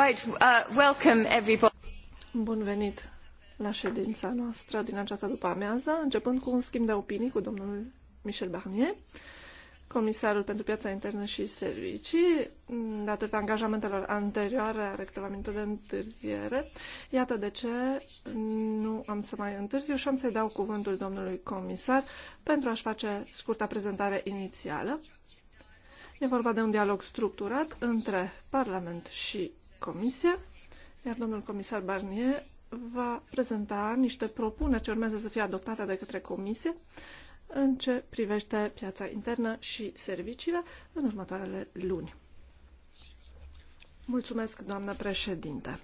Uh, Bun venit la ședința noastră din această după-amiază, începând cu un schimb de opinii cu domnul Michel Barnier, comisarul pentru piața internă și servicii, datorită angajamentelor anterioare a câteva de întârziere. Iată de ce nu am să mai întârziu și am să-i dau cuvântul domnului comisar pentru a-și face scurta prezentare inițială. E vorba de un dialog structurat între Parlament și Comisia, iar domnul comisar Barnier va prezenta niște propuneri ce urmează să fie adoptate de către Comisie în ce privește piața internă și serviciile în următoarele luni. Mulțumesc, doamnă președinte!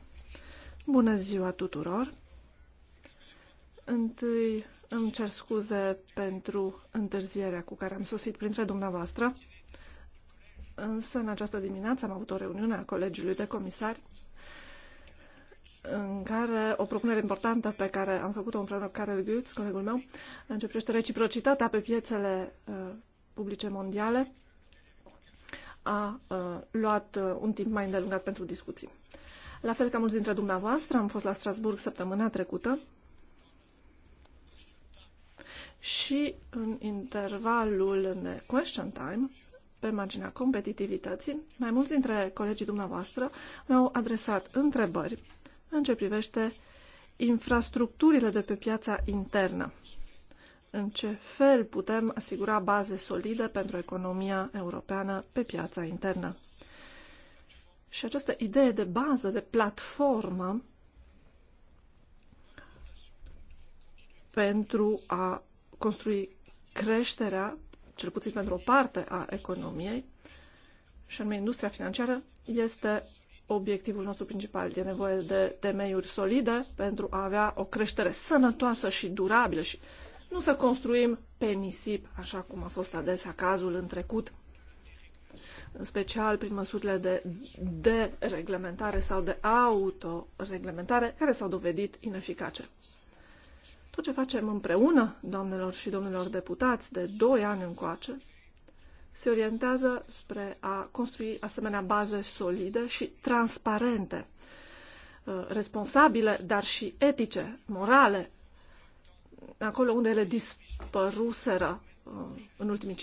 Bună ziua tuturor! Întâi îmi cer scuze pentru întârzierea cu care am sosit printre dumneavoastră. Însă, în această dimineață am avut o reuniune a Colegiului de Comisari în care o propunere importantă pe care am făcut-o împreună cu Karel Gutz, colegul meu, începește reciprocitatea pe piețele uh, publice mondiale, a uh, luat uh, un timp mai îndelungat pentru discuții. La fel ca mulți dintre dumneavoastră, am fost la Strasburg săptămâna trecută și în intervalul de question time pe marginea competitivității, mai mulți dintre colegii dumneavoastră mi-au adresat întrebări în ce privește infrastructurile de pe piața internă. În ce fel putem asigura baze solide pentru economia europeană pe piața internă? Și această idee de bază, de platformă pentru a construi creșterea cel puțin pentru o parte a economiei, și anume industria financiară, este obiectivul nostru principal. E nevoie de temeiuri solide pentru a avea o creștere sănătoasă și durabilă și nu să construim pe nisip, așa cum a fost adesea cazul în trecut, în special prin măsurile de dereglementare sau de autoreglementare, care s-au dovedit ineficace. Tot ce facem împreună, doamnelor și domnilor deputați, de 2 ani încoace, se orientează spre a construi asemenea baze solide și transparente, uh, responsabile, dar și etice, morale, acolo unde ele dispăruseră uh, în ultimii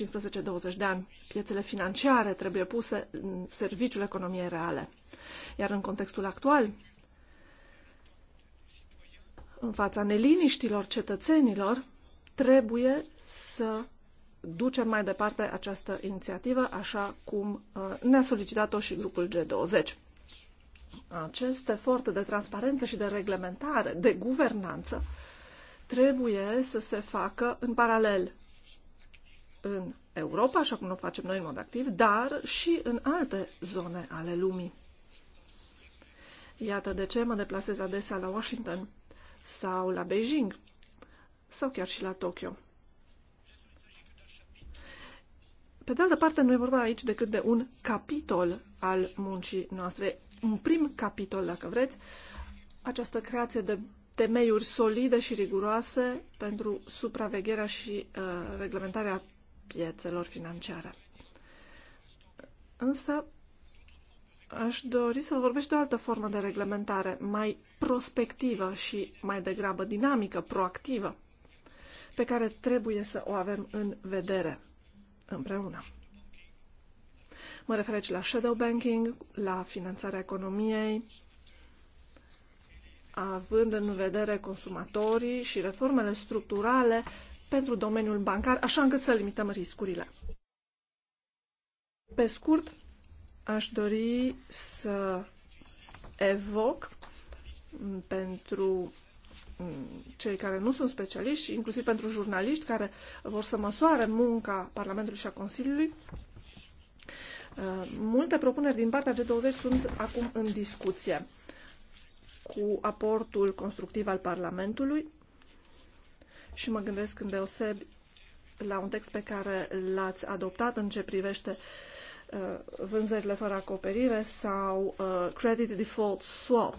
15-20 de ani. Piețele financiare trebuie puse în serviciul economiei reale. Iar în contextul actual, în fața neliniștilor cetățenilor, trebuie să ducem mai departe această inițiativă, așa cum uh, ne-a solicitat-o și grupul G20. Acest efort de transparență și de reglementare, de guvernanță, trebuie să se facă în paralel în Europa, așa cum o facem noi în mod activ, dar și în alte zone ale lumii. Iată de ce mă deplasez adesea la Washington sau la Beijing sau chiar și la Tokyo. Pe de altă parte, nu e vorba aici decât de un capitol al muncii noastre, un prim capitol, dacă vreți, această creație de temeiuri solide și riguroase pentru supravegherea și uh, reglementarea piețelor financiare. Însă, Aș dori să vorbesc de o altă formă de reglementare, mai prospectivă și mai degrabă dinamică, proactivă, pe care trebuie să o avem în vedere împreună. Mă refer aici la shadow banking, la finanțarea economiei, având în vedere consumatorii și reformele structurale pentru domeniul bancar, așa încât să limităm riscurile. Pe scurt, Aș dori să evoc mm, pentru mm, cei care nu sunt specialiști, inclusiv pentru jurnaliști care vor să măsoare munca Parlamentului și a Consiliului, uh, multe propuneri din partea G20 sunt acum în discuție cu aportul constructiv al Parlamentului și mă gândesc îndeosebi la un text pe care l-ați adoptat în ce privește Uh, vânzările fără acoperire sau uh, credit default swap.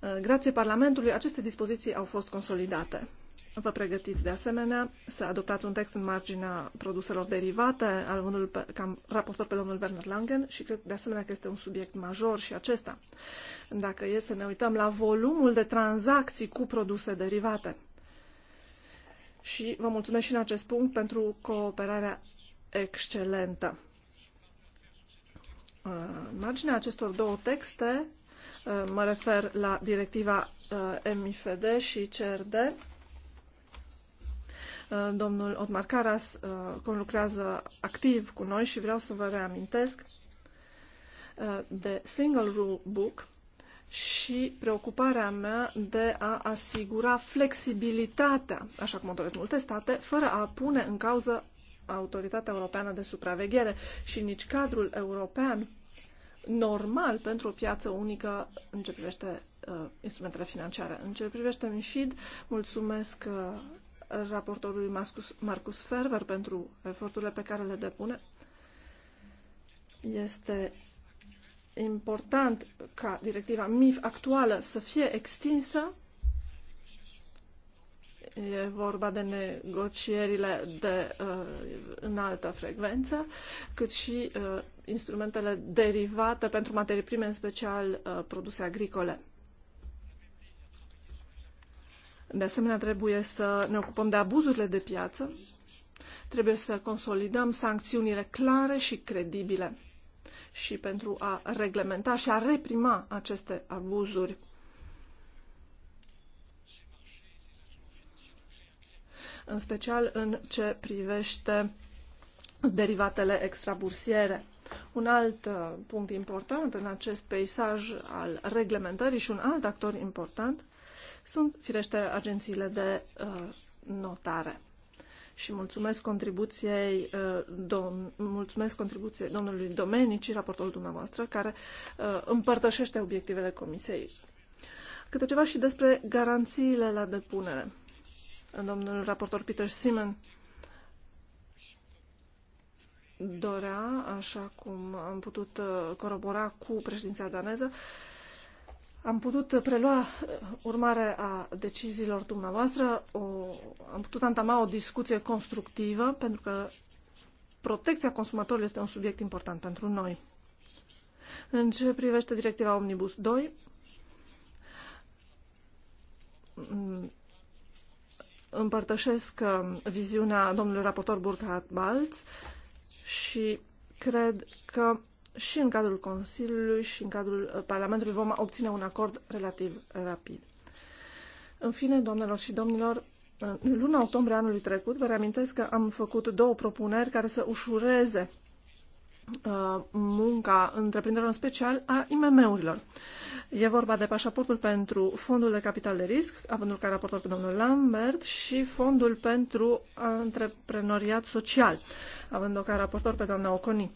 Uh, grație Parlamentului, aceste dispoziții au fost consolidate. Vă pregătiți de asemenea să adoptați un text în marginea produselor derivate, al unul pe, cam raportor pe domnul Werner Langen și cred de asemenea că este un subiect major și acesta. Dacă e să ne uităm la volumul de tranzacții cu produse derivate. Și vă mulțumesc și în acest punct pentru cooperarea excelentă. Uh, marginea acestor două texte, uh, mă refer la directiva uh, MIFD și CRD, domnul Otmar Caras conlucrează activ cu noi și vreau să vă reamintesc de Single Rule Book și preocuparea mea de a asigura flexibilitatea, așa cum o doresc multe state, fără a pune în cauză Autoritatea Europeană de Supraveghere și nici cadrul european normal pentru o piață unică în ce privește uh, instrumentele financiare. În ce privește MIFID, mulțumesc uh, raportorului Marcus, Marcus Ferber pentru eforturile pe care le depune. Este important ca directiva MIF actuală să fie extinsă. E vorba de negocierile de uh, înaltă frecvență, cât și uh, instrumentele derivate pentru materii prime, în special uh, produse agricole. De asemenea, trebuie să ne ocupăm de abuzurile de piață, trebuie să consolidăm sancțiunile clare și credibile și pentru a reglementa și a reprima aceste abuzuri. În special în ce privește derivatele extrabursiere. Un alt uh, punct important în acest peisaj al reglementării și un alt actor important sunt, firește, agențiile de uh, notare. Și mulțumesc contribuției, uh, dom- mulțumesc contribuției domnului Domenici, raportorul dumneavoastră, care uh, împărtășește obiectivele comisiei. Câte ceva și despre garanțiile la depunere. Domnul raportor Peter Simon dorea, așa cum am putut uh, corobora cu președinția daneză, am putut prelua uh, urmare a deciziilor dumneavoastră, o, am putut antama o discuție constructivă, pentru că protecția consumatorilor este un subiect important pentru noi. În ce privește directiva Omnibus 2, mm, împărtășesc uh, viziunea domnului raportor Burkhard Balz, și cred că și în cadrul Consiliului și în cadrul uh, Parlamentului vom obține un acord relativ uh, rapid. În fine, doamnelor și domnilor, uh, în luna octombrie anului trecut, vă reamintesc că am făcut două propuneri care să ușureze Uh, munca întreprinderilor, în special a IMM-urilor. E vorba de pașaportul pentru fondul de capital de risc, avândul ca raportor pe domnul Lambert, și fondul pentru antreprenoriat social, avându o ca raportor pe doamna Oconi.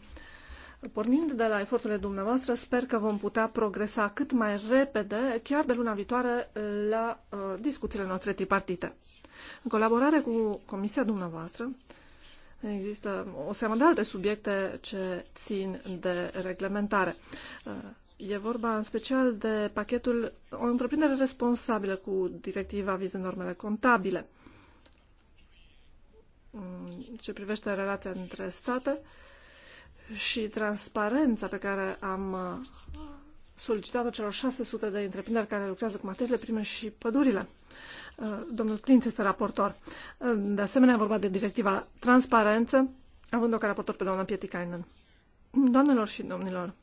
Pornind de la eforturile dumneavoastră, sper că vom putea progresa cât mai repede, chiar de luna viitoare, la uh, discuțiile noastre tripartite. În colaborare cu comisia dumneavoastră, uh, Există o seamă de alte subiecte ce țin de reglementare. E vorba în special de pachetul o întreprindere responsabilă cu directiva vizând normele contabile. Ce privește relația între state și transparența pe care am uh, solicitat-o celor 600 de întreprinderi care lucrează cu materiile prime și pădurile. Uh, domnul Clint este raportor. Uh, de asemenea, vorba de directiva transparență, având-o ca raportor pe doamna Pietikainen. Doamnelor și domnilor,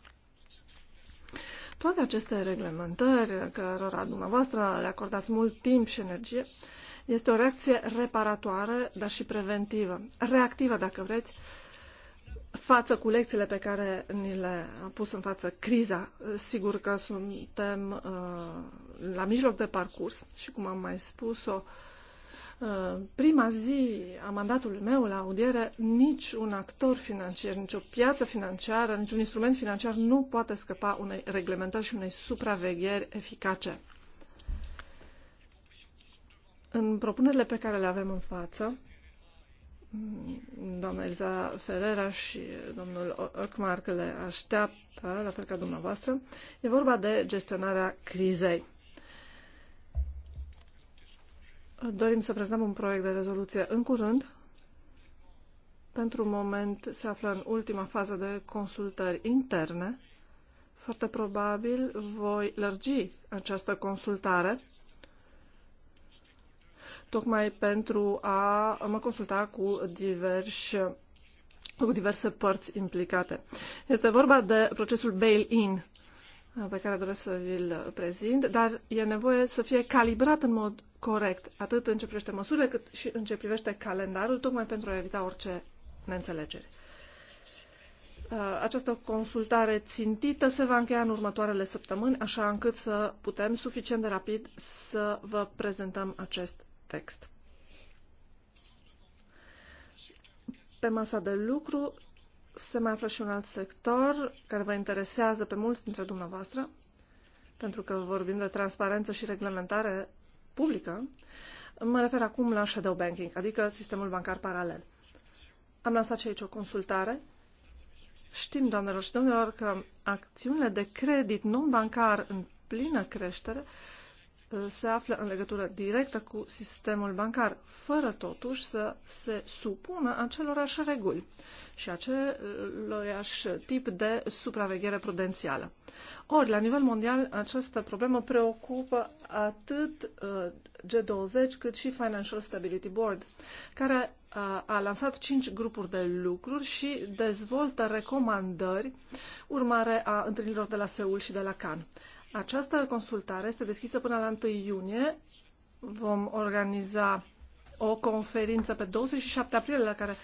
toate aceste reglementări, cărora dumneavoastră le acordați mult timp și energie, este o reacție reparatoare, dar și preventivă, reactivă, dacă vreți, față cu lecțiile pe care ni le-a pus în față criza. Sigur că suntem uh, la mijloc de parcurs și, cum am mai spus-o, uh, prima zi a mandatului meu la audiere, nici un actor financiar, nici o piață financiară, nici un instrument financiar nu poate scăpa unei reglementări și unei supravegheri eficace. În propunerile pe care le avem în față, doamna Elza Ferrera și domnul Ockmark le așteaptă, la fel ca dumneavoastră. E vorba de gestionarea crizei. Dorim să prezentăm un proiect de rezoluție în curând. Pentru moment se află în ultima fază de consultări interne. Foarte probabil voi lărgi această consultare tocmai pentru a mă consulta cu diversi cu diverse părți implicate. Este vorba de procesul bail-in uh, pe care doresc să vi-l prezint, dar e nevoie să fie calibrat în mod corect, atât în ce privește măsurile, cât și în ce privește calendarul, tocmai pentru a evita orice neînțelegeri. Uh, această consultare țintită se va încheia în următoarele săptămâni, așa încât să putem suficient de rapid să vă prezentăm acest text. Pe masa de lucru se mai află și un alt sector care vă interesează pe mulți dintre dumneavoastră, pentru că vorbim de transparență și reglementare publică. Mă refer acum la shadow banking, adică sistemul bancar paralel. Am lansat și aici o consultare. Știm, doamnelor și domnilor, că acțiunile de credit non-bancar în plină creștere uh, Uh, se află în legătură directă cu sistemul bancar, fără totuși să se supună acelorași reguli și acelorași tip de supraveghere prudențială. Ori, la nivel mondial, această problemă preocupă atât uh, G20 cât și Financial Stability Board, care uh, a lansat cinci grupuri de lucruri și dezvoltă recomandări urmare a întâlnirilor de la Seul și de la Cannes. Această consultare este deschisă până la 1 iunie. Vom organiza o conferință pe 27 aprilie la care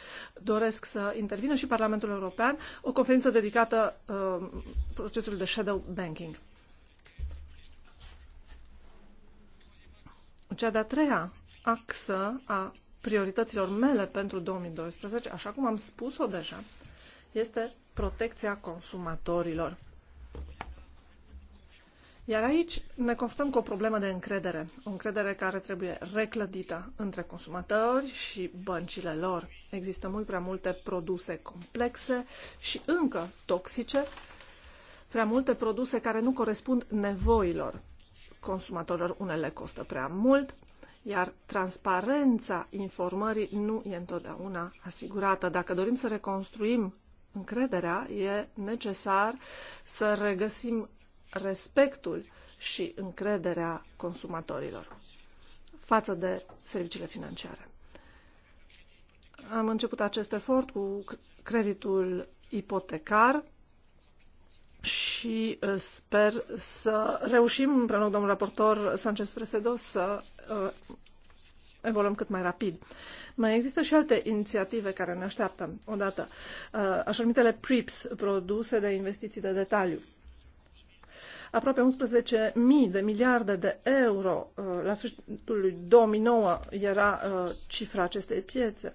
doresc să intervină și Parlamentul European, o conferință dedicată uh, procesului de shadow banking. Cea de-a treia axă a priorităților mele pentru 2012, așa cum am spus-o deja, este protecția consumatorilor. Iar aici ne confruntăm cu o problemă de încredere, o încredere care trebuie reclădită între consumatori și băncile lor. Există mult prea multe produse complexe și încă toxice, prea multe produse care nu corespund nevoilor consumatorilor. Unele costă prea mult, iar transparența informării nu e întotdeauna asigurată. Dacă dorim să reconstruim încrederea, e necesar să regăsim respectul și încrederea consumatorilor față de serviciile financiare. Am început acest efort cu creditul ipotecar și uh, sper să reușim, împreună cu domnul raportor Sanchez Presedo, să uh, evoluăm cât mai rapid. Mai există și alte inițiative care ne așteaptă. Odată, uh, așa numitele PRIPS, produse de investiții de detaliu aproape 11.000 de miliarde de euro. Uh, la sfârșitul lui 2009 era uh, cifra acestei piețe.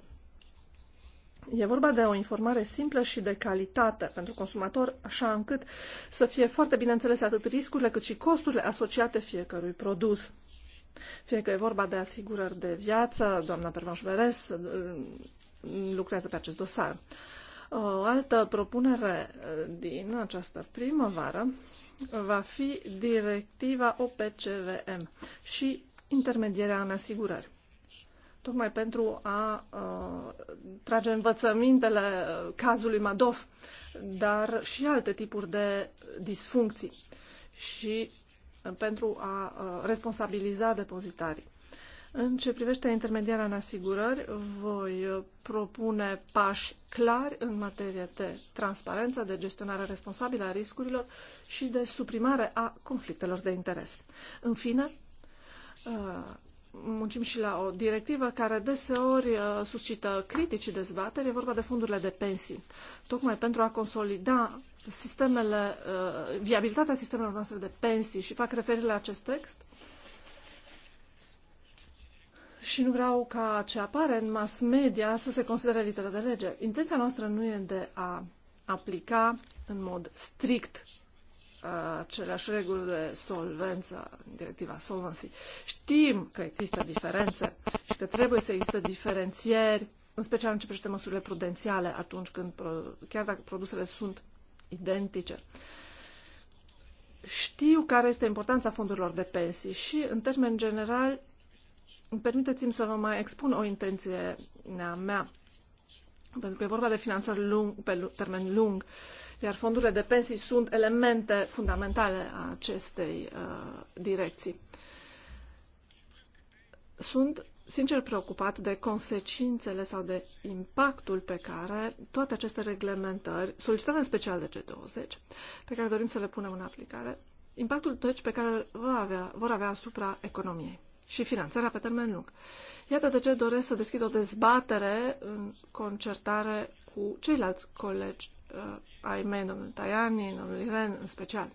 E vorba de o informare simplă și de calitate pentru consumator, așa încât să fie foarte bine înțelese atât riscurile cât și costurile asociate fiecărui produs. Fie că e vorba de asigurări de viață, doamna Pervanș Beres uh, lucrează pe acest dosar. O altă propunere eh, din această primăvară va fi directiva OPCVM și intermedierea în asigurări. Tocmai pentru a uh, trage învățămintele eh, cazului Madov, dar și alte tipuri de disfuncții și pentru a uh, responsabiliza depozitarii. În ce privește intermediarea în asigurări, voi uh, propune pași clari în materie de transparență, de gestionare responsabilă a riscurilor și de suprimare a conflictelor de interes. În fine, uh, muncim și la o directivă care deseori uh, suscită critici și dezbateri, e vorba de fondurile de pensii, tocmai pentru a consolida sistemele, viabilitatea sistemelor noastre de pensii și fac referire la acest text, și nu vreau ca ce apare în mass media să se considere literă de lege. Intenția noastră nu e de a aplica în mod strict uh, aceleași reguli de solvență, directiva solvency. Știm că există diferențe și că trebuie să există diferențieri, în special în ce privește măsurile prudențiale atunci când, chiar dacă produsele sunt identice. Știu care este importanța fondurilor de pensii și, în termen general, Permiteți-mi să vă mai expun o intenție a mea, pentru că e vorba de finanțări lung, pe termen lung, iar fondurile de pensii sunt elemente fundamentale a acestei uh, direcții. Sunt sincer preocupat de consecințele sau de impactul pe care toate aceste reglementări, solicitate în special de G20, pe care dorim să le punem în aplicare, impactul deci pe care vor avea, vor avea asupra economiei și finanțarea pe termen lung. Iată de ce doresc să deschid o dezbatere în concertare cu ceilalți colegi uh, ai mei, domnul Tajani, domnul Iren în special.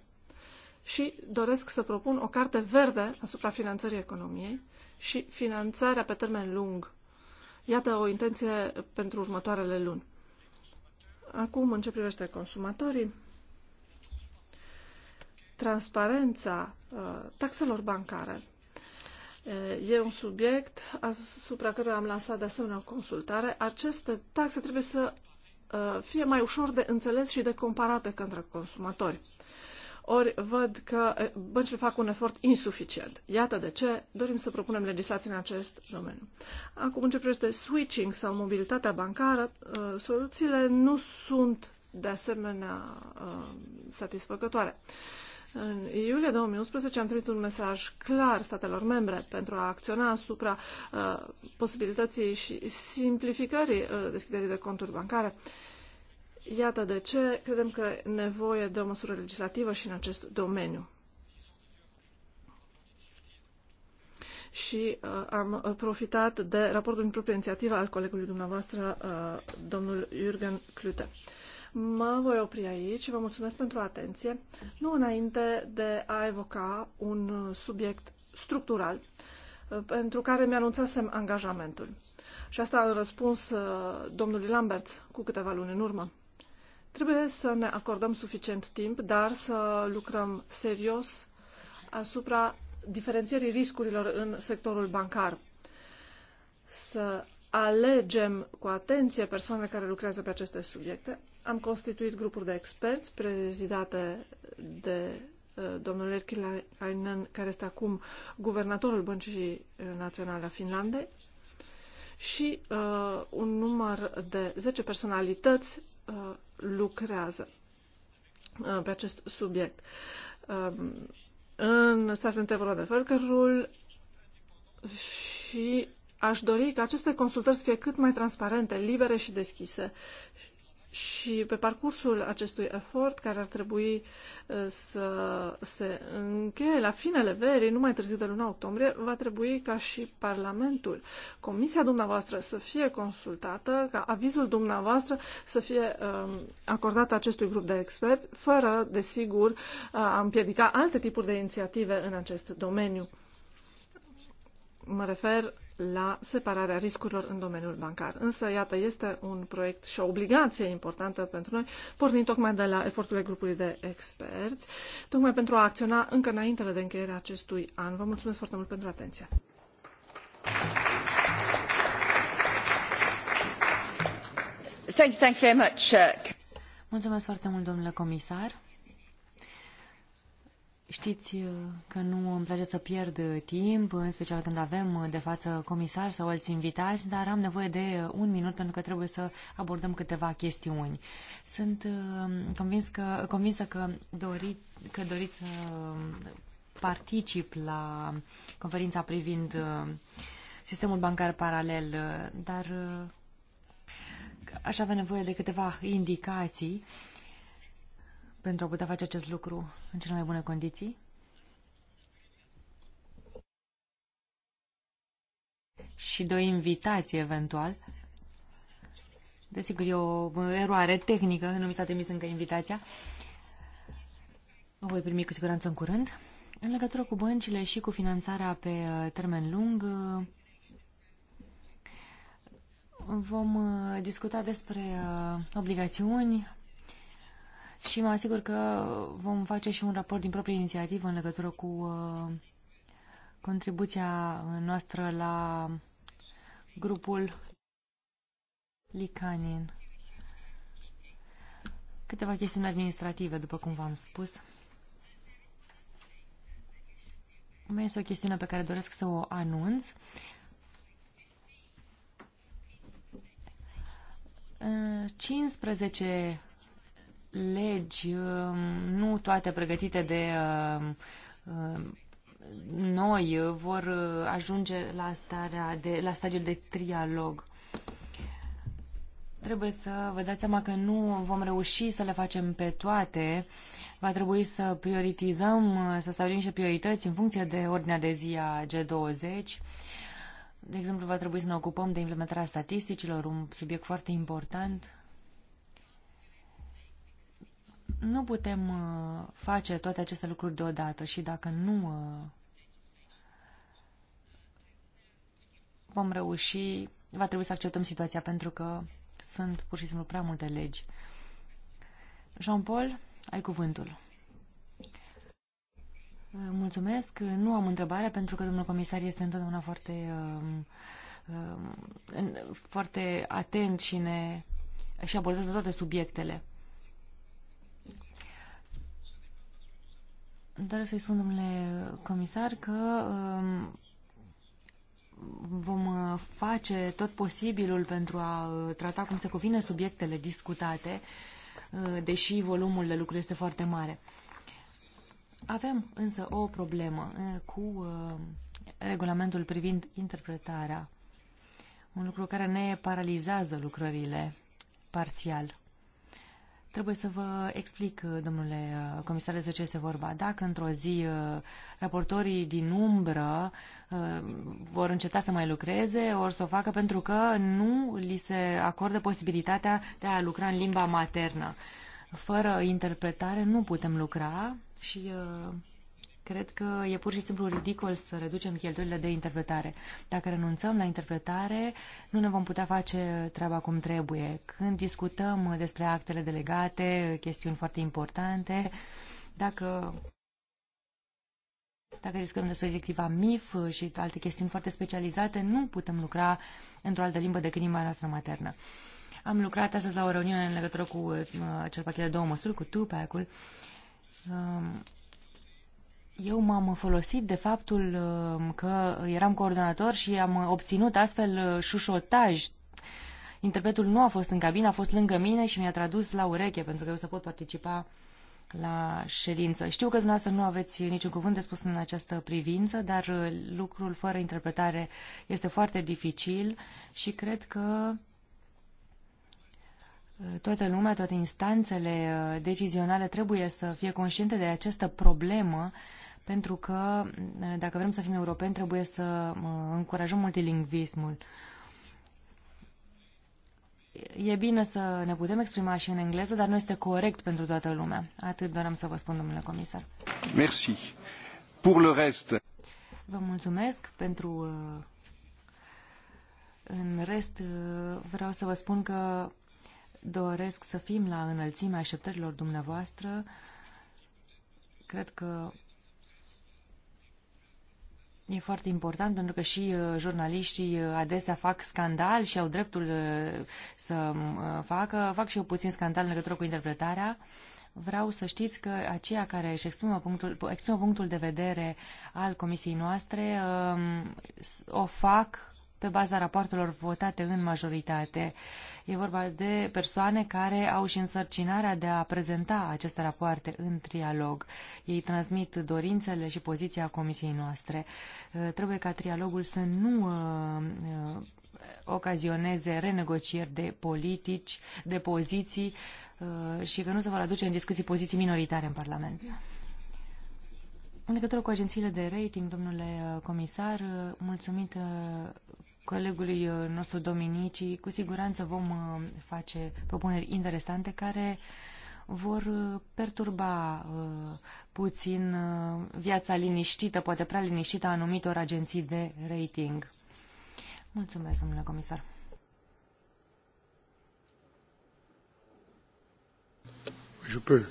Și doresc să propun o carte verde asupra finanțării economiei și finanțarea pe termen lung. Iată o intenție pentru următoarele luni. Acum, în ce privește consumatorii, transparența uh, taxelor bancare E un subiect asupra căruia am lansat de asemenea o consultare. Aceste taxe trebuie să fie mai ușor de înțeles și de comparate către consumatori. Ori văd că băncile fac un efort insuficient. Iată de ce dorim să propunem legislație în acest domeniu. Acum, în ce privește switching sau mobilitatea bancară, soluțiile nu sunt de asemenea satisfăcătoare. În iulie 2011 am trimis un mesaj clar statelor membre pentru a acționa asupra uh, posibilității și simplificării uh, deschiderii de conturi bancare. Iată de ce credem că e nevoie de o măsură legislativă și în acest domeniu. și uh, am uh, profitat de raportul în proprie inițiativă al colegului dumneavoastră, uh, domnul Jürgen Klute. Uh, Mă voi opri aici și vă mulțumesc pentru atenție. Nu înainte de a evoca un subiect structural uh, pentru care mi-anunțasem angajamentul. Și asta a răspuns uh, domnului Lambert cu câteva luni în urmă. Trebuie să ne acordăm suficient timp, dar să lucrăm serios asupra diferențierii riscurilor în sectorul bancar. Să alegem cu atenție persoanele care lucrează pe aceste subiecte, am constituit grupuri de experți prezidate de uh, domnul Erkki Lainen, care este acum guvernatorul Băncii Naționale a Finlandei, și uh, un număr de 10 personalități uh, lucrează uh, pe acest subiect. Uh, în Statele Tevoră de Fărcărul și aș dori ca aceste consultări să fie cât mai transparente, libere și deschise și pe parcursul acestui efort, care ar trebui uh, să se încheie la finele verii, nu mai târziu de luna octombrie, va trebui ca și Parlamentul, Comisia dumneavoastră să fie consultată, ca avizul dumneavoastră să fie um, acordat acestui grup de experți, fără, desigur, uh, a împiedica alte tipuri de inițiative în acest domeniu. Mă refer la separarea riscurilor în domeniul bancar. Însă, iată, este un proiect și o obligație importantă pentru noi, pornind tocmai de la eforturile grupului de experți, tocmai pentru a acționa încă înainte de încheierea acestui an. Vă mulțumesc foarte mult pentru atenție. Thank you, thank you very much. Uh, mulțumesc foarte mult, domnule comisar. Știți uh, că nu îmi place să pierd uh, timp, în special când avem uh, de față comisar sau alți invitați, dar am nevoie de un minut pentru că trebuie să abordăm câteva chestiuni. Sunt convins că, convinsă că, dori, că doriți să particip la conferința privind sistemul bancar paralel, dar aș avea nevoie de câteva indicații pentru a putea face acest lucru în cele mai bune condiții. Și de o invitație, eventual. Desigur, e o eroare tehnică, nu mi s-a trimis încă invitația. O voi primi cu siguranță în curând. În legătură cu băncile și cu finanțarea pe uh, termen lung, uh, vom uh, discuta despre obligațiuni, și mă asigur că vom face și un raport din proprie inițiativă în legătură cu uh, contribuția noastră la grupul Licanin. Câteva chestiuni administrative, după cum v-am spus. Mai este o chestiune pe care doresc să o anunț. În uh, 15 legi, um, nu toate pregătite de um, um, noi, vor uh, ajunge la, starea de, la stadiul de trialog. Trebuie să vă dați seama că nu vom reuși să le facem pe toate. Va trebui să prioritizăm, uh, să stabilim și priorități în funcție de ordinea de zi a G20. De exemplu, va trebui să ne ocupăm de implementarea statisticilor, un subiect foarte important nu putem uh, face toate aceste lucruri deodată și dacă nu uh, vom reuși, va trebui să acceptăm situația pentru că sunt pur și simplu prea multe legi. Jean-Paul, ai cuvântul. Uh, mulțumesc. Nu am întrebare pentru că domnul comisar este întotdeauna foarte, um, um, foarte atent și ne și abordează toate subiectele. Doresc să-i spun, domnule comisar, că um, vom uh, face tot posibilul pentru a uh, trata cum se cuvine subiectele discutate, uh, deși volumul de lucru este foarte mare. Avem însă o problemă cu regulamentul privind interpretarea, un lucru care ne paralizează lucrările parțial. Trebuie să vă explic, uh, domnule uh, comisar, despre ce este vorba. Dacă într-o zi uh, raportorii din umbră vor înceta să mai lucreze, or să o facă pentru că nu li se acordă posibilitatea de a lucra în limba maternă. Fără interpretare nu putem lucra și Cred că e pur și simplu ridicol să reducem cheltuielile de interpretare. Dacă renunțăm la interpretare, nu ne vom putea face treaba cum trebuie. Când discutăm despre actele delegate, chestiuni foarte importante, dacă dacă discutăm despre directiva MIF și alte chestiuni foarte specializate, nu putem lucra într-o altă limbă decât limba noastră maternă. Am lucrat astăzi la o reuniune în legătură cu uh, pachet de două măsuri, cu TUPAC-ul. Um, eu m-am folosit de faptul um, că eram coordonator și am obținut astfel uh, șușotaj. Interpretul nu a fost în cabină, a fost lângă mine și mi-a tradus la ureche pentru că eu să pot participa la ședință. Știu că dumneavoastră nu aveți niciun cuvânt de spus în această privință, dar uh, lucrul fără interpretare este foarte dificil și cred că uh, toată lumea, toate instanțele decizionale trebuie să fie conștiente de această problemă pentru că dacă vrem să fim europeni trebuie să încurajăm multilingvismul. E bine să ne putem exprima și în engleză, dar nu este corect pentru toată lumea. Atât doream să vă spun, domnule comisar. Merci. Pour le rest. Vă mulțumesc pentru... Uh, în rest, uh, vreau să vă spun că doresc să fim la înălțimea așteptărilor dumneavoastră. Cred că E foarte important pentru că și uh, jurnaliștii uh, adesea fac scandal și au dreptul uh, să facă. Fac și eu puțin scandal în legătură cu interpretarea. Vreau să știți că aceia care își exprimă punctul, exprimă punctul de vedere al comisiei noastre um, o fac pe baza rapoartelor votate în majoritate. E vorba de persoane care au și însărcinarea de a prezenta aceste rapoarte în trialog. Ei transmit dorințele și poziția comisiei noastre. Trebuie ca trialogul să nu ocazioneze renegocieri de politici, de poziții și că nu se vor aduce în discuții poziții minoritare în Parlament. În legătură cu agențiile de rating, domnule comisar, mulțumit colegului uh, nostru Dominici, cu siguranță vom uh, face propuneri interesante care vor uh, perturba puțin viața liniștită, poate prea liniștită a anumitor agenții de rating. Mulțumesc, domnule comisar. Je peux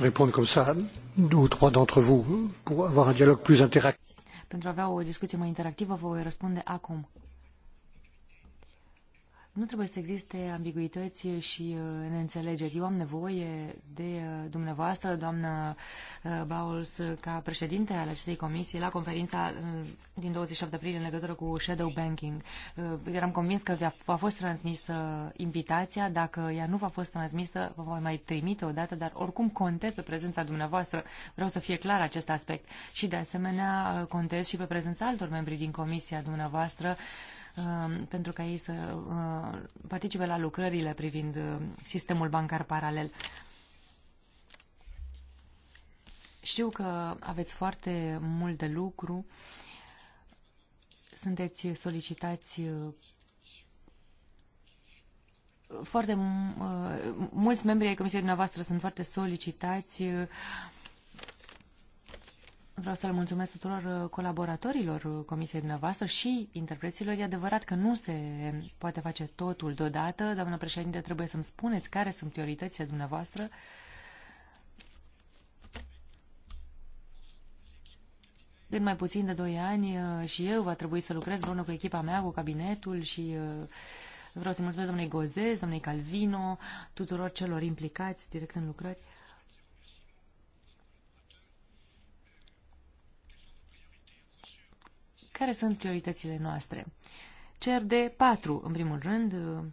répondre comme ça, deux ou trois d'entre vous, pour avoir un dialogue plus interactif. Pentru a avea o discuție mai interactivă, vă voi răspunde acum. Nu trebuie să existe ambiguități și uh, neînțelegeri. Eu am nevoie de uh, dumneavoastră, doamnă uh, Bowles, ca președinte al acestei comisii la conferința din 27 aprilie în legătură cu shadow banking. Eram convins că v-a fost transmisă invitația. Dacă ea nu v-a fost transmisă, vă voi mai trimite o dată, dar oricum contez pe prezența dumneavoastră. Vreau să fie clar acest aspect. Și de asemenea contez și pe prezența altor membri din comisia dumneavoastră. Um, pentru ca ei să uh, participe la lucrările privind um, sistemul bancar paralel. Știu că aveți foarte mult de lucru, sunteți solicitați uh, foarte uh, mulți membri ai comisiei dumneavoastră sunt foarte solicitați Vreau să le mulțumesc tuturor uh, colaboratorilor uh, comisiei dumneavoastră și interpreților. E adevărat că nu se poate face totul deodată. Doamna președinte, trebuie să-mi spuneți care sunt prioritățile dumneavoastră. În mai puțin de 2 ani uh, și eu va trebui să lucrez împreună cu echipa mea, cu cabinetul și vreau să mulțumesc domnului Gozez, domnului Calvino, tuturor celor implicați direct în lucrări. Care sunt prioritățile noastre? Cer de patru, în primul rând, uh,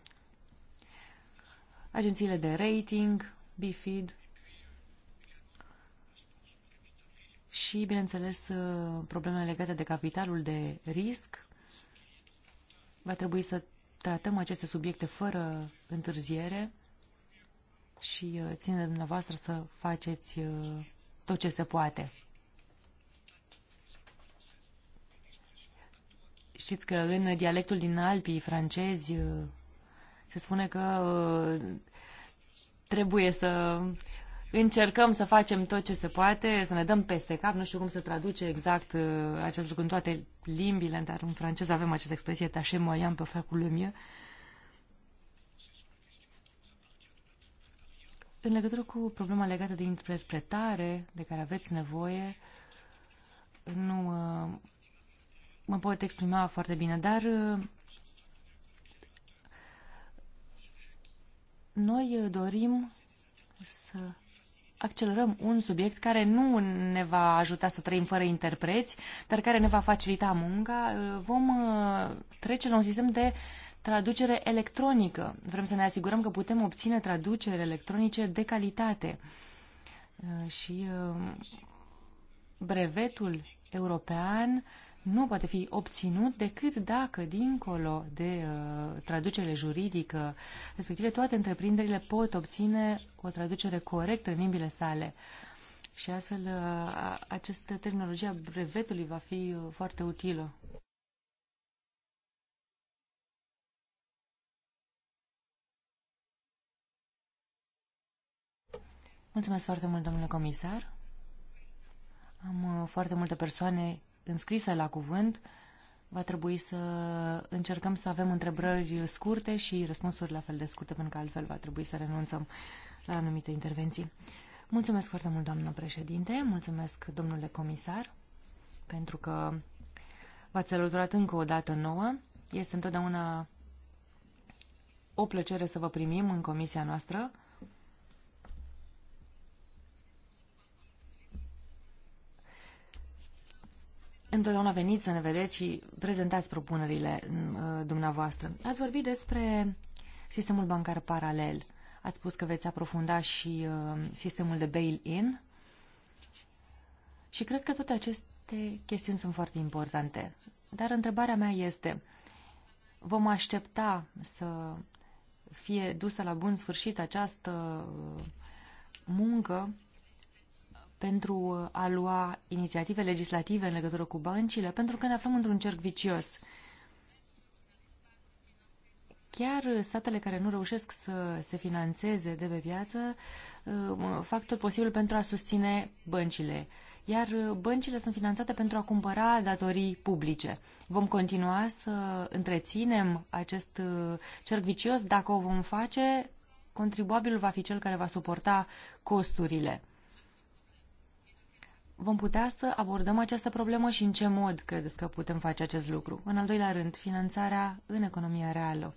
agențiile de rating, BFID și, bineînțeles, uh, probleme legate de capitalul de risc. Va trebui să tratăm aceste subiecte fără întârziere și uh, ține de dumneavoastră să faceți tot ce se poate. Știți că în dialectul din Alpii francezi uh, se spune că uh, trebuie să încercăm să facem tot ce se poate, să ne dăm peste cap. Nu știu cum se traduce exact uh, acest lucru în toate limbile, dar în francez avem această expresie tache moyen pe faire le mieux. În legătură cu problema legată de interpretare de care aveți nevoie, nu mă pot exprima foarte bine, dar uh, noi uh, dorim să accelerăm un subiect care nu ne va ajuta să trăim fără interpreți, dar care ne va facilita munca. Uh, vom trece la un sistem de traducere electronică. Vrem să ne asigurăm că putem obține traduceri electronice de calitate. Și brevetul european uh, nu poate fi obținut decât dacă, dincolo de uh, traducere juridică, respective toate întreprinderile pot obține o traducere corectă în limbile sale. Și astfel, uh, această terminologie a brevetului va fi uh, foarte utilă. Mulțumesc foarte mult, domnule comisar. Am uh, foarte multe persoane înscrise la cuvânt, va trebui să încercăm să avem întrebări scurte și răspunsuri la fel de scurte, pentru că altfel va trebui să renunțăm la anumite intervenții. Mulțumesc foarte mult, doamnă președinte, mulțumesc, domnule comisar, pentru că v-ați alăturat încă o dată nouă. Este întotdeauna o plăcere să vă primim în comisia noastră. Întotdeauna veniți să ne vedeți și prezentați propunerile mm, uh, dumneavoastră. Ați vorbit despre sistemul bancar paralel. Ați spus că veți aprofunda și uh, sistemul de bail-in. Și cred că toate aceste chestiuni sunt foarte importante. Dar întrebarea mea este, vom aștepta să fie dusă la bun sfârșit această uh, muncă pentru uh, a lua inițiative legislative în legătură cu băncile, pentru că ne aflăm într-un cerc vicios. Chiar statele care nu reușesc să se financeze de pe viață uh, fac tot posibil pentru a susține băncile iar uh, băncile sunt finanțate pentru a cumpăra datorii publice. Vom continua să întreținem acest cerc vicios. Dacă o vom face, contribuabilul va fi cel care va suporta costurile vom putea să abordăm această problemă și în ce mod credeți că putem face acest lucru? În al doilea rând, finanțarea în economia reală.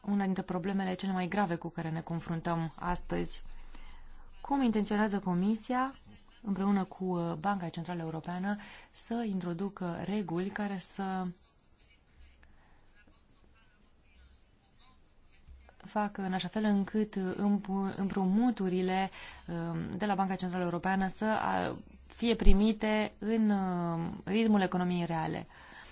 Una dintre problemele cele mai grave cu care ne confruntăm astăzi. Cum intenționează Comisia, împreună cu uh, Banca Centrală Europeană, să introducă reguli care să fac în așa fel încât împrumuturile um, de la Banca Centrală Europeană să fie primite în um, ritmul economiei reale.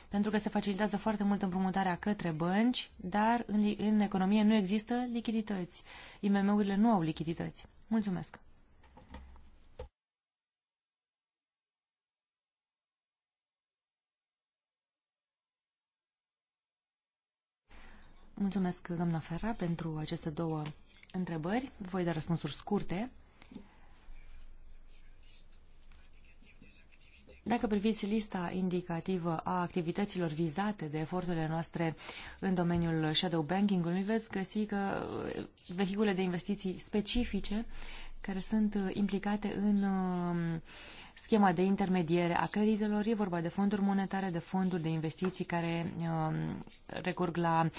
Pentru că se facilitează foarte mult împrumutarea către bănci, dar în, în economie nu există lichidități. IMM-urile nu au lichidități. Mulțumesc! Mulțumesc, doamna Ferra, pentru aceste două întrebări. Voi da răspunsuri scurte. Dacă priviți lista indicativă a activităților vizate de eforturile noastre în domeniul shadow banking-ului, veți găsi că uh, vehicule de investiții specifice care sunt uh, implicate în um, schema de intermediere a creditelor. E vorba de fonduri monetare, de fonduri de investiții care um, recurg la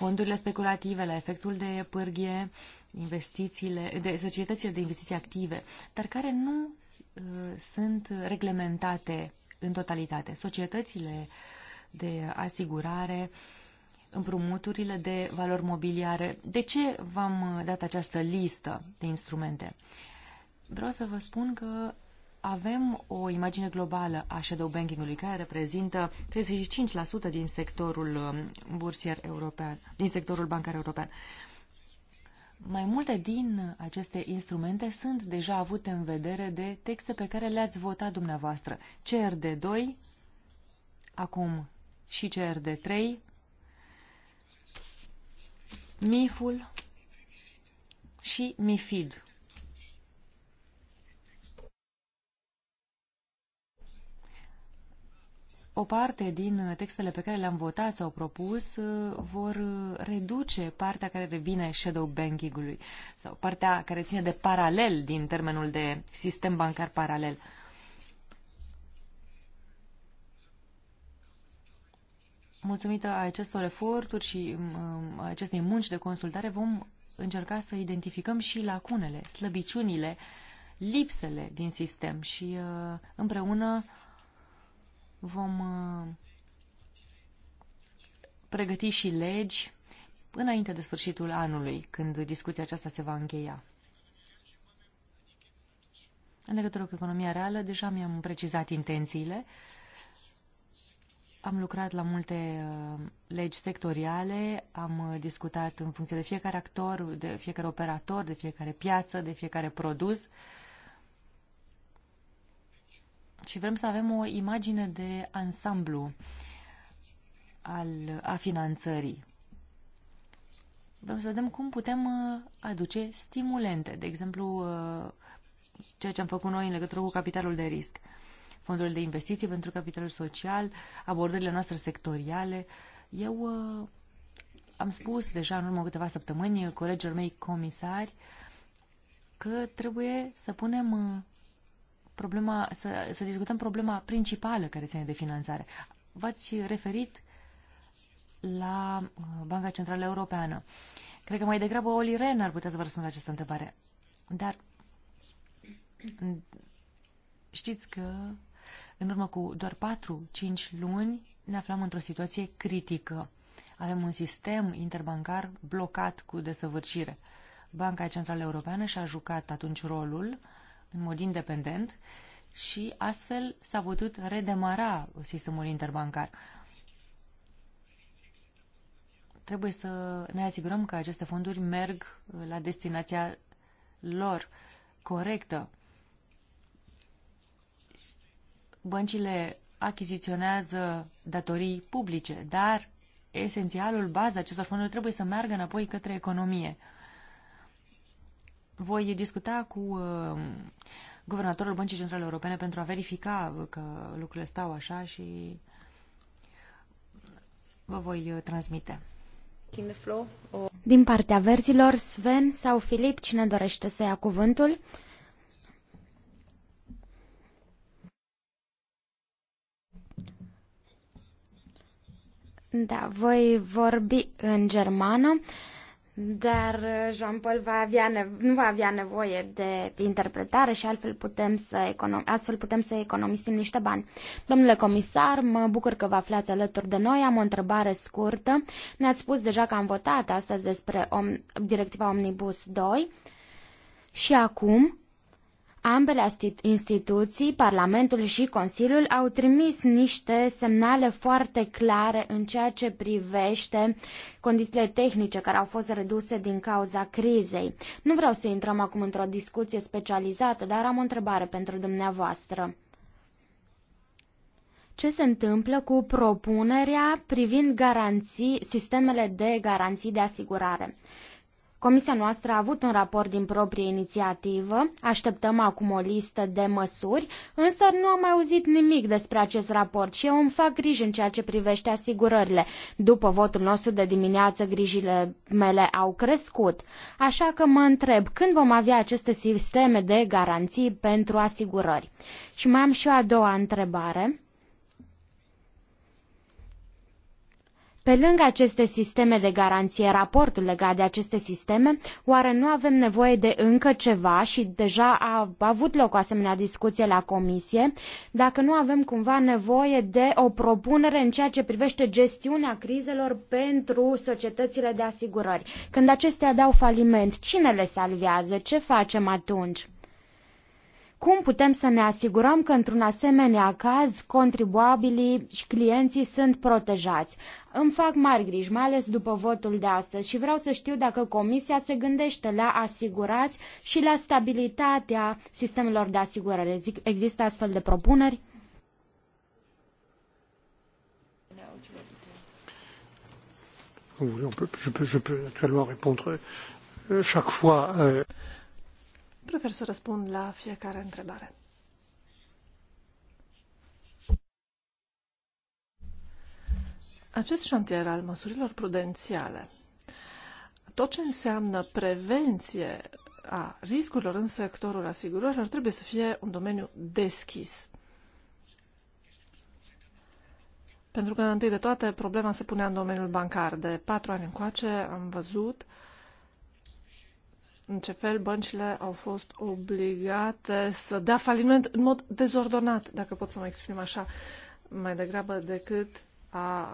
fondurile speculative, la efectul de pârghie, investițiile, de societățile de investiții active, dar care nu uh, sunt reglementate în totalitate. Societățile de asigurare, împrumuturile de valori mobiliare. De ce v-am uh, dat această listă de instrumente? Vreau să vă spun că avem o imagine globală a shadow banking-ului, care reprezintă 35% din sectorul um, bursier european, din sectorul bancar european. Mai multe din aceste instrumente sunt deja avute în vedere de texte pe care le-ați votat dumneavoastră. CRD2, acum și CRD3, MIF-ul și MIFID. O parte din uh, textele pe care le-am votat sau propus uh, vor uh, reduce partea care revine shadow banking-ului sau partea care ține de paralel din termenul de sistem bancar paralel. Mulțumită a acestor eforturi și a um, um, acestei munci de consultare vom încerca să identificăm și lacunele, slăbiciunile, lipsele din sistem și împreună Vom uh, pregăti și legi înainte de sfârșitul anului, când discuția aceasta se va încheia. În legătură cu economia reală, deja mi-am precizat intențiile. Am lucrat la multe uh, legi sectoriale, am uh, discutat în funcție de fiecare actor, de fiecare operator, de fiecare piață, de fiecare produs și vrem să avem o imagine de ansamblu al, a finanțării. Vrem să vedem cum putem uh, aduce stimulente, de exemplu, uh, ceea ce am făcut noi în legătură cu capitalul de risc, fondurile de investiții pentru capitalul social, abordările noastre sectoriale. Eu uh, am spus deja în urmă câteva săptămâni colegilor mei comisari că trebuie să punem problema, să, să discutăm problema principală care ține de finanțare. V-ați referit la uh, Banca Centrală Europeană. Cred că mai degrabă Oli Ren ar putea să vă răspundă la această întrebare. Dar știți că în urmă cu doar 4-5 luni ne aflam într-o situație critică. Avem un sistem interbancar blocat cu desăvârșire. Banca Centrală Europeană și-a jucat atunci rolul în mod independent și astfel s-a putut redemara sistemul interbancar. Trebuie să ne asigurăm că aceste fonduri merg la destinația lor corectă. Băncile achiziționează datorii publice, dar esențialul, baza acestor fonduri trebuie să meargă înapoi către economie. Voi discuta cu uh, guvernatorul Băncii Centrale Europene pentru a verifica că lucrurile stau așa și vă voi uh, transmite. Din partea verzilor, Sven sau Filip, cine dorește să ia cuvântul? Da, voi vorbi în germană. Uh, dar uh, Jean-Paul va avea nu va avea nevoie de interpretare și altfel putem să astfel putem să economisim niște bani. Domnule comisar, mă bucur că vă aflați alături de noi. Am o întrebare scurtă. Ne-ați spus deja că am votat astăzi despre om- directiva Omnibus 2 și acum Ambele instituții, Parlamentul și Consiliul, au trimis niște semnale foarte clare în ceea ce privește condițiile tehnice care au fost reduse din cauza crizei. Nu vreau să intrăm acum într-o discuție specializată, dar am o întrebare pentru dumneavoastră ce se întâmplă cu propunerea privind garanții, sistemele de garanții de asigurare. Comisia noastră a avut un raport din proprie inițiativă, așteptăm acum o listă de măsuri, însă nu am mai auzit nimic despre acest raport și eu îmi fac griji în ceea ce privește asigurările. După votul nostru de dimineață, grijile mele au crescut. Așa că mă întreb, când vom avea aceste sisteme de garanții pentru asigurări? Și mai am și o a doua întrebare. Pe lângă aceste sisteme de garanție, raportul legat de aceste sisteme, oare nu avem nevoie de încă ceva și deja a avut loc o asemenea discuție la comisie, dacă nu avem cumva nevoie de o propunere în ceea ce privește gestiunea crizelor pentru societățile de asigurări. Când acestea dau faliment, cine le salvează? Ce facem atunci? Cum putem să ne asigurăm că într-un asemenea caz contribuabilii și clienții sunt protejați? Îmi fac mari griji, mai ales după votul de astăzi și vreau să știu dacă Comisia se gândește la asigurați și la stabilitatea sistemelor de asigurare. Există astfel de propuneri? Je peux, je peux naturellement répondre euh, chaque fois. Euh... Prefer să răspund la fiecare întrebare. Acest șantier al măsurilor prudențiale, tot ce înseamnă prevenție a riscurilor în sectorul asigurărilor, trebuie să fie un domeniu deschis. Pentru că, întâi de toate, problema se punea în domeniul bancar. De patru ani încoace am văzut uh, în ce fel băncile au fost obligate să dea faliment în mod dezordonat, dacă pot să mă exprim așa, mai degrabă decât a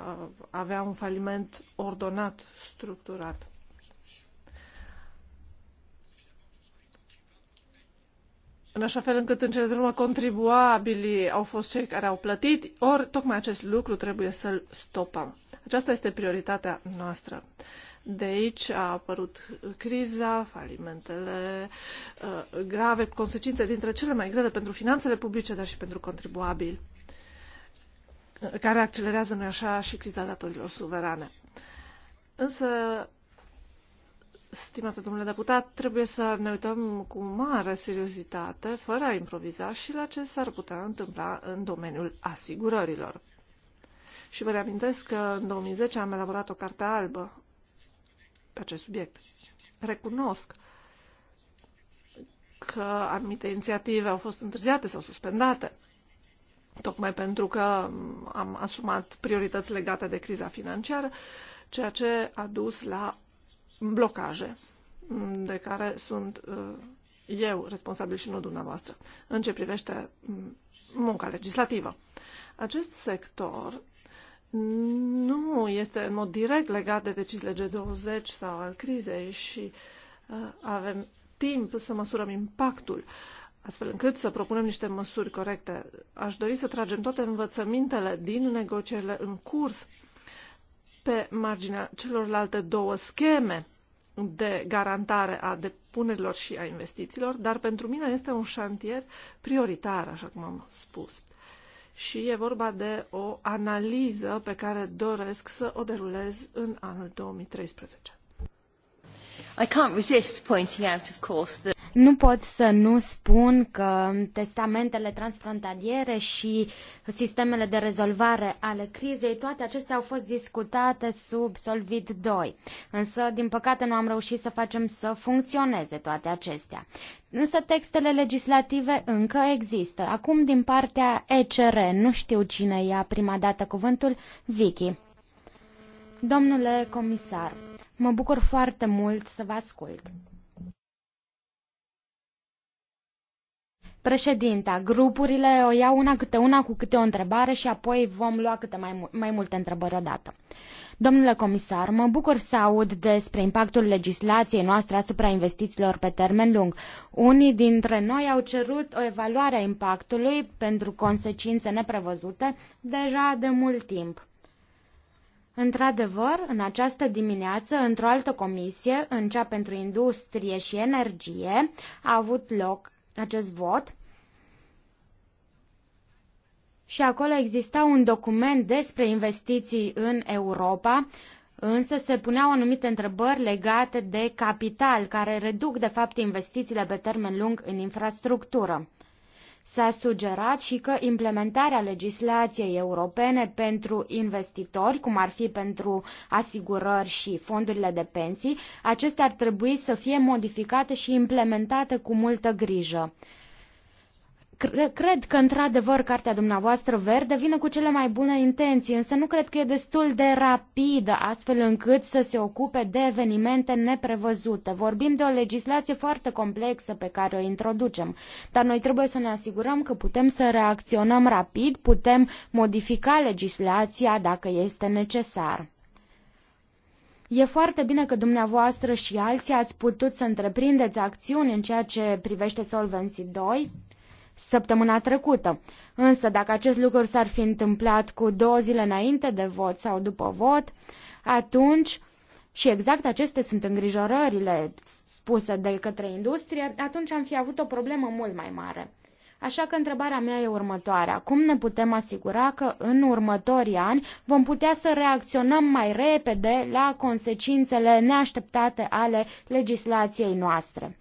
avea un faliment ordonat, structurat. În așa fel încât în cele din urmă contribuabilii au fost cei care au plătit, ori tocmai acest lucru trebuie să-l stopăm. Aceasta este prioritatea noastră. De aici a apărut criza, falimentele uh, grave, consecințe dintre cele mai grele pentru finanțele publice, dar și pentru contribuabili, uh, care accelerează, nu așa, și criza datorilor suverane. Însă, stimate domnule deputat, trebuie să ne uităm cu mare seriozitate, fără a improviza, și la ce s-ar putea întâmpla în domeniul asigurărilor. Și vă reamintesc că în 2010 am elaborat o carte albă pe acest subiect. Recunosc că anumite inițiative au fost întârziate sau suspendate, tocmai pentru că am asumat priorități legate de criza financiară, ceea ce a dus la blocaje de care sunt uh, eu responsabil și nu dumneavoastră, în ce privește mm, munca legislativă. Acest sector nu este în mod direct legat de deciziile G20 sau al crizei și uh, avem timp să măsurăm impactul, astfel încât să propunem niște măsuri corecte. Aș dori să tragem toate învățămintele din negocierile în curs pe marginea celorlalte două scheme de garantare a depunerilor și a investițiilor, dar pentru mine este un șantier prioritar, așa cum am spus și e vorba de o analiză pe care doresc să o derulez în anul 2013. I can't resist pointing out, of course, that nu pot să nu spun că testamentele transfrontaliere și sistemele de rezolvare ale crizei, toate acestea au fost discutate sub Solvit 2, însă din păcate nu am reușit să facem să funcționeze toate acestea. Însă textele legislative încă există. Acum din partea ECR, nu știu cine ia prima dată cuvântul, Vicky. Domnule comisar, mă bucur foarte mult să vă ascult. Președinta, grupurile o iau una câte una cu câte o întrebare și apoi vom lua câte mai, mai multe întrebări odată. Domnule comisar, mă bucur să aud despre impactul legislației noastre asupra investițiilor pe termen lung. Unii dintre noi au cerut o evaluare a impactului pentru consecințe neprevăzute deja de mult timp. Într-adevăr, în această dimineață, într-o altă comisie, în cea pentru industrie și energie, a avut loc acest vot și acolo exista un document despre investiții în Europa, însă se puneau anumite întrebări legate de capital, care reduc de fapt investițiile pe termen lung în infrastructură. S-a sugerat și că implementarea legislației europene pentru investitori, cum ar fi pentru asigurări și fondurile de pensii, acestea ar trebui să fie modificate și implementate cu multă grijă. Cred că, într-adevăr, cartea dumneavoastră verde vine cu cele mai bune intenții, însă nu cred că e destul de rapidă, astfel încât să se ocupe de evenimente neprevăzute. Vorbim de o legislație foarte complexă pe care o introducem, dar noi trebuie să ne asigurăm că putem să reacționăm rapid, putem modifica legislația dacă este necesar. E foarte bine că dumneavoastră și alții ați putut să întreprindeți acțiuni în ceea ce privește Solvency 2 săptămâna trecută. Însă dacă acest lucru s-ar fi întâmplat cu două zile înainte de vot sau după vot, atunci și exact acestea sunt îngrijorările spuse de către industrie, atunci am fi avut o problemă mult mai mare. Așa că întrebarea mea e următoarea. Cum ne putem asigura că în următorii ani vom putea să reacționăm mai repede la consecințele neașteptate ale legislației noastre?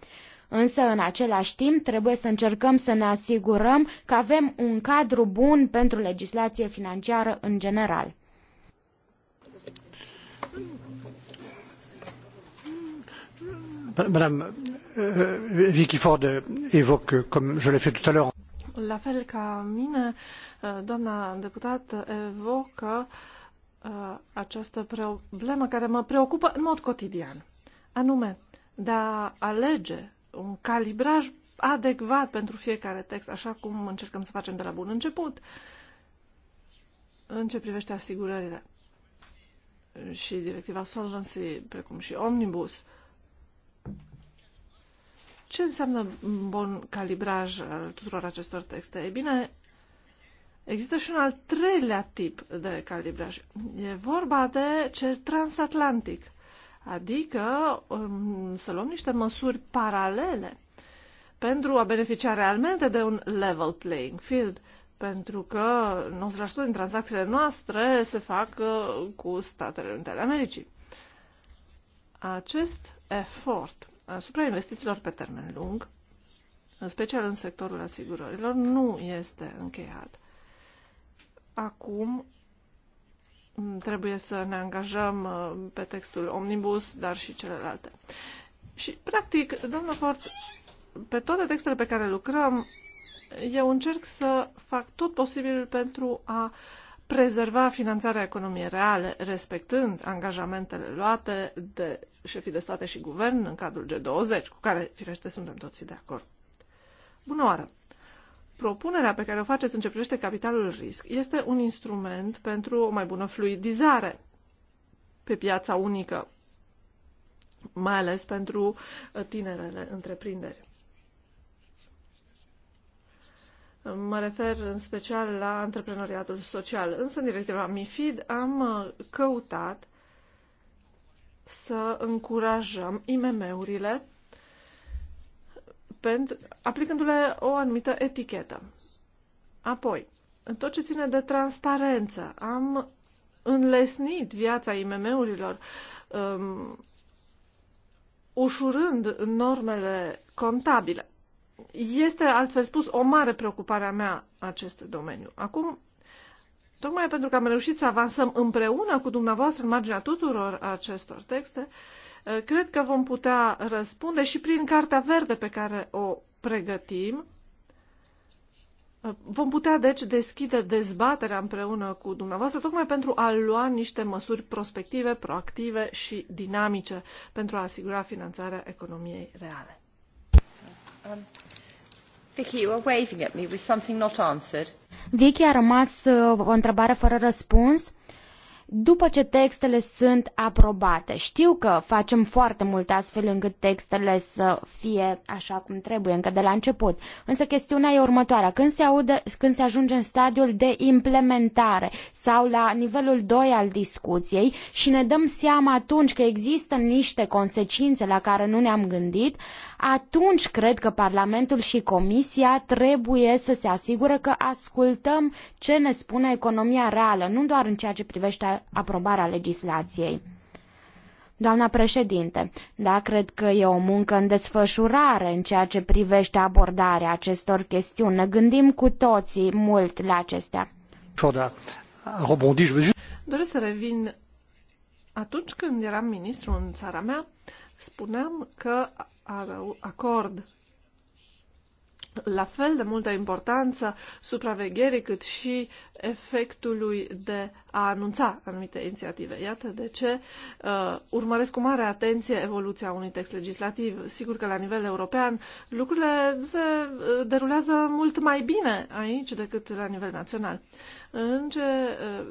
Însă, în același timp, trebuie să încercăm să ne asigurăm că avem un cadru bun pentru legislație financiară în general. Madame euh, Vicky Ford évoque, comme je l'ai fait tout à l'heure, la fel ca mine, euh, doamna deputat evocă euh, această problemă care mă preocupă în mod cotidian, anume de a alege un calibraj adecvat pentru fiecare text, așa cum încercăm să facem de la bun început, în ce privește asigurările și directiva Solvency, precum și Omnibus. Ce înseamnă bun calibraj al tuturor acestor texte? E bine, Există și un al treilea tip de calibraj. E vorba de cel transatlantic. Adică um, să luăm niște măsuri paralele pentru a beneficia realmente de un level playing field, pentru că 90% din tranzacțiile noastre se fac uh, cu Statele Unite ale Americii. Acest efort asupra investițiilor pe termen lung, în special în sectorul asigurărilor, nu este încheiat. Acum Mm, trebuie să ne angajăm uh, pe textul Omnibus, dar și celelalte. Și, practic, doamnă Ford, pe toate textele pe care lucrăm, eu încerc să fac tot posibil pentru a prezerva finanțarea economiei reale, respectând angajamentele luate de șefii de state și guvern în cadrul G20, cu care, firește, suntem toți de acord. Bună oară! Propunerea pe care o faceți în ce privește capitalul risc este un instrument pentru o mai bună fluidizare pe piața unică, mai ales pentru uh, tinerele întreprinderi. Mă refer în special la antreprenoriatul social. Însă, în directiva MIFID am uh, căutat să încurajăm IMM-urile pentru, aplicându-le o anumită etichetă. Apoi, în tot ce ține de transparență, am înlesnit viața IMM-urilor, um, ușurând normele contabile. Este, altfel spus, o mare preocupare a mea acest domeniu. Acum, tocmai pentru că am reușit să avansăm împreună cu dumneavoastră în marginea tuturor acestor texte, uh, Eh, cred că vom putea răspunde și prin Cartea Verde pe care o pregătim. Eh, vom putea, deci, deschide dezbaterea împreună cu dumneavoastră, tocmai pentru a lua niște măsuri prospective, proactive și dinamice pentru a asigura finanțarea economiei reale. Um, Vicky, you are waving at me with something not answered. Vicky, a rămas uh, o întrebare fără răspuns după ce textele sunt aprobate. Știu că facem foarte mult astfel încât textele să fie așa cum trebuie încă de la început. Însă chestiunea e următoarea. Când se, aude, când se ajunge în stadiul de implementare sau la nivelul 2 al discuției și ne dăm seama atunci că există niște consecințe la care nu ne-am gândit, atunci cred că Parlamentul și Comisia trebuie să se asigure că ascultăm ce ne spune economia reală, nu doar în ceea ce privește aprobarea legislației. Doamna președinte, da, cred că e o muncă în desfășurare în ceea ce privește abordarea acestor chestiuni. Ne gândim cu toții mult la acestea. Doresc să revin. Atunci când eram ministru în țara mea, Spuneam că acord la fel de multă importanță supravegherii cât și efectului de a anunța anumite inițiative. Iată de ce uh, urmăresc cu mare atenție evoluția unui text legislativ. Sigur că la nivel european lucrurile se uh, derulează mult mai bine aici decât la nivel național. În ce uh,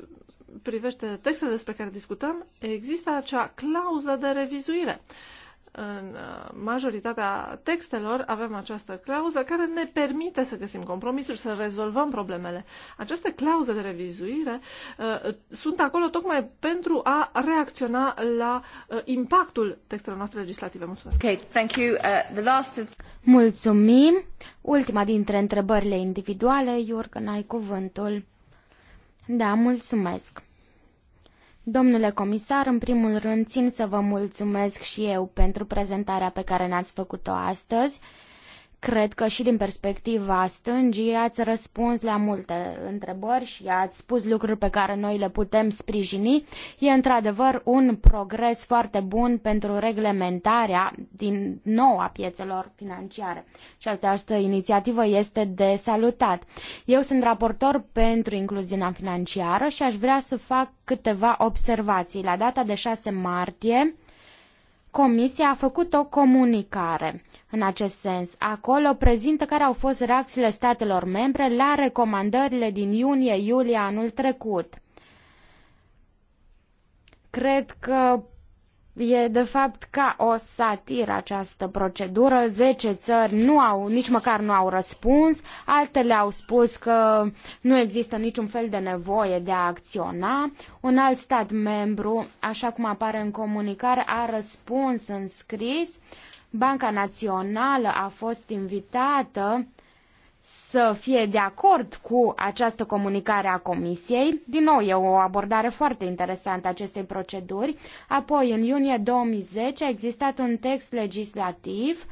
privește textele despre care discutăm, există acea clauză de revizuire. Uh, în uh, majoritatea textelor avem această clauză care ne permite să găsim compromisuri, să rezolvăm problemele. Aceste clauze de revizuire uh, sunt acolo tocmai pentru a reacționa la uh, impactul textelor noastre legislative. Mulțumesc! Okay, thank you. Uh, the last Mulțumim! Ultima dintre întrebările individuale, n ai cuvântul. Da, mulțumesc! Domnule comisar, în primul rând țin să vă mulțumesc și eu pentru prezentarea pe care ne-ați făcut-o astăzi. Cred că și din perspectiva stângii ați răspuns la multe întrebări și ați spus lucruri pe care noi le putem sprijini. E într-adevăr un progres foarte bun pentru reglementarea din nou a piețelor financiare și această inițiativă este de salutat. Eu sunt raportor pentru incluziunea financiară și aș vrea să fac câteva observații. La data de 6 martie, Comisia a făcut o comunicare în acest sens. Acolo prezintă care au fost reacțiile statelor membre la recomandările din iunie-iulie anul trecut. Cred că E de fapt ca o satiră această procedură. Zece țări nu au, nici măcar nu au răspuns, altele au spus că nu există niciun fel de nevoie de a acționa. Un alt stat membru, așa cum apare în comunicare, a răspuns în scris. Banca Națională a fost invitată să fie de acord cu această comunicare a Comisiei. Din nou, e o abordare foarte interesantă acestei proceduri. Apoi, în iunie 2010, a existat un text legislativ,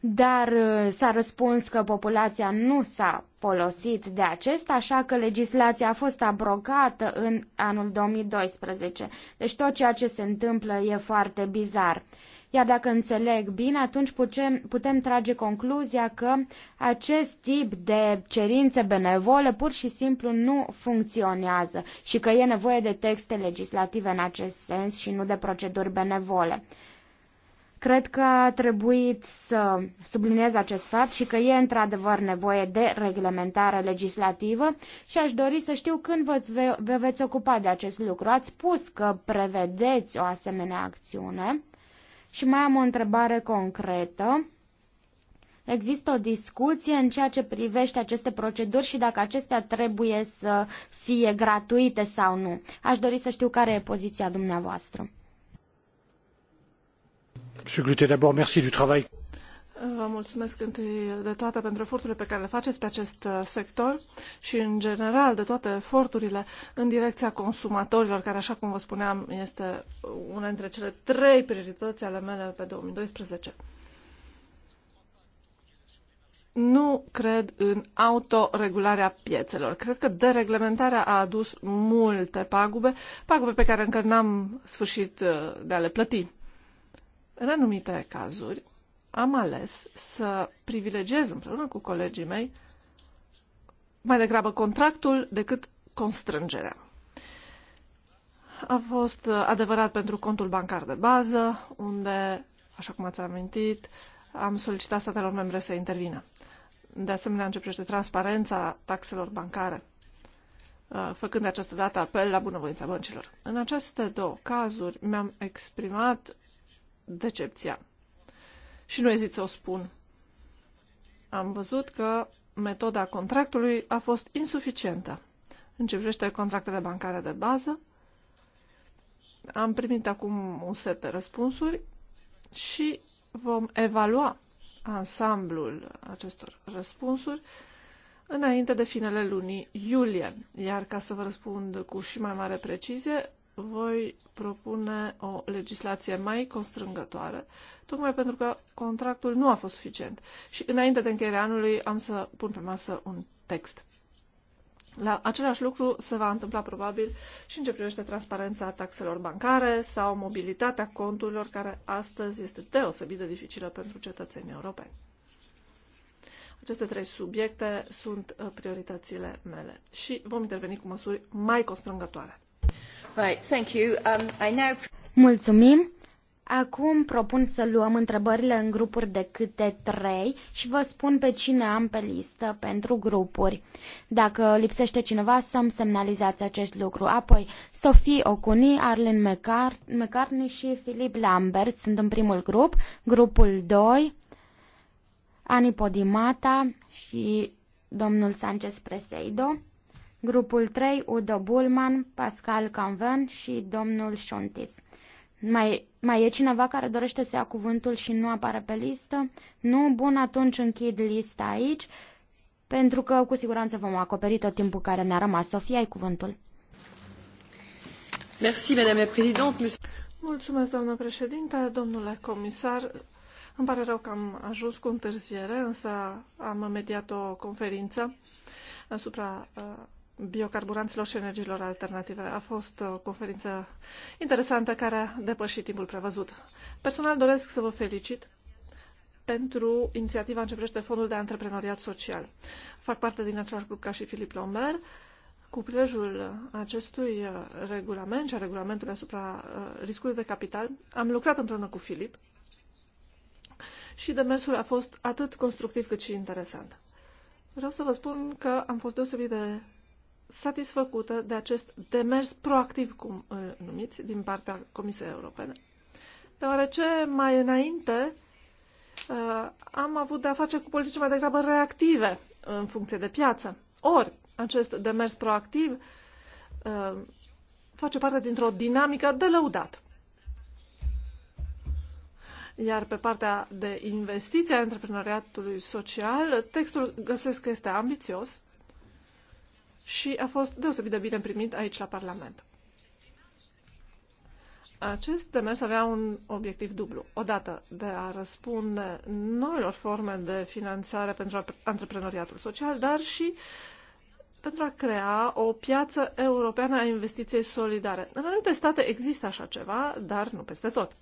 dar uh, s-a răspuns că populația nu s-a folosit de acesta, așa că legislația a fost abrogată în anul 2012. Deci tot ceea ce se întâmplă e foarte bizar. Iar dacă înțeleg bine, atunci putem, putem trage concluzia că acest tip de cerințe benevole pur și simplu nu funcționează și că e nevoie de texte legislative în acest sens și nu de proceduri benevole. Cred că a trebuit să subliniez acest fapt și că e într-adevăr nevoie de reglementare legislativă și aș dori să știu când vă veți ocupa de acest lucru. Ați spus că prevedeți o asemenea acțiune. Și mai am o întrebare concretă. Există o discuție în ceea ce privește aceste proceduri și dacă acestea trebuie să fie gratuite sau nu. Aș dori să știu care e poziția dumneavoastră. Monsieur Gluten, d'abord, merci du travail Vă mulțumesc întâi de toate pentru eforturile pe care le faceți pe acest uh, sector și, în general, de toate eforturile în direcția consumatorilor, care, așa cum vă spuneam, este una dintre cele trei priorități ale mele pe 2012. Nu cred în autoregularea piețelor. Cred că dereglementarea a adus multe pagube, pagube pe care încă n-am sfârșit uh, de a le plăti. În anumite cazuri, am ales să privilegiez împreună cu colegii mei mai degrabă contractul decât constrângerea. A fost adevărat pentru contul bancar de bază, unde, așa cum ați amintit, am solicitat statelor membre să intervină. De asemenea, începește transparența taxelor bancare, uh, făcând de această dată apel la bunăvoința băncilor. În aceste două cazuri mi-am exprimat decepția și nu ezit să o spun. Am văzut că metoda contractului a fost insuficientă. În ce privește contractele bancare de bază, am primit acum un set de răspunsuri și vom evalua ansamblul acestor răspunsuri înainte de finele lunii iulie. Iar ca să vă răspund cu și mai mare precizie, voi propune o legislație mai constrângătoare, tocmai pentru că contractul nu a fost suficient. Și înainte de încheierea anului am să pun pe masă un text. La același lucru se va întâmpla probabil și în ce privește transparența taxelor bancare sau mobilitatea conturilor, care astăzi este deosebit de dificilă pentru cetățenii europeni. Aceste trei subiecte sunt uh, prioritățile mele și vom interveni cu măsuri mai constrângătoare. Um, Mulțumim. Acum propun să luăm întrebările în grupuri de câte trei și vă spun pe cine am pe listă pentru grupuri. Dacă lipsește cineva, să-mi semnalizați acest lucru. Apoi, Sophie Ocuni, Arlen McCartney și Filip Lambert sunt în primul grup, grupul 2, Ani Podimata și domnul Sanchez Preseido. Grupul 3, Udo Bulman, Pascal Canvan și domnul Șuntis. Mai, mai e cineva care dorește să ia cuvântul și nu apare pe listă? Nu? Bun, atunci închid lista aici, pentru că cu siguranță vom acoperi tot timpul care ne-a rămas. Sofia, ai cuvântul. Merci, Madame la Présidente. Mulțumesc, doamnă președinte, domnule comisar. Îmi pare rău că am ajuns cu întârziere, însă am mediat o conferință asupra uh, biocarburanților și energiilor alternative. A fost uh, o conferință interesantă care a depășit timpul prevăzut. Personal doresc să vă felicit pentru inițiativa începește Fondul de Antreprenoriat Social. Fac parte din același grup ca și Filip Lomer. Cu prilejul acestui uh, regulament și a regulamentului asupra uh, riscului de capital, am lucrat împreună cu Filip și demersul a fost atât constructiv cât și interesant. Vreau să vă spun că am fost deosebit de satisfăcută de acest demers proactiv, cum îl numiți, din partea Comisiei Europene. Deoarece mai înainte uh, am avut de-a face cu politici mai degrabă reactive în funcție de piață. Ori, acest demers proactiv uh, face parte dintr-o dinamică de lăudat. Iar pe partea de investiție a antreprenoriatului social, textul găsesc că este ambițios, și a fost deosebit de bine primit aici la Parlament. Acest demers avea un obiectiv dublu. Odată, de a răspunde noilor forme de finanțare pentru antreprenoriatul social, dar și pentru a crea o piață europeană a investiției solidare. În anumite state există așa ceva, dar nu peste tot.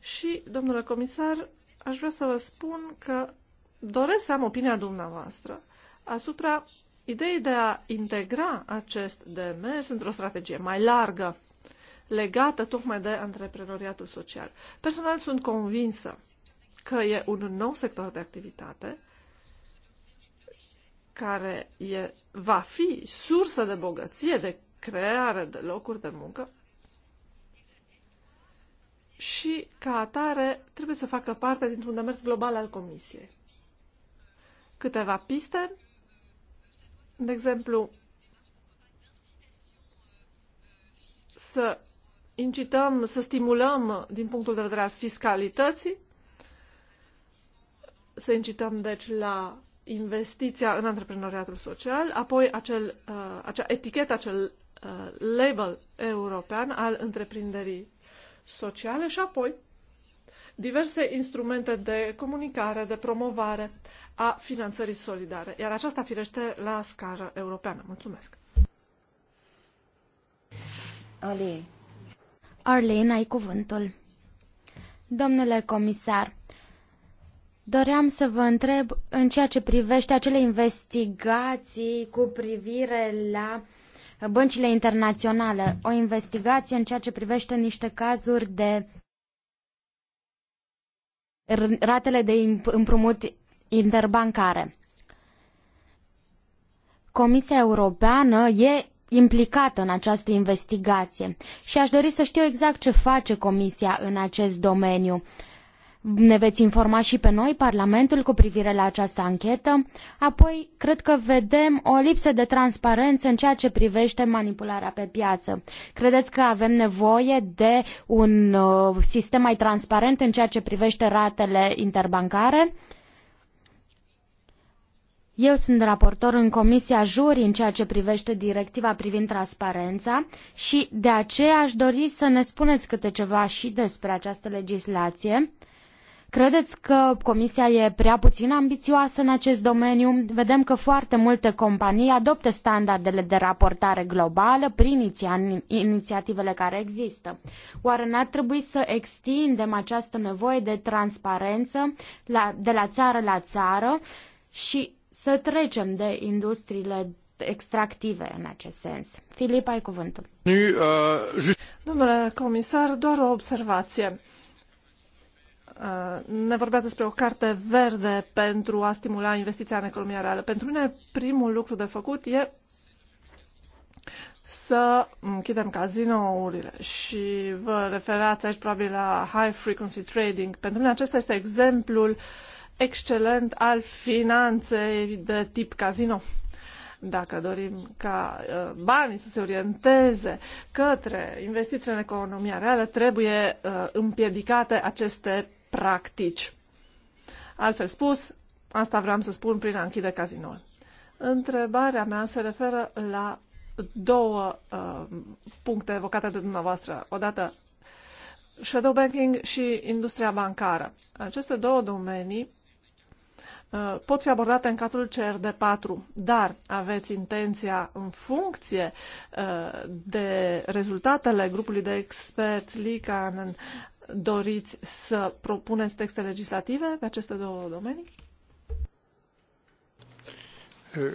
Și, domnule comisar, aș vrea să vă spun că doresc să am opinia dumneavoastră asupra ideea de a integra acest demers într-o strategie mai largă, legată tocmai de antreprenoriatul social. Personal sunt convinsă că e un nou sector de activitate care e, va fi sursă de bogăție, de creare de locuri de muncă și, ca atare, trebuie să facă parte dintr-un demers global al Comisiei. Câteva piste de exemplu, să incităm, să stimulăm din punctul de vedere al fiscalității, să incităm, deci, la investiția în antreprenoriatul social, apoi acel, uh, acea etichetă, acel uh, label european al întreprinderii sociale și apoi diverse instrumente de comunicare, de promovare a finanțării solidare, iar aceasta firește la scară europeană. Mulțumesc! Ali. Arlene, ai cuvântul. Domnule comisar, doream să vă întreb în ceea ce privește acele investigații cu privire la băncile internaționale, o investigație în ceea ce privește niște cazuri de ratele de împrumut interbancare. Comisia Europeană e implicată în această investigație și aș dori să știu exact ce face Comisia în acest domeniu ne veți informa și pe noi, Parlamentul, cu privire la această anchetă. Apoi, cred că vedem o lipsă de transparență în ceea ce privește manipularea pe piață. Credeți că avem nevoie de un uh, sistem mai transparent în ceea ce privește ratele interbancare? Eu sunt raportor în Comisia Juri în ceea ce privește directiva privind transparența și de aceea aș dori să ne spuneți câte ceva și despre această legislație. Credeți că Comisia e prea puțin ambițioasă în acest domeniu? Vedem că foarte multe companii adoptă standardele de raportare globală prin inițiativele care există. Oare n-ar trebui să extindem această nevoie de transparență la, de la țară la țară și să trecem de industriile extractive în acest sens. Filip, ai cuvântul. Uh, Domnule comisar, doar o observație. Uh, ne vorbea despre o carte verde pentru a stimula investiția în economia reală. Pentru mine, primul lucru de făcut e să închidem cazinourile și vă referați aici probabil la high frequency trading. Pentru mine acesta este exemplul excelent al finanței de tip casino. Dacă dorim ca uh, banii să se orienteze către investiții în economia reală, trebuie uh, împiedicate aceste practici. Altfel spus, asta vreau să spun prin a închide cazinoul. Întrebarea mea se referă la două uh, puncte evocate de dumneavoastră. Odată, shadow banking și industria bancară. Aceste două domenii uh, pot fi abordate în cadrul CRD4, dar aveți intenția în funcție uh, de rezultatele grupului de experți Licanen doriți să propuneți texte legislative pe aceste două domenii? Euh,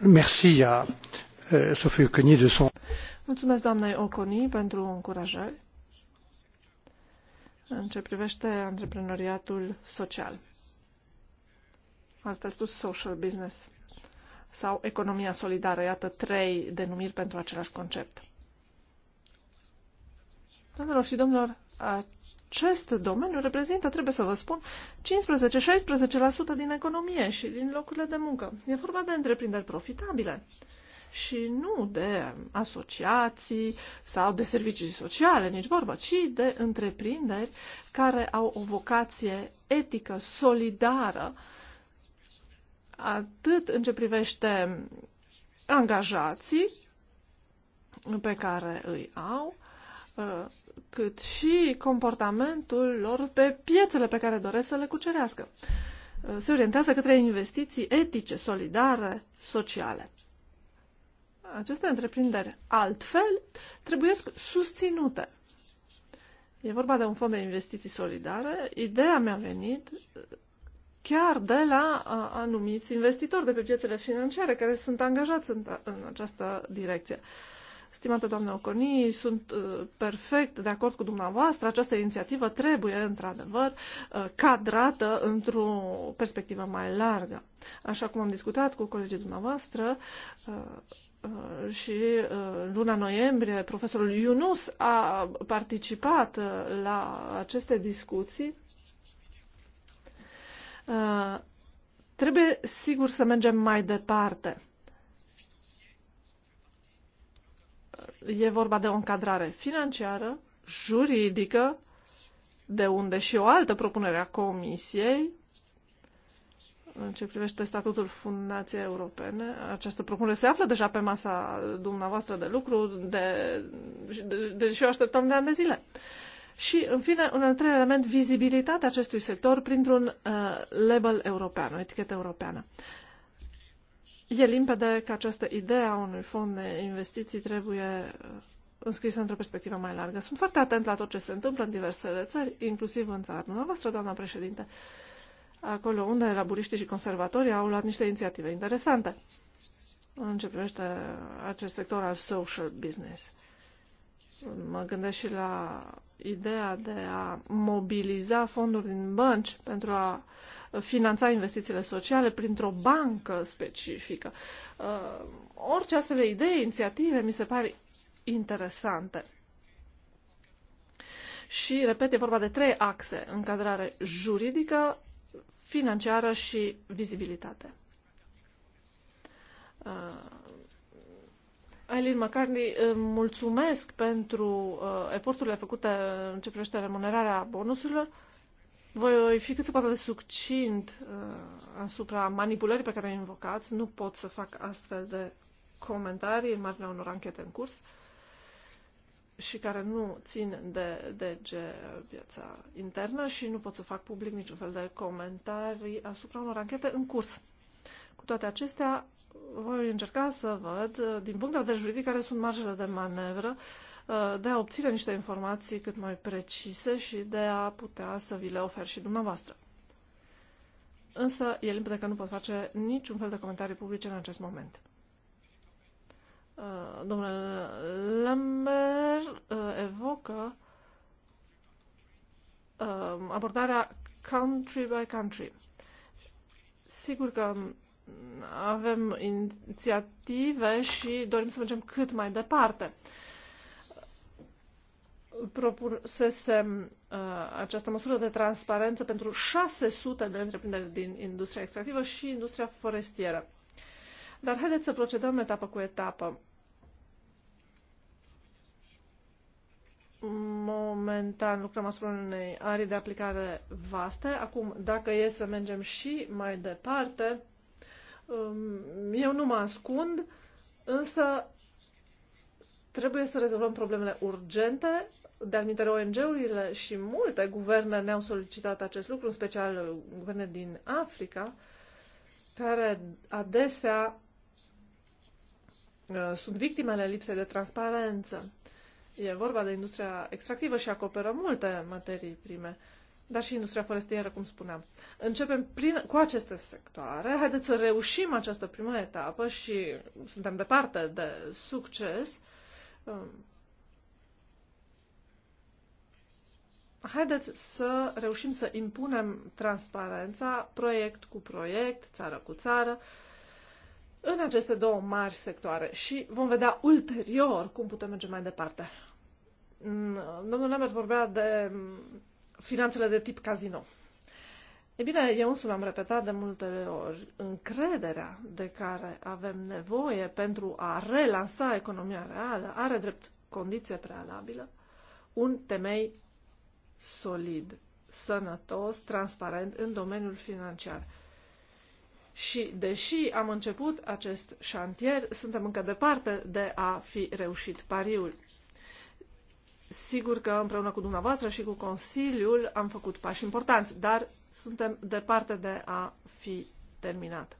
merci à euh, Sophie Oconi de son... Mulțumesc doamnei Oconi pentru încurajări în ce privește antreprenoriatul social, altfel spus social business sau economia solidară, iată trei denumiri pentru același concept. Doamnelor și domnilor, acest domeniu reprezintă, trebuie să vă spun, 15-16% din economie și din locurile de muncă. E vorba de întreprinderi profitabile și nu de asociații sau de servicii sociale, nici vorba, ci de întreprinderi care au o vocație etică, solidară, atât în ce privește angajații pe care îi au, cât și comportamentul lor pe piețele pe care doresc să le cucerească. Uh, se orientează către investiții etice, solidare, sociale. Aceste întreprinderi, altfel, trebuie susținute. E vorba de un fond de investiții solidare. Ideea mi-a venit chiar de la anumiți investitori de pe piețele financiare care sunt angajați în, această direcție. Uh, Stimată doamnă Oconii, sunt uh, perfect de acord cu dumneavoastră. Această inițiativă trebuie, într-adevăr, uh, cadrată într-o perspectivă mai largă. Așa cum am discutat cu colegii dumneavoastră, uh, și în luna noiembrie profesorul Yunus a participat la aceste discuții. Trebuie, sigur, să mergem mai departe E vorba de o încadrare financiară, juridică, de unde și o altă propunere a Comisiei în ce privește statutul Fundației Europene. Această propunere se află deja pe masa dumneavoastră de lucru, de, de, deși o așteptăm de ani de zile. Și, în fine, un al treilea element, vizibilitatea acestui sector printr-un uh, label european, o etichetă europeană. E limpede că această idee a unui fond de investiții trebuie uh, înscrisă într-o perspectivă mai largă. Sunt foarte atent la tot ce se întâmplă în diversele țări, inclusiv în țara dumneavoastră, doamna președinte, acolo unde laburiștii și conservatorii au luat niște inițiative interesante în ce privește acest sector al social business. Mă gândesc și la ideea de a mobiliza fonduri din bănci pentru a finanța investițiile sociale printr-o bancă specifică. Uh, orice astfel de idei, inițiative, mi se pare interesante. Și, repet, e vorba de trei axe. Încadrare juridică, financiară și vizibilitate. Uh, Aileen McCartney, mulțumesc pentru uh, eforturile făcute în ce privește remunerarea bonusurilor. Voi fi cât se poate de succint uh, asupra manipulării pe care o invocați. Nu pot să fac astfel de comentarii în marginea unor anchete în curs și care nu țin de de ge viața internă și nu pot să fac public niciun fel de comentarii asupra unor anchete în curs. Cu toate acestea, voi încerca să văd, uh, din punct de vedere juridic, care sunt marjele de manevră uh, de a obține niște informații cât mai precise și de a putea să vi le ofer și dumneavoastră. Însă e limpede că nu pot face niciun fel de comentarii publice în acest moment. Uh, domnule Lambert evocă abordarea country by country. Sigur că avem inițiative și dorim să mergem cât mai departe. Propusesem uh, această măsură de transparență pentru 600 de întreprinderi din industria extractivă și industria forestieră. Dar haideți să procedăm etapă cu etapă. Momentan lucrăm asupra unei arii de aplicare vaste. Acum, dacă e să mergem și mai departe, Um, eu nu mă ascund, însă trebuie să rezolvăm problemele urgente. De admitere, ONG-urile și multe guverne ne-au solicitat acest lucru, în special guverne din Africa, care adesea uh, sunt victimele lipsei de transparență. E vorba de industria extractivă și acoperă multe materii prime. Uh, dar și industria forestieră, cum spuneam. Începem prin, cu aceste sectoare, haideți să reușim această primă etapă și suntem departe de succes. Um, haideți să reușim să impunem transparența proiect cu proiect, țară cu țară, în aceste două mari sectoare și vom vedea ulterior cum putem merge mai departe. Mm, domnul Lambert vorbea de finanțele de tip casino. E bine, eu însumi am repetat de multe ori, încrederea de care avem nevoie pentru a relansa economia reală are drept condiție prealabilă un temei solid, sănătos, transparent în domeniul financiar. Și deși am început acest șantier, suntem încă departe de a fi reușit pariul. Sigur că împreună cu dumneavoastră și cu Consiliul am făcut pași importanți, dar suntem departe de a fi terminat.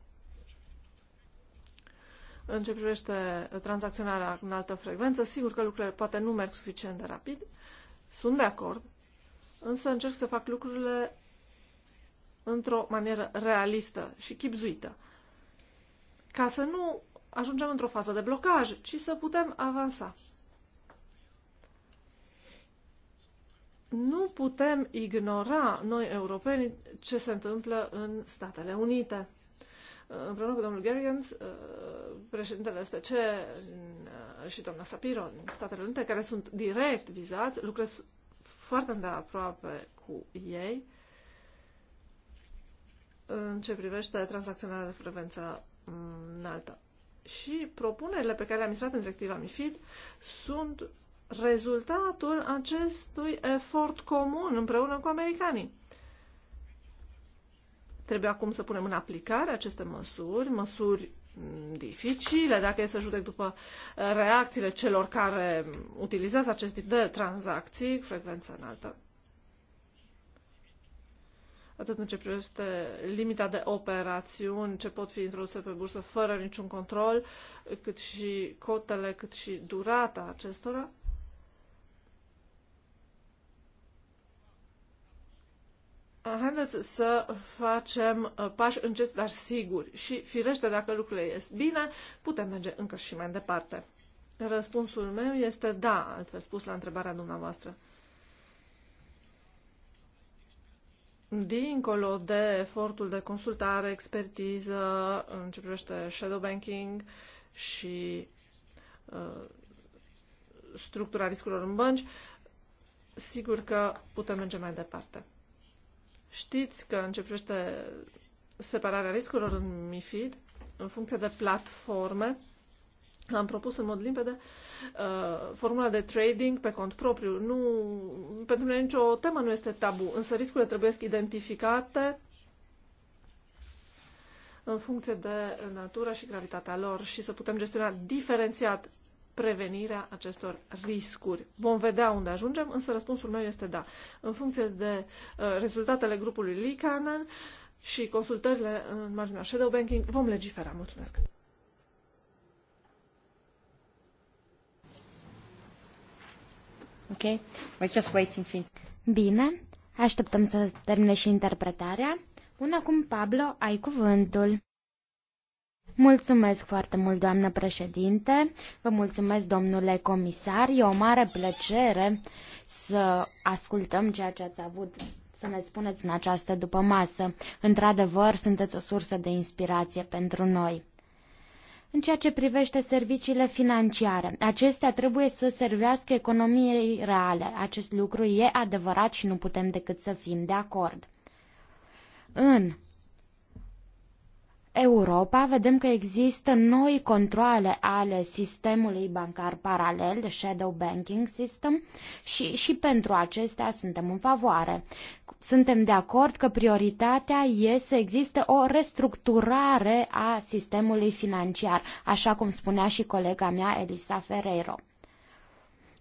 În ce privește tranzacționarea în altă frecvență, sigur că lucrurile poate nu merg suficient de rapid, sunt de acord, însă încerc să fac lucrurile într-o manieră realistă și chipzuită, ca să nu ajungem într-o fază de blocaj, ci să putem avansa. Nu putem ignora noi europeni ce se întâmplă în Statele Unite. Împreună cu domnul Gergens, uh, președintele STC uh, și doamna Sapiro din Statele Unite, care sunt direct vizați, lucrez foarte îndeaproape cu ei în ce privește tranzacționarea de frecvență mm, înaltă. Și propunerile pe care le-am instalat în directiva MIFID sunt rezultatul acestui efort comun împreună cu americanii. Trebuie acum să punem în aplicare aceste măsuri, măsuri dificile, dacă e să judec după uh, reacțiile celor care utilizează acest tip de tranzacții, frecvență înaltă. Atât în ce privește limita de operațiuni ce pot fi introduse pe bursă fără niciun control, cât și cotele, cât și durata acestora. haideți să facem uh, pași încet, dar siguri. Și, firește, dacă lucrurile ies bine, putem merge încă și mai departe. Răspunsul meu este da, altfel spus la întrebarea dumneavoastră. Dincolo de efortul de consultare, expertiză, în ce privește shadow banking și uh, structura riscurilor în bănci, sigur că putem merge mai departe. Știți că începește separarea riscurilor în MIFID în funcție de platforme. Am propus în mod limpede uh, formula de trading pe cont propriu. Nu, pentru mine nicio temă nu este tabu, însă riscurile trebuie identificate în funcție de natura și gravitatea lor și să putem gestiona diferențiat prevenirea acestor riscuri. Vom vedea unde ajungem, însă răspunsul meu este da. În funcție de uh, rezultatele grupului Likanen și consultările în marginea shadow banking, vom legifera. Mulțumesc! Okay. We're just waiting for... Bine, așteptăm să termine și interpretarea. Până acum, Pablo, ai cuvântul. Mulțumesc foarte mult, doamnă președinte. Vă mulțumesc, domnule comisar. E o mare plăcere să ascultăm ceea ce ați avut să ne spuneți în această după masă. Într-adevăr, sunteți o sursă de inspirație pentru noi. În ceea ce privește serviciile financiare, acestea trebuie să servească economiei reale. Acest lucru e adevărat și nu putem decât să fim de acord. În Europa, vedem că există noi controle ale sistemului bancar paralel, de shadow banking system, și, și pentru acestea suntem în favoare. Suntem de acord că prioritatea e să existe o restructurare a sistemului financiar, așa cum spunea și colega mea Elisa Ferreiro.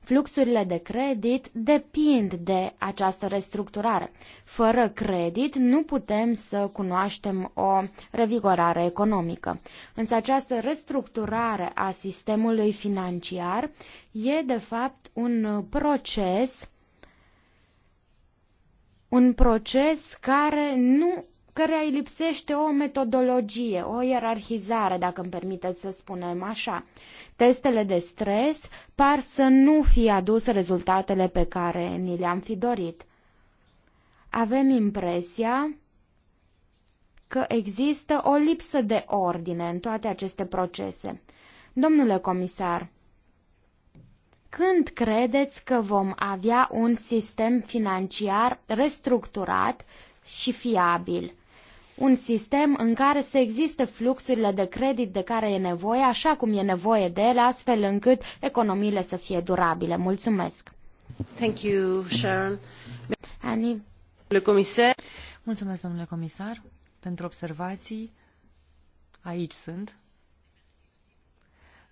Fluxurile de credit depind de această restructurare. Fără credit nu putem să cunoaștem o revigorare economică. Însă această restructurare a sistemului financiar e de fapt un proces un proces care nu care îi lipsește o metodologie, o ierarhizare, dacă îmi permiteți să spunem așa. Testele de stres par să nu fie aduse rezultatele pe care ni le-am fi dorit. Avem impresia că există o lipsă de ordine în toate aceste procese. Domnule comisar, când credeți că vom avea un sistem financiar restructurat și fiabil? un sistem în care să existe fluxurile de credit de care e nevoie, așa cum e nevoie de ele, astfel încât economiile să fie durabile. Mulțumesc! Thank you, Sharon. Annie. Comisar. Mulțumesc, domnule comisar, pentru observații. Aici sunt.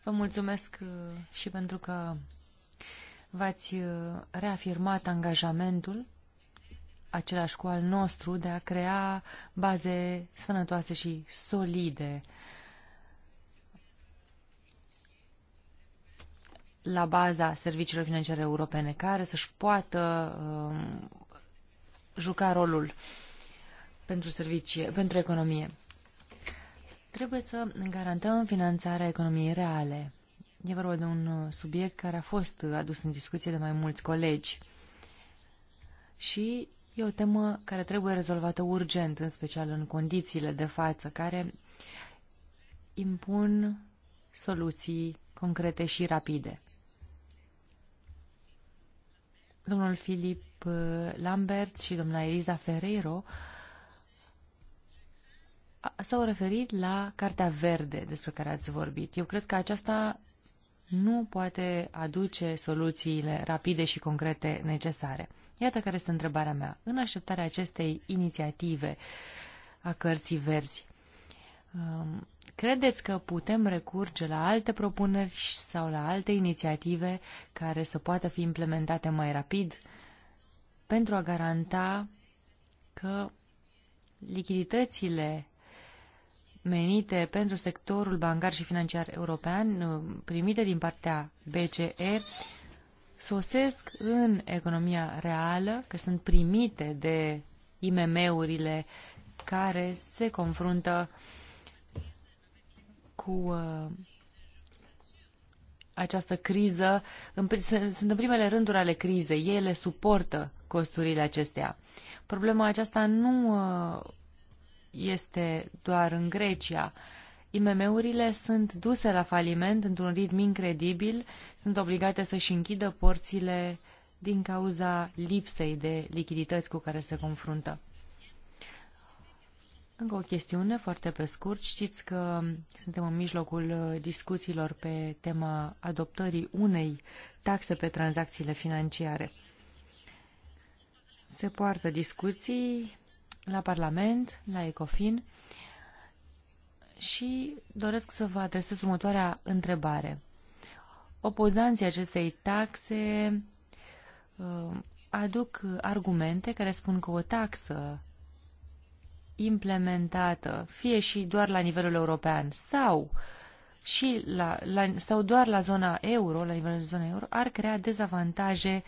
Vă mulțumesc uh, și pentru că v-ați uh, reafirmat angajamentul același cu al nostru de a crea baze sănătoase și solide la baza serviciilor financiare europene care să-și poată um, juca rolul pentru, servicii, pentru economie. Trebuie să garantăm finanțarea economiei reale. E vorba de un uh, subiect care a fost uh, adus în discuție de mai mulți colegi. Și E o temă care trebuie rezolvată urgent, în special în condițiile de față, care impun soluții concrete și rapide. Domnul Filip uh, Lambert și domnul Eliza Ferreiro s-au referit la Cartea Verde despre care ați vorbit. Eu cred că aceasta nu poate aduce soluțiile rapide și concrete necesare. Iată care este întrebarea mea. În așteptarea acestei inițiative a cărții verzi, um, credeți că putem recurge la alte propuneri sau la alte inițiative care să poată fi implementate mai rapid pentru a garanta că lichiditățile menite pentru sectorul bancar și financiar european um, primite din partea BCE sosesc în economia reală, că sunt primite de IMM-urile care se confruntă cu uh, această criză. În, sunt în primele rânduri ale crizei. Ele suportă costurile acestea. Problema aceasta nu uh, este doar în Grecia. Uh, IMM-urile sunt duse la faliment într-un ritm incredibil, sunt obligate să-și închidă porțile din cauza lipsei de lichidități cu care se confruntă. Încă o chestiune foarte pe scurt. Știți că suntem în mijlocul uh, discuțiilor pe tema adoptării unei taxe pe tranzacțiile financiare. Se poartă discuții la Parlament, la Ecofin și doresc să vă adresez următoarea întrebare. Opozanții acestei taxe uh, aduc argumente care spun că o taxă implementată, fie și doar la nivelul european sau și la, la, sau doar la zona euro, la nivelul zonei euro, ar crea dezavantaje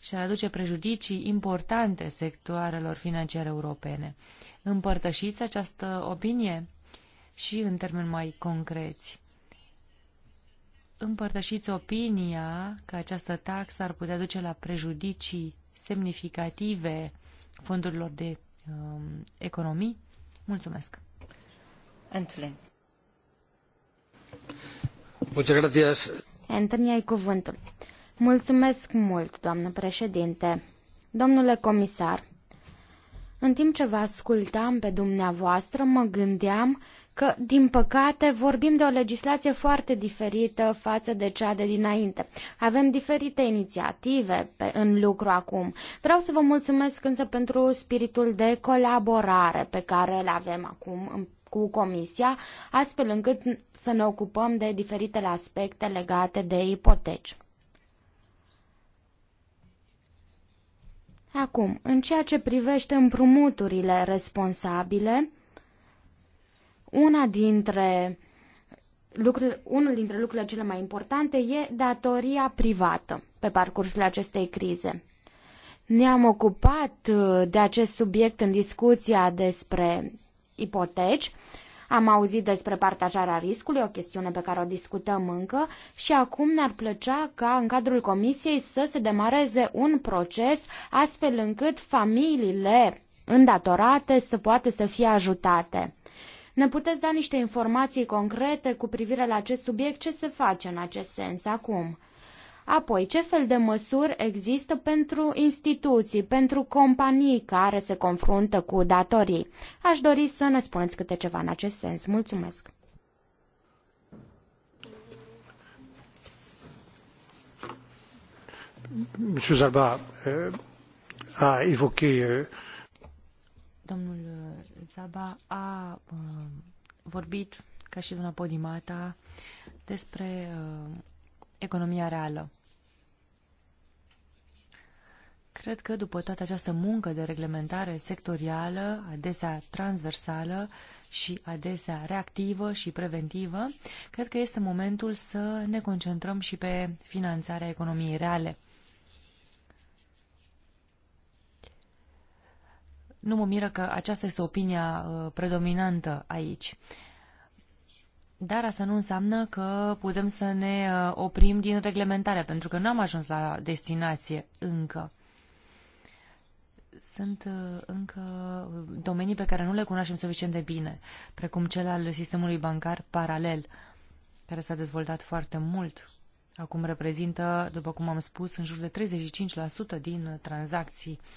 și ar aduce prejudicii importante sectoarelor financiare europene. Împărtășiți această opinie? și în termeni mai concreți. Împărtășiți opinia că această taxă ar putea duce la prejudicii semnificative fondurilor de um, economii? Mulțumesc! Înțeleg. Muchas Anthony, ai cuvântul. Mulțumesc mult, doamnă președinte. Domnule comisar, în timp ce vă ascultam pe dumneavoastră, mă gândeam că, din păcate, vorbim de o legislație foarte diferită față de cea de dinainte. Avem diferite inițiative pe, în lucru acum. Vreau să vă mulțumesc însă pentru spiritul de colaborare pe care îl avem acum cu Comisia, astfel încât să ne ocupăm de diferitele aspecte legate de ipoteci. Acum, în ceea ce privește împrumuturile responsabile, una dintre lucruri, unul dintre lucrurile cele mai importante e datoria privată pe parcursul acestei crize. Ne-am ocupat uh, de acest subiect în discuția despre ipoteci, am auzit despre partajarea riscului, o chestiune pe care o discutăm încă, și acum ne-ar plăcea ca în cadrul comisiei să se demareze un proces astfel încât familiile îndatorate să poată să fie ajutate. Ne puteți da niște informații concrete cu privire la acest subiect? Ce se face în acest sens acum? Apoi, ce fel de măsuri există pentru instituții, pentru companii care se confruntă cu datorii? Aș dori să ne spuneți câte ceva în acest sens. Mulțumesc! Monsieur Zalba euh, a évoqué euh, Domnul uh, Zaba a uh, vorbit, ca și doamna Podimata, despre uh, economia reală. Cred că după toată această muncă de reglementare sectorială, adesea transversală și adesea reactivă și preventivă, cred că este momentul să ne concentrăm și pe finanțarea economiei reale. nu mă miră că aceasta este opinia uh, predominantă aici. Dar asta nu înseamnă că putem să ne uh, oprim din reglementare, pentru că nu am ajuns la destinație încă. Sunt uh, încă domenii pe care nu le cunoaștem suficient de bine, precum cel al sistemului bancar paralel, care s-a dezvoltat foarte mult. Acum reprezintă, după cum am spus, în jur de 35% din tranzacții uh,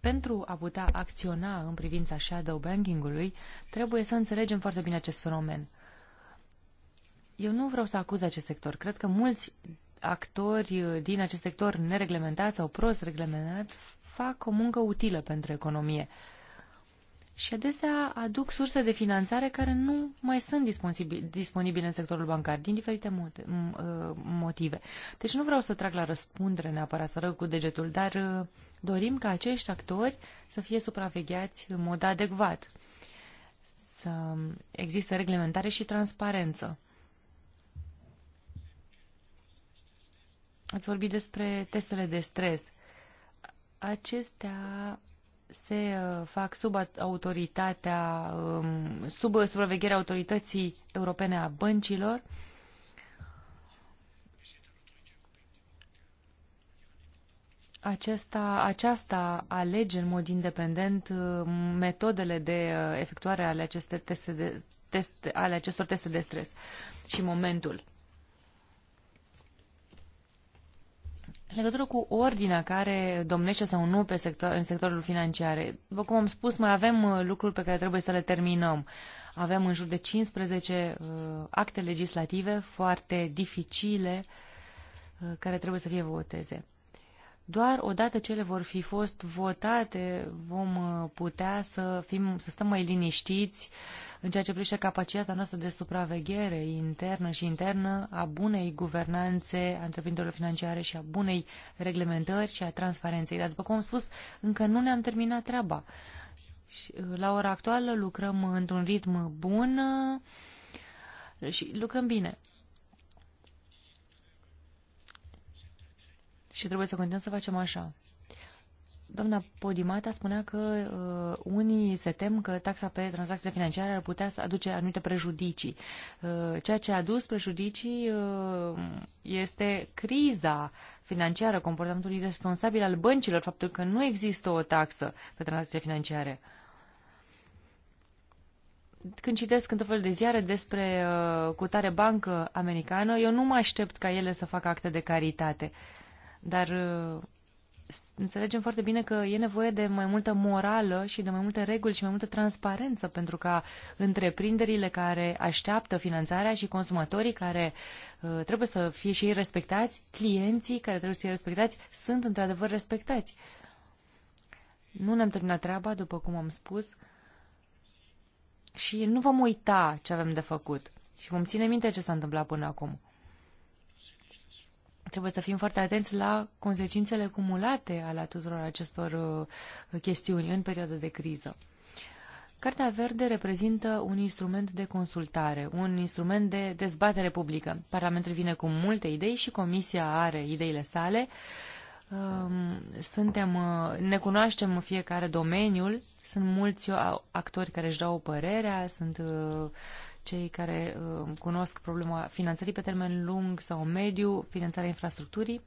pentru a putea acționa în privința shadow banking-ului, trebuie să înțelegem foarte bine acest fenomen. Eu nu vreau să acuz acest sector. Cred că mulți actori din acest sector nereglementați sau prost reglementați fac o muncă utilă pentru economie. Uh, și adesea aduc surse de finanțare care nu mai sunt disponibile în sectorul bancar, din diferite uh, motive. Deci nu vreau să trag la răspundere neapărat să rău cu degetul, dar uh, dorim ca acești actori să fie supravegheați în mod adecvat, să există reglementare și transparență. Ați vorbit despre testele de stres. Acestea se uh, fac sub autoritatea, um, sub supravegherea autorității europene a băncilor. Aceasta, aceasta alege în mod independent uh, metodele de uh, efectuare ale, aceste teste de, test, ale acestor teste de stres și momentul. În legătură cu ordinea care domnește sau nu pe sector, în sectorul financiar, după cum am spus, mai avem uh, lucruri pe care trebuie să le terminăm. Avem în jur de 15 uh, acte legislative foarte dificile uh, care trebuie să fie voteze. Doar odată ce le vor fi fost votate, vom uh, putea să, fim, să stăm mai liniștiți în ceea ce privește capacitatea noastră de supraveghere internă și internă a bunei guvernanțe a întreprinderilor financiare și a bunei reglementări și a transparenței. Dar, după cum am spus, încă nu ne-am terminat treaba. Uh, la ora actuală lucrăm într-un ritm bun uh, și lucrăm bine. și trebuie să continuăm să facem așa. Doamna Podimata spunea că uh, unii se tem că taxa pe tranzacțiile financiare ar putea să aduce anumite prejudicii. Uh, ceea ce a adus prejudicii uh, este criza financiară, comportamentul irresponsabil al băncilor, faptul că nu există o taxă pe tranzacțiile financiare. Când citesc într-o fel de ziare despre uh, cutare bancă americană, eu nu mă aștept ca ele să facă acte de caritate. Uh, dar uh, înțelegem foarte bine că e nevoie de mai multă morală și de mai multe reguli și mai multă transparență pentru ca întreprinderile care așteaptă finanțarea și consumatorii care uh, trebuie să fie și ei respectați, clienții care trebuie să fie respectați, sunt într-adevăr respectați. Nu ne-am terminat treaba, după cum am spus, și nu vom uita ce avem de făcut și vom ține minte ce s-a întâmplat până acum. Trebuie să fim foarte atenți la consecințele cumulate ale tuturor acestor uh, chestiuni în perioada de criză. Cartea Verde reprezintă un instrument de consultare, un instrument de dezbatere publică. Parlamentul vine cu multe idei și Comisia are ideile sale. Um, suntem, uh, ne cunoaștem fiecare domeniul, sunt mulți uh, actori care își dau părerea, sunt cei care um, cunosc problema finanțării pe termen lung sau mediu, finanțarea infrastructurii.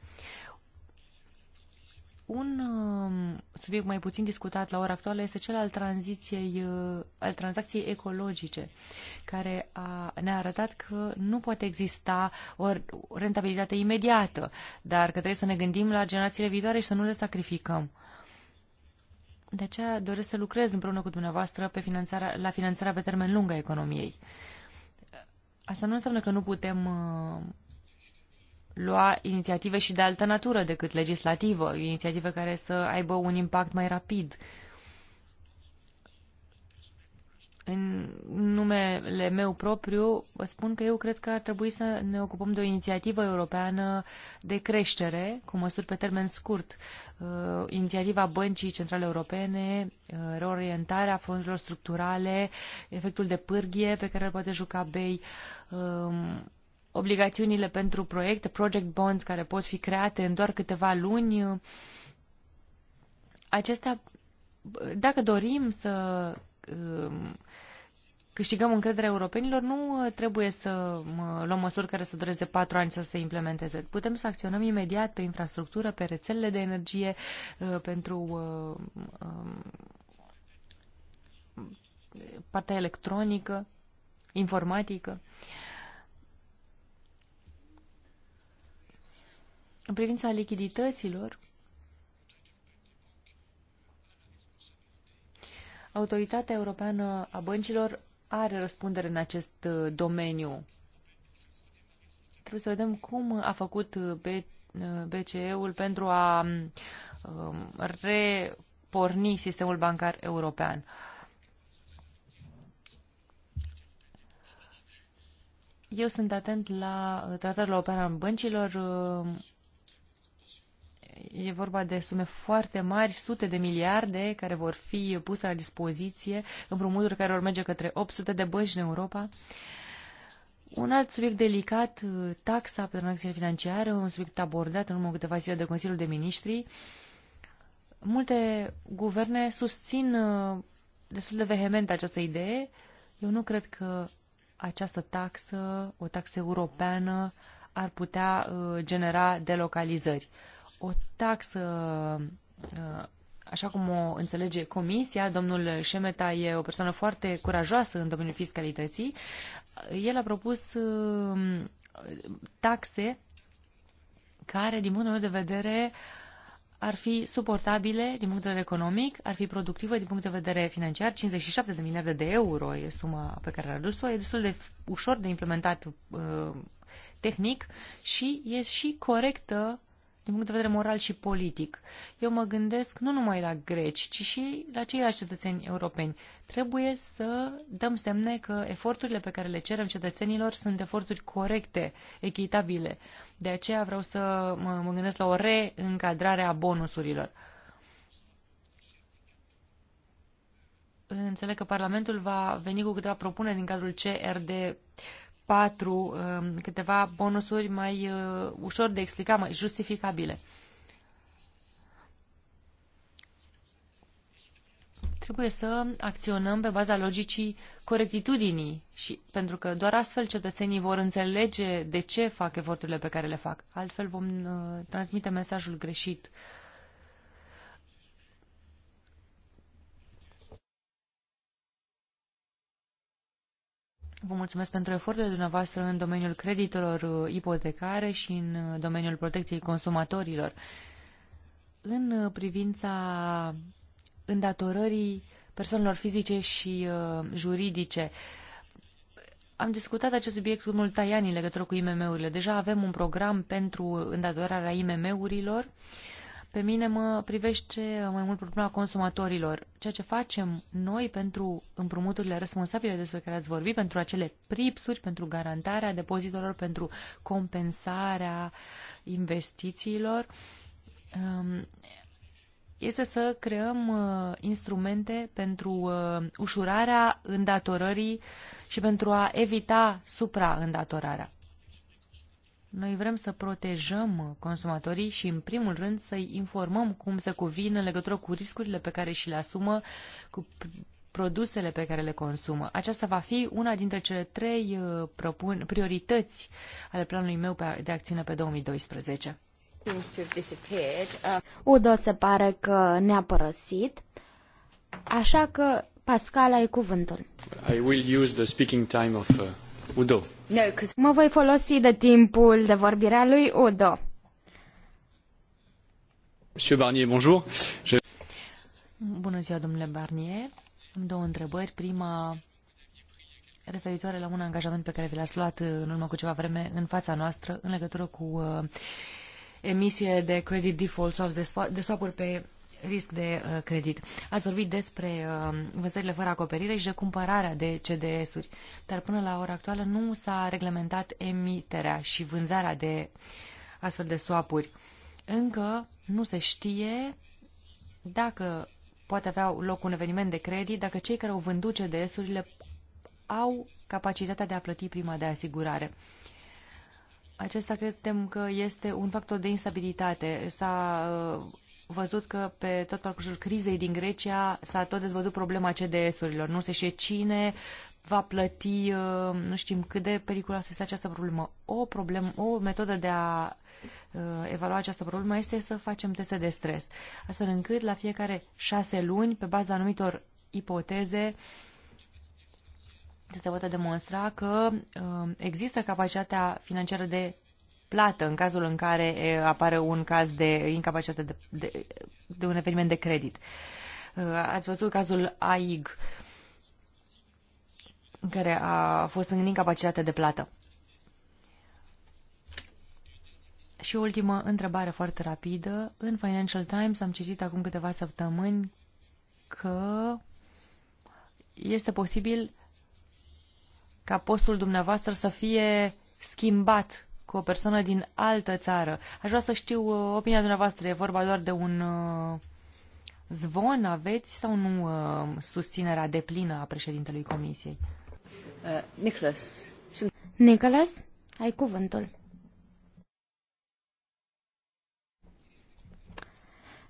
Un um, subiect mai puțin discutat la ora actuală este cel al tranziției, uh, al tranzacției ecologice, care a, ne-a arătat că nu poate exista o rentabilitate imediată, dar că trebuie să ne gândim la generațiile viitoare și să nu le sacrificăm. De aceea doresc să lucrez împreună cu dumneavoastră pe finanțarea, la finanțarea pe termen lung a economiei. Asta nu înseamnă că nu putem uh, lua inițiative și de altă natură decât legislativă, inițiative care să aibă un impact mai rapid uh, în numele meu propriu, vă spun că eu cred că ar trebui să ne ocupăm de o inițiativă europeană de creștere, cu măsuri pe termen scurt. Uh, inițiativa Băncii Centrale Europene, uh, reorientarea fondurilor structurale, efectul de pârghie pe care îl poate juca BEI, um, obligațiunile pentru proiecte, project bonds care pot fi create în doar câteva luni. Acestea, dacă dorim să Um, câștigăm încrederea europenilor, nu uh, trebuie să um, luăm măsuri care să dureze patru ani să se implementeze. Putem să acționăm imediat pe infrastructură, pe rețelele de energie, uh, pentru uh, um, partea electronică, informatică. În privința lichidităților, Autoritatea Europeană a Băncilor are răspundere în acest uh, domeniu. Trebuie să vedem cum a făcut uh, BCE-ul uh, pentru a um, um, reporni sistemul bancar european. Eu sunt atent la tratatul european al băncilor, E vorba de sume foarte mari, sute de miliarde care vor fi puse la dispoziție, împrumuturi care vor merge către 800 de bănci în Europa. Un alt subiect delicat, taxa pe transacțiile financiare, un subiect abordat în urmă câteva zile de Consiliul de Ministri. Multe guverne susțin uh, destul de vehement această idee. Eu nu cred că această taxă, o taxă europeană, ar putea uh, genera delocalizări o taxă, uh, așa cum o înțelege Comisia, domnul Șemeta e o persoană foarte curajoasă în domeniul fiscalității, el a propus uh, taxe care, din punctul meu de vedere, ar fi suportabile din punct de vedere economic, ar fi productive din punct de vedere financiar. 57 de miliarde de euro e suma pe care a adus-o. E destul de ușor de implementat uh, tehnic și e și corectă din punct de vedere moral și politic. Eu mă gândesc nu numai la greci, ci și la ceilalți cetățeni europeni. Trebuie să dăm semne că eforturile pe care le cerem cetățenilor sunt eforturi corecte, echitabile. De aceea vreau să mă, mă gândesc la o reîncadrare a bonusurilor. Înțeleg că Parlamentul va veni cu câteva propuneri în cadrul CRD patru um, câteva bonusuri mai uh, ușor de explicat, mai justificabile. Trebuie să acționăm pe baza logicii corectitudinii și pentru că doar astfel cetățenii vor înțelege de ce fac eforturile pe care le fac. Altfel vom uh, transmite mesajul greșit Vă mulțumesc pentru eforturile dumneavoastră în domeniul creditelor uh, ipotecare și în uh, domeniul protecției consumatorilor. În uh, privința îndatorării persoanelor fizice și uh, juridice, am discutat acest subiect cu mult ani în legătură cu IMM-urile. Deja avem un program pentru îndatorarea IMM-urilor. Uh, pe mine mă privește mai mult problema consumatorilor. Ceea ce facem noi pentru împrumuturile responsabile despre care ați vorbit, pentru acele pripsuri, pentru garantarea depozitelor, pentru compensarea investițiilor, um, este să creăm uh, instrumente pentru uh, ușurarea îndatorării și pentru a evita supraîndatorarea. Noi vrem să protejăm consumatorii și, în primul rând, să-i informăm cum se cuvine în legătură cu riscurile pe care și le asumă, cu produsele pe care le consumă. Aceasta va fi una dintre cele trei uh, propun, priorități ale planului meu de acțiune pe 2012. Uh, Udo se pare că ne-a părăsit, așa că Pascal ai cuvântul. I will use the speaking time of uh... Udo. Mă voi folosi de timpul de vorbire a lui Udo. Monsieur Barnier, bonjour. Je... Bună ziua, domnule Barnier. Am două întrebări. Prima referitoare la un angajament pe care vi l-ați luat uh, în urmă cu ceva vreme în fața noastră în legătură cu uh, emisie de credit default sau de swap pe risc de uh, credit. Ați vorbit despre uh, vânzările fără acoperire și de cumpărarea de CDS-uri, dar până la ora actuală nu s-a reglementat emiterea și vânzarea de astfel de swap-uri. Încă nu se știe dacă poate avea loc un eveniment de credit, dacă cei care au vândut CDS-urile au capacitatea de a plăti prima de asigurare. Acesta credem că este un factor de instabilitate. S-a uh, văzut că pe tot parcursul crizei din Grecia s-a tot dezvăzut problema CDS-urilor. Nu se știe cine va plăti, uh, nu știm cât de periculoasă este această problemă. O, problemă, o metodă de a uh, evalua această problemă este să facem teste de stres, astfel încât la fiecare șase luni, pe baza anumitor ipoteze, să se poate demonstra că uh, există capacitatea financiară de plată în cazul în care apare un caz de incapacitate de, de, de un eveniment de credit. Uh, ați văzut cazul AIG, care a fost în incapacitate de plată. Și o ultimă întrebare foarte rapidă. În Financial Times am citit acum câteva săptămâni că este posibil ca postul dumneavoastră să fie schimbat cu o persoană din altă țară. Aș vrea să știu uh, opinia dumneavoastră. E vorba doar de un uh, zvon? Aveți sau nu uh, susținerea deplină a președintelui Comisiei? Uh, Nicholas. Nicholas, ai cuvântul.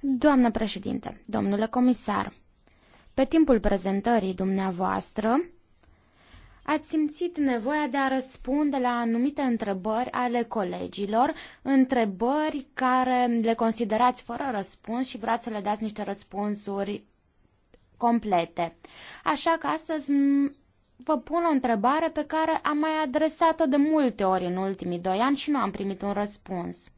Doamnă președinte, domnule comisar, pe timpul prezentării dumneavoastră, Ați simțit nevoia de a răspunde la anumite întrebări ale colegilor, întrebări care le considerați fără răspuns și vreați să le dați niște răspunsuri complete. Așa că astăzi vă pun o întrebare pe care am mai adresat-o de multe ori în ultimii doi ani și nu am primit un răspuns.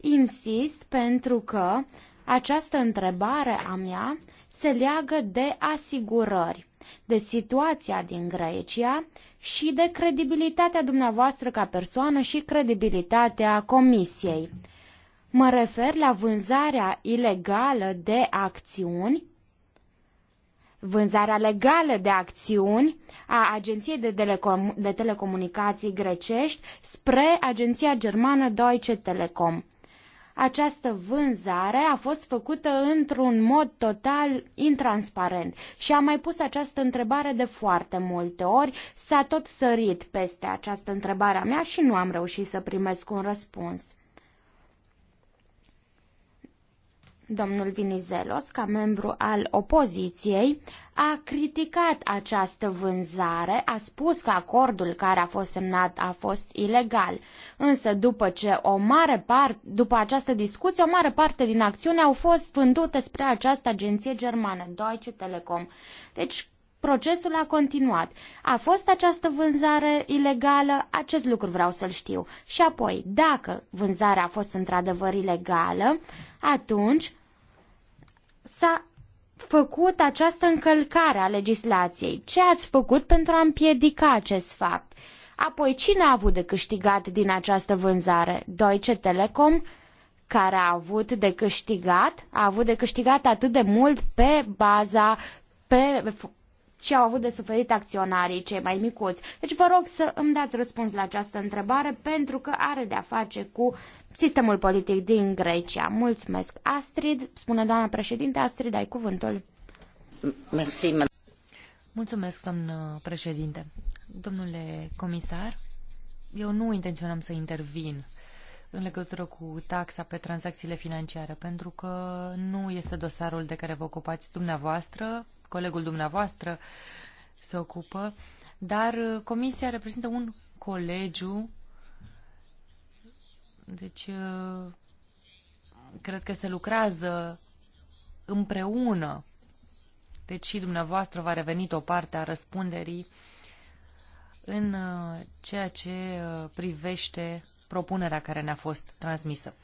Insist pentru că această întrebare a mea se leagă de asigurări de situația din Grecia și de credibilitatea dumneavoastră ca persoană și credibilitatea Comisiei. Mă refer la vânzarea ilegală de acțiuni, vânzarea legală de acțiuni a Agenției de, Telecom- de Telecomunicații Grecești spre Agenția Germană Deutsche Telekom. Această vânzare a fost făcută într-un mod total intransparent și am mai pus această întrebare de foarte multe ori, s-a tot sărit peste această întrebare a mea și nu am reușit să primesc un răspuns. Domnul Vinizelos, ca membru al opoziției, a criticat această vânzare, a spus că acordul care a fost semnat a fost ilegal. Însă după ce o mare parte, după această discuție, o mare parte din acțiuni au fost vândute spre această agenție germană, Deutsche Telekom. Deci procesul a continuat. A fost această vânzare ilegală? Acest lucru vreau să-l știu. Și apoi, dacă vânzarea a fost într-adevăr ilegală, atunci s-a făcut această încălcare a legislației? Ce ați făcut pentru a împiedica acest fapt? Apoi, cine a avut de câștigat din această vânzare? Deutsche Telecom, care a avut de câștigat, a avut de câștigat atât de mult pe baza pe și au avut de suferit acționarii cei mai micuți. Deci vă rog să îmi dați răspuns la această întrebare pentru că are de-a face cu sistemul politic din Grecia. Mulțumesc, Astrid. Spune doamna președinte, Astrid, ai cuvântul. Mersi, Mulțumesc, domn președinte. Domnule comisar, eu nu intenționam să intervin în legătură cu taxa pe tranzacțiile financiare, pentru că nu este dosarul de care vă ocupați dumneavoastră, colegul dumneavoastră se ocupă, dar uh, comisia reprezintă un colegiu, deci uh, cred că se lucrează împreună. Deci și dumneavoastră va revenit o parte a răspunderii în uh, ceea ce privește propunerea care ne-a fost transmisă.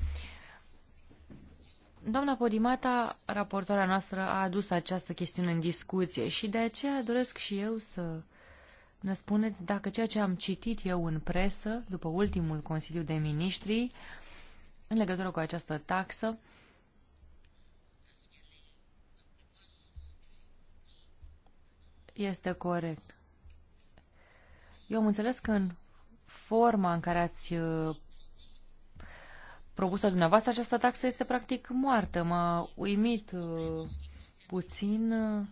Doamna Podimata, raportoarea noastră, a adus această chestiune în discuție și de aceea doresc și eu să ne spuneți dacă ceea ce am citit eu în presă, după ultimul Consiliu de Ministri, în legătură cu această taxă, este corect. Eu am înțeles că în forma în care ați uh, propusă dumneavoastră, această taxă este practic moartă. M-a uimit uh, puțin uh,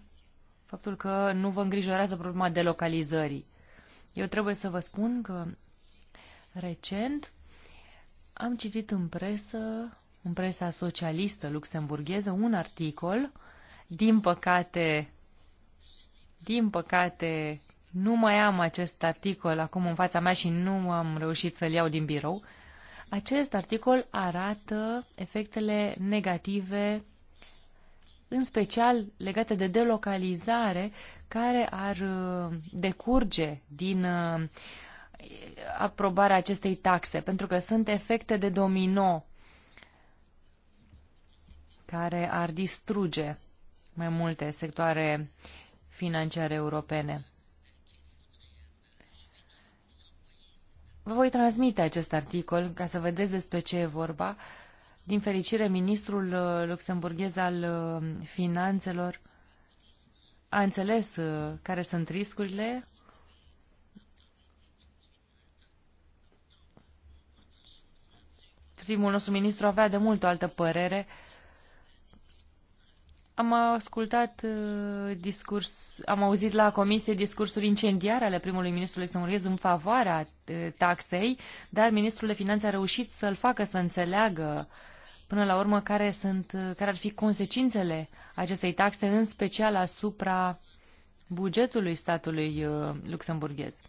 faptul că nu vă îngrijorează problema delocalizării. Eu trebuie să vă spun că recent am citit în presă, în presa socialistă luxemburgheză, un articol, din păcate, din păcate, nu mai am acest articol acum în fața mea și nu am reușit să-l iau din birou, uh, acest articol arată efectele negative, în special legate de delocalizare, care ar uh, decurge din uh, aprobarea acestei taxe, pentru că sunt efecte de domino care ar distruge mai multe sectoare financiare europene. Vă voi transmite acest articol ca să vedeți despre ce e vorba. Din fericire, ministrul uh, luxemburghez al uh, finanțelor a înțeles uh, care sunt riscurile. Primul nostru ministru avea de mult o altă părere. Am ascultat uh, discurs, am auzit la comisie discursuri incendiare ale primului ministru luxemburghez în favoarea uh, taxei, dar ministrul de finanțe a reușit să-l facă să înțeleagă până la urmă care, sunt, uh, care ar fi consecințele acestei taxe, în special asupra bugetului statului luxemburghez.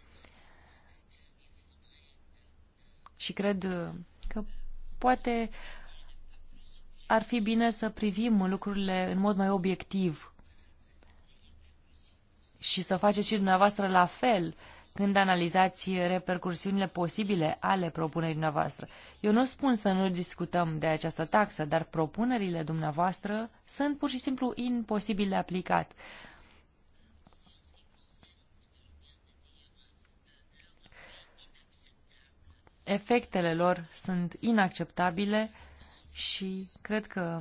Și cred că poate ar fi bine să privim lucrurile în mod mai obiectiv și să faceți și dumneavoastră la fel când analizați repercursiunile posibile ale propunerii dumneavoastră. Eu nu spun să nu discutăm de această taxă, dar propunerile dumneavoastră sunt pur și simplu imposibil de aplicat. Efectele lor sunt inacceptabile și cred că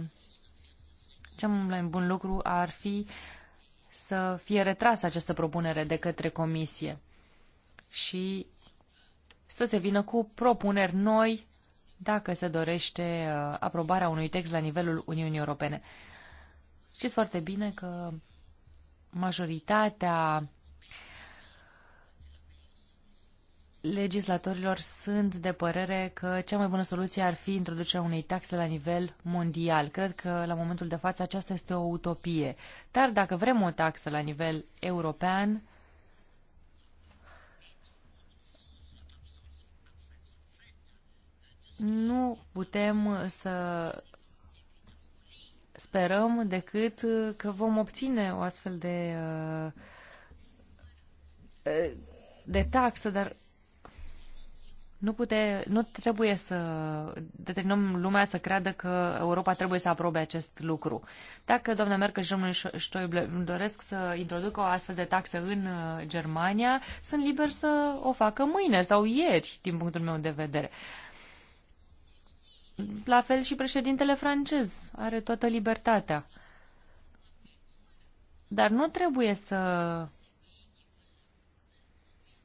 cel mai bun lucru ar fi să fie retrasă această propunere de către comisie și să se vină cu propuneri noi dacă se dorește uh, aprobarea unui text la nivelul Uniunii Europene. Știți foarte bine că majoritatea legislatorilor sunt de părere că cea mai bună soluție ar fi introducerea unei taxe la nivel mondial. Cred că la momentul de față aceasta este o utopie. Dar dacă vrem o taxă la nivel european, nu putem să sperăm decât că vom obține o astfel de uh, uh, de taxă, dar nu, pute, nu trebuie să determinăm lumea să creadă că Europa trebuie să aprobe acest lucru. Dacă doamna Merkel și domnul Schäuble doresc să introducă o astfel de taxă în uh, Germania, sunt liber să o facă mâine sau ieri, din punctul meu de vedere. La fel și președintele francez are toată libertatea. Dar nu trebuie să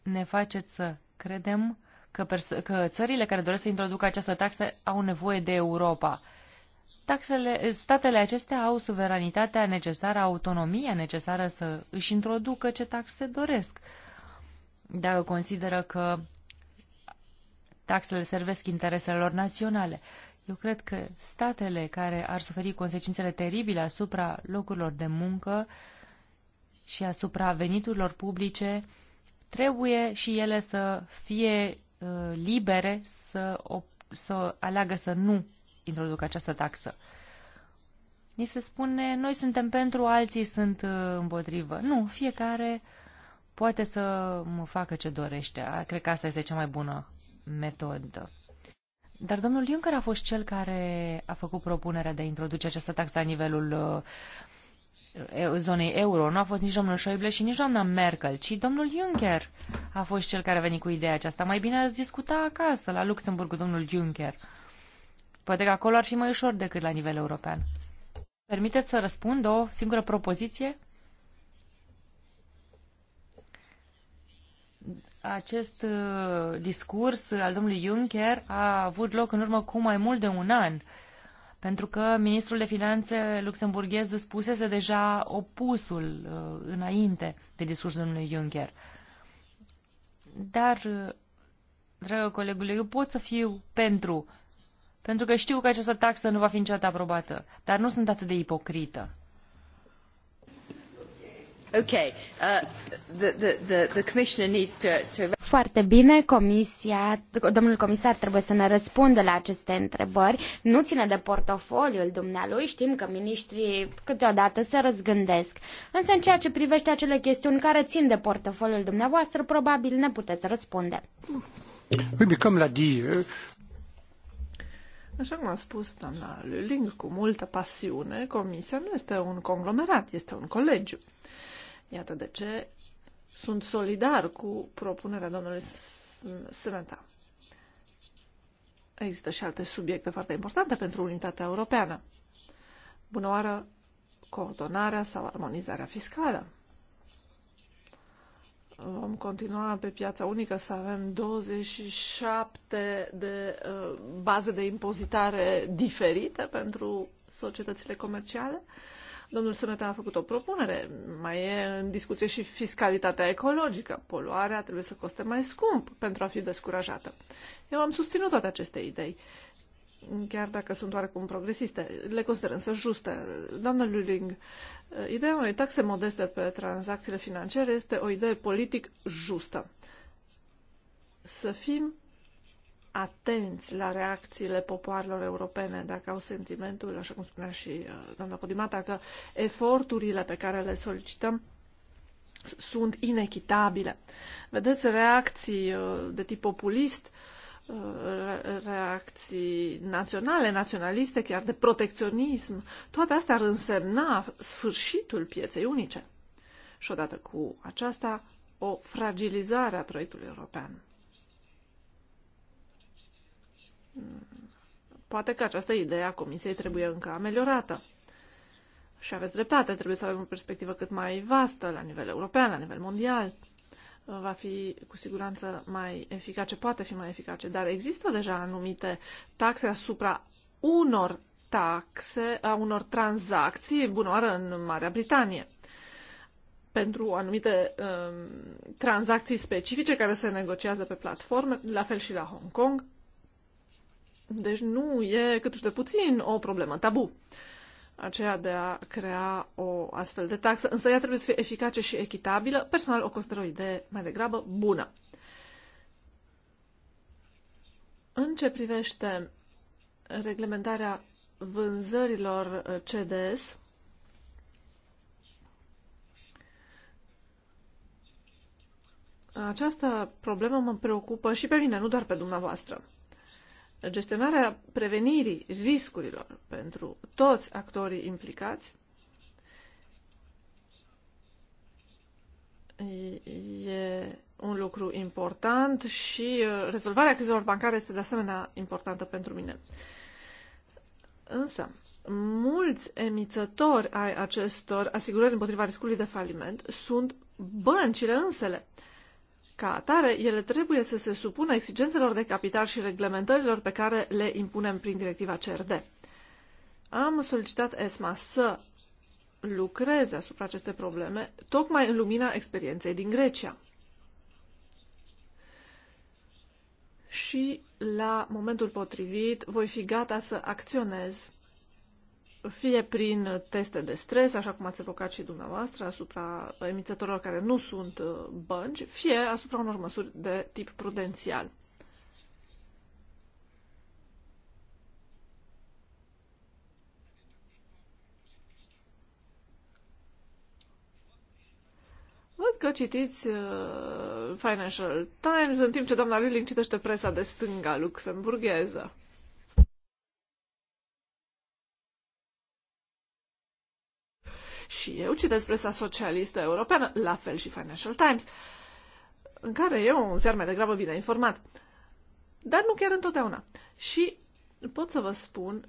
ne faceți să credem că, că țările care doresc să introducă această taxă au nevoie de Europa. Taxele, statele acestea au suveranitatea necesară, autonomia necesară să își introducă ce taxe doresc. Dacă consideră că taxele servesc intereselor naționale. Eu cred că statele care ar suferi consecințele teribile asupra locurilor de muncă și asupra veniturilor publice trebuie și ele să fie Uh, libere să, o, să aleagă să nu introducă această taxă. Ni se spune, noi suntem pentru, alții sunt uh, împotrivă. Nu, fiecare poate să mă facă ce dorește. Cred că asta este cea mai bună metodă. Dar domnul Juncker a fost cel care a făcut propunerea de a introduce această taxă la nivelul uh, zonei euro. Nu a fost nici domnul Schäuble și nici doamna Merkel, ci domnul Juncker a fost cel care a venit cu ideea aceasta. Mai bine ați discuta acasă, la Luxemburg, cu domnul Juncker. Poate că acolo ar fi mai ușor decât la nivel european. Permiteți să răspund o singură propoziție? Acest uh, discurs al domnului Juncker a avut loc în urmă cu mai mult de un an. Uh, pentru că ministrul de finanțe luxemburghez spusese deja opusul uh, înainte de discursul domnului Juncker. Dar, uh, dragă colegule, eu pot să fiu pentru, pentru că știu că această taxă nu va fi niciodată aprobată, dar nu sunt atât de ipocrită. Foarte bine, comisia, domnul comisar trebuie să ne răspundă la aceste întrebări. Nu ține de portofoliul dumnealui, știm că miniștrii câteodată se răzgândesc. Însă în ceea ce privește acele chestiuni care țin de portofoliul dumneavoastră, probabil ne puteți răspunde. Oui, l'a euh, Așa cum a spus doamna Luling, cu multă pasiune, Comisia nu este un conglomerat, este un colegiu. Iată de ce sunt solidar cu propunerea domnului Sementa. Există și alte subiecte foarte importante pentru unitatea europeană. Bună oară, coordonarea sau armonizarea fiscală. Vom continua pe piața unică să avem 27 de uh, baze de impozitare diferite pentru societățile comerciale. Uh, Domnul Sănătea a făcut o propunere. Mai e în discuție și fiscalitatea ecologică. Poluarea trebuie să coste mai scump pentru a fi descurajată. Eu am susținut toate aceste idei chiar dacă sunt oarecum progresiste, le consider însă juste. Doamnă Luling, ideea unei taxe modeste pe tranzacțiile financiare este o idee politic justă. Să fim atenți la reacțiile popoarelor europene, dacă au sentimentul, așa cum spunea și uh, doamna Codimata, că eforturile pe care le solicităm sunt inechitabile. Vedeți reacții uh, de tip populist, uh, reacții naționale, naționaliste, chiar de protecționism, toate astea ar însemna sfârșitul pieței unice. Și odată cu aceasta, o fragilizare a proiectului european. Poate că această idee a Comisiei trebuie încă ameliorată. Și aveți dreptate, trebuie să avem o perspectivă cât mai vastă la nivel european, la nivel mondial. Va fi cu siguranță mai eficace, poate fi mai eficace, dar există deja anumite taxe asupra unor taxe, a unor tranzacții, bunoară în Marea Britanie, pentru anumite um, tranzacții specifice care se negociază pe platforme, la fel și la Hong Kong. Deci nu e cât de puțin o problemă tabu aceea de a crea o astfel de taxă, însă ea trebuie să fie eficace și echitabilă. Personal o consider o idee mai degrabă bună. În ce privește reglementarea vânzărilor uh, CDS, această problemă mă preocupă și pe mine, nu doar pe dumneavoastră gestionarea prevenirii riscurilor pentru toți actorii implicați e un lucru important și uh, rezolvarea crizelor bancare este de asemenea importantă pentru mine. Însă, mulți emițători ai acestor asigurări împotriva riscului de faliment sunt băncile însele. Ca atare, ele trebuie să se supună exigențelor de capital și reglementărilor pe care le impunem prin directiva CRD. Am solicitat ESMA să lucreze asupra aceste probleme, tocmai în lumina experienței din Grecia. Și la momentul potrivit voi fi gata să acționez fie prin teste de stres, așa cum ați evocat și dumneavoastră, asupra emițătorilor care nu sunt uh, bănci, fie asupra unor măsuri de tip prudențial. Văd că citiți uh, Financial Times în timp ce doamna Lilling citește presa de stânga luxemburgheză. și eu citesc presa socialistă europeană, la fel și Financial Times, în care eu un ziar mai degrabă bine informat, dar nu chiar întotdeauna. Și pot să vă spun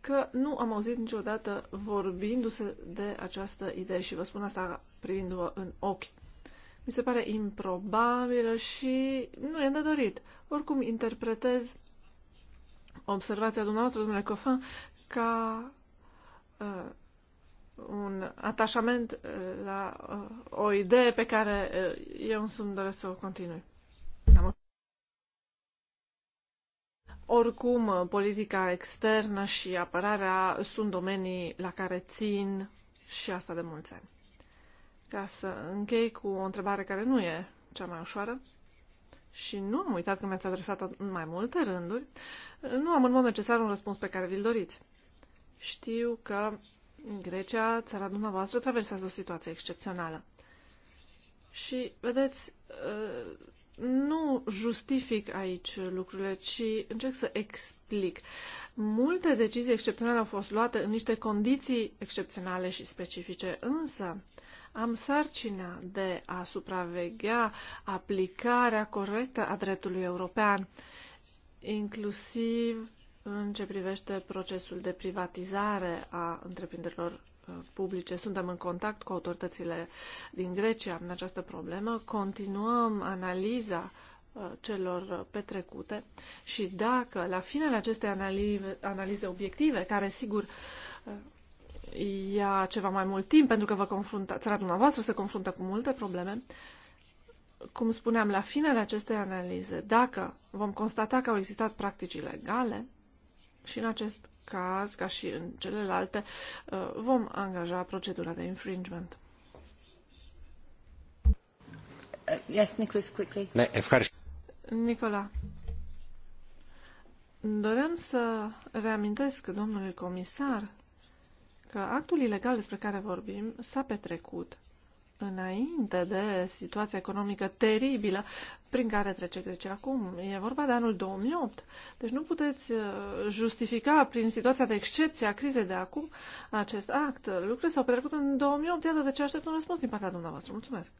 că nu am auzit niciodată vorbindu-se de această idee și vă spun asta privindu-vă în ochi. Mi se pare improbabilă și nu e de dorit. Oricum, interpretez observația dumneavoastră, domnule Cofan, ca uh, un atașament uh, la uh, o idee pe care uh, eu sunt doresc să o continui. Oricum, politica externă și apărarea sunt domenii la care țin și asta de mulți ani. Ca să închei cu o întrebare care nu e cea mai ușoară și nu am uitat că mi-ați adresat în mai multe rânduri, nu am în mod necesar un răspuns pe care vi-l doriți. Știu că Grecia, țara dumneavoastră, traversează o situație excepțională. Și, vedeți, uh, nu justific aici lucrurile, ci încerc să explic. Multe decizii excepționale au fost luate în niște condiții excepționale și specifice, însă am sarcina de a supraveghea aplicarea corectă a dreptului european, inclusiv în ce privește procesul de privatizare a întreprinderilor uh, publice, suntem în contact cu autoritățile din Grecia în această problemă, continuăm analiza uh, celor uh, petrecute și dacă la finele acestei analize, analize obiective, care sigur ia ceva mai mult timp pentru că vă confrunta, țara dumneavoastră se confruntă cu multe probleme, cum spuneam, la finele acestei analize, dacă vom constata că au existat practici ilegale, și în acest caz, ca și în celelalte, uh, vom angaja procedura de infringement. Uh, yes, Nicholas, quickly. Nicola, doream să reamintesc domnului comisar că actul ilegal despre care vorbim s-a petrecut înainte de situația economică teribilă prin care trece Grecia acum. E vorba de anul 2008. Deci nu puteți uh, justifica prin situația de excepție a crizei de acum acest act. Lucrurile s-au petrecut în 2008. Iată de ce aștept un răspuns din partea dumneavoastră. Mulțumesc.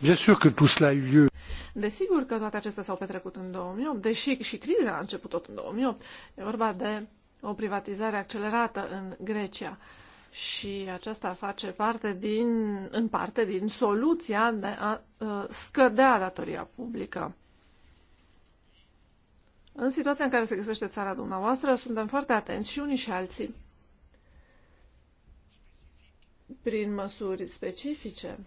Bien sûr que tout cela a eu lieu. Desigur că toate acestea s-au petrecut în 2008, deși și criza a început tot în 2008. E vorba de o privatizare accelerată în Grecia și aceasta face parte din, în parte din soluția de a uh, scădea datoria publică. În situația în care se găsește țara dumneavoastră, suntem foarte atenți și unii și alții prin măsuri specifice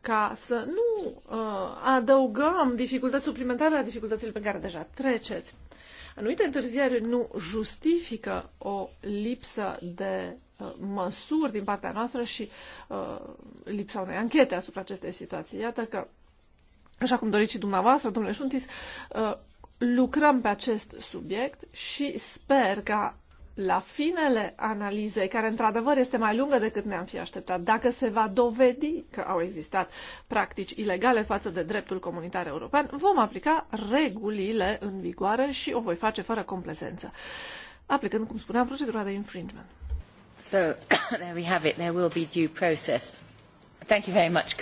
ca să nu uh, adăugăm dificultăți suplimentare la dificultățile pe care deja treceți. Anumite întârzieri nu justifică o lipsă de Uh, măsuri din partea noastră și uh, lipsa unei anchete asupra acestei situații. Iată că, așa cum doriți și dumneavoastră, domnule Șuntis, uh, lucrăm pe acest subiect și sper ca la finele analizei, care într-adevăr este mai lungă decât ne-am fi așteptat, dacă se va dovedi că au existat practici ilegale față de dreptul comunitar european, vom aplica regulile în vigoare și o voi face fără complezență, aplicând, cum spuneam, procedura de infringement. So, there we have it. There will be due process. Thank you very much.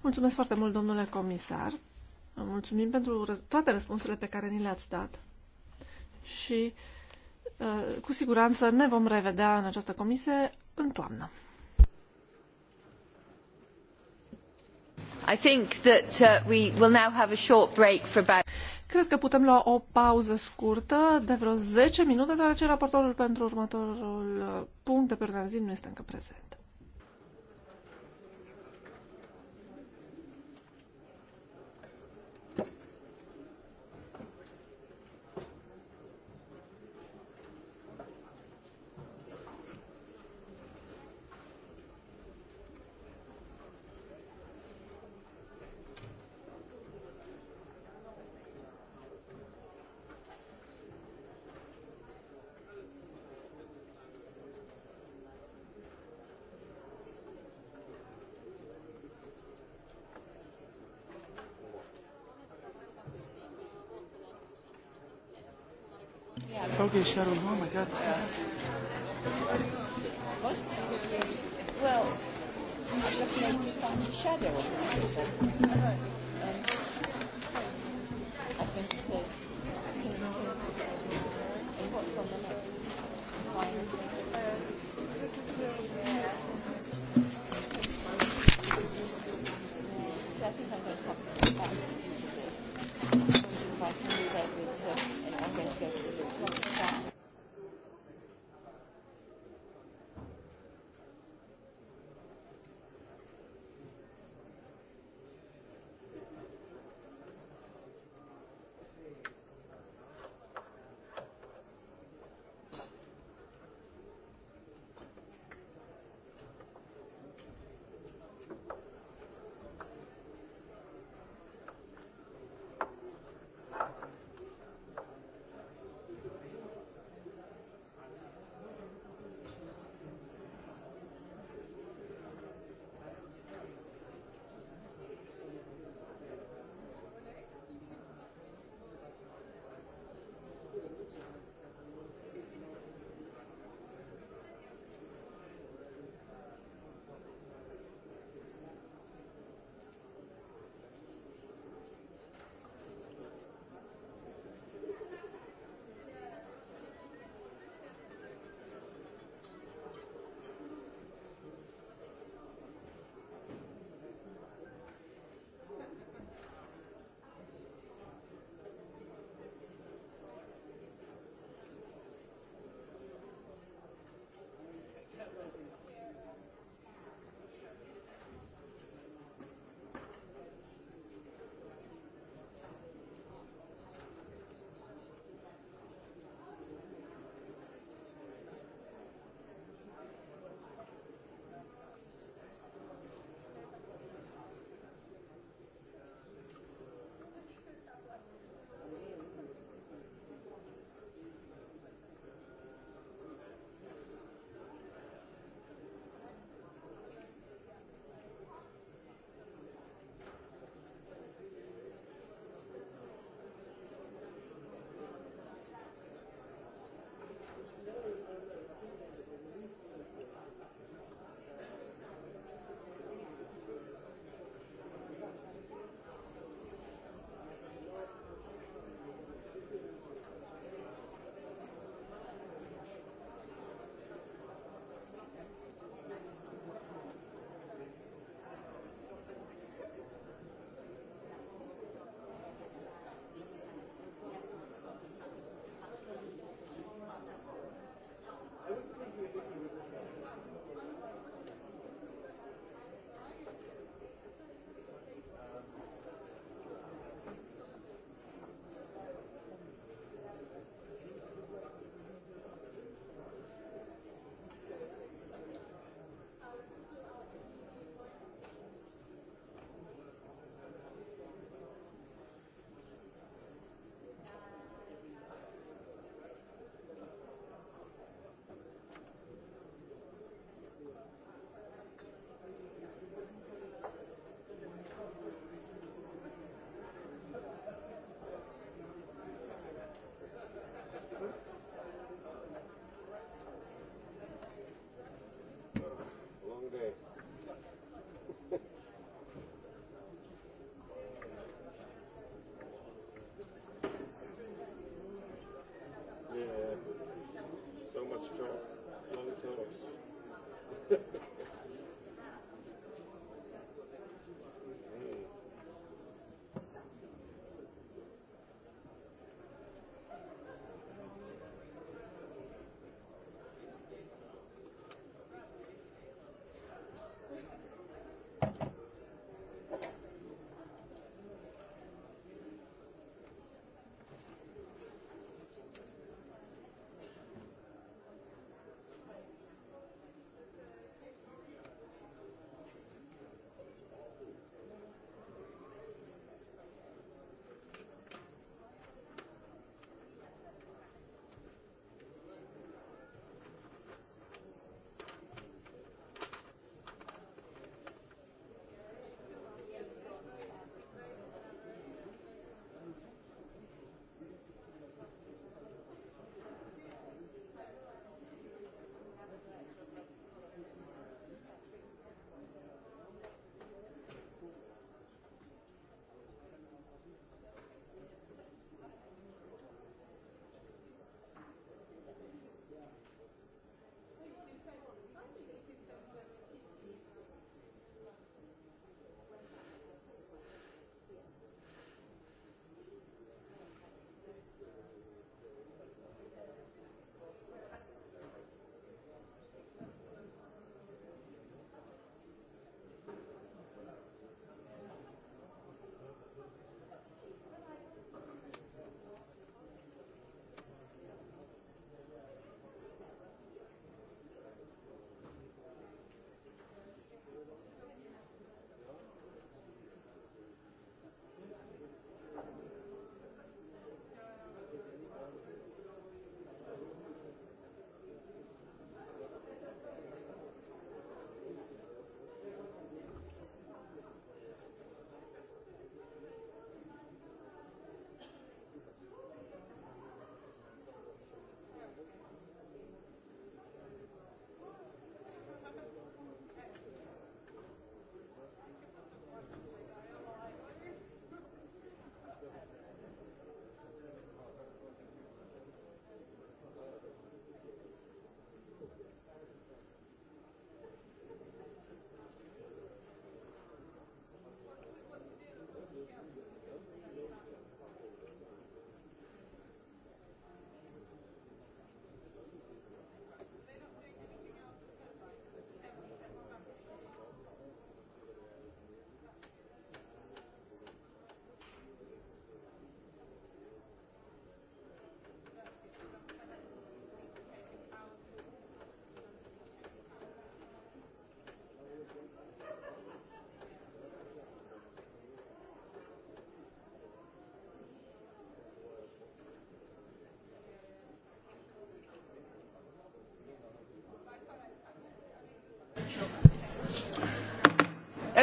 Mulțumesc foarte mult, domnule comisar. Mulțumim pentru toate răspunsurile pe care ni le-ați dat. Și uh, cu siguranță ne vom revedea în această comisie în toamnă. I think that uh, we will now have a short break for about... Cred că putem lua o pauză scurtă de vreo 10 minute, deoarece raportorul pentru următorul uh, punct de pe zi nu este încă prezent. Libya shadows. Oh my God. Well, just on the shadow. Uh, uh, I think I'm going to have uh, to go back to this. I'm going to go to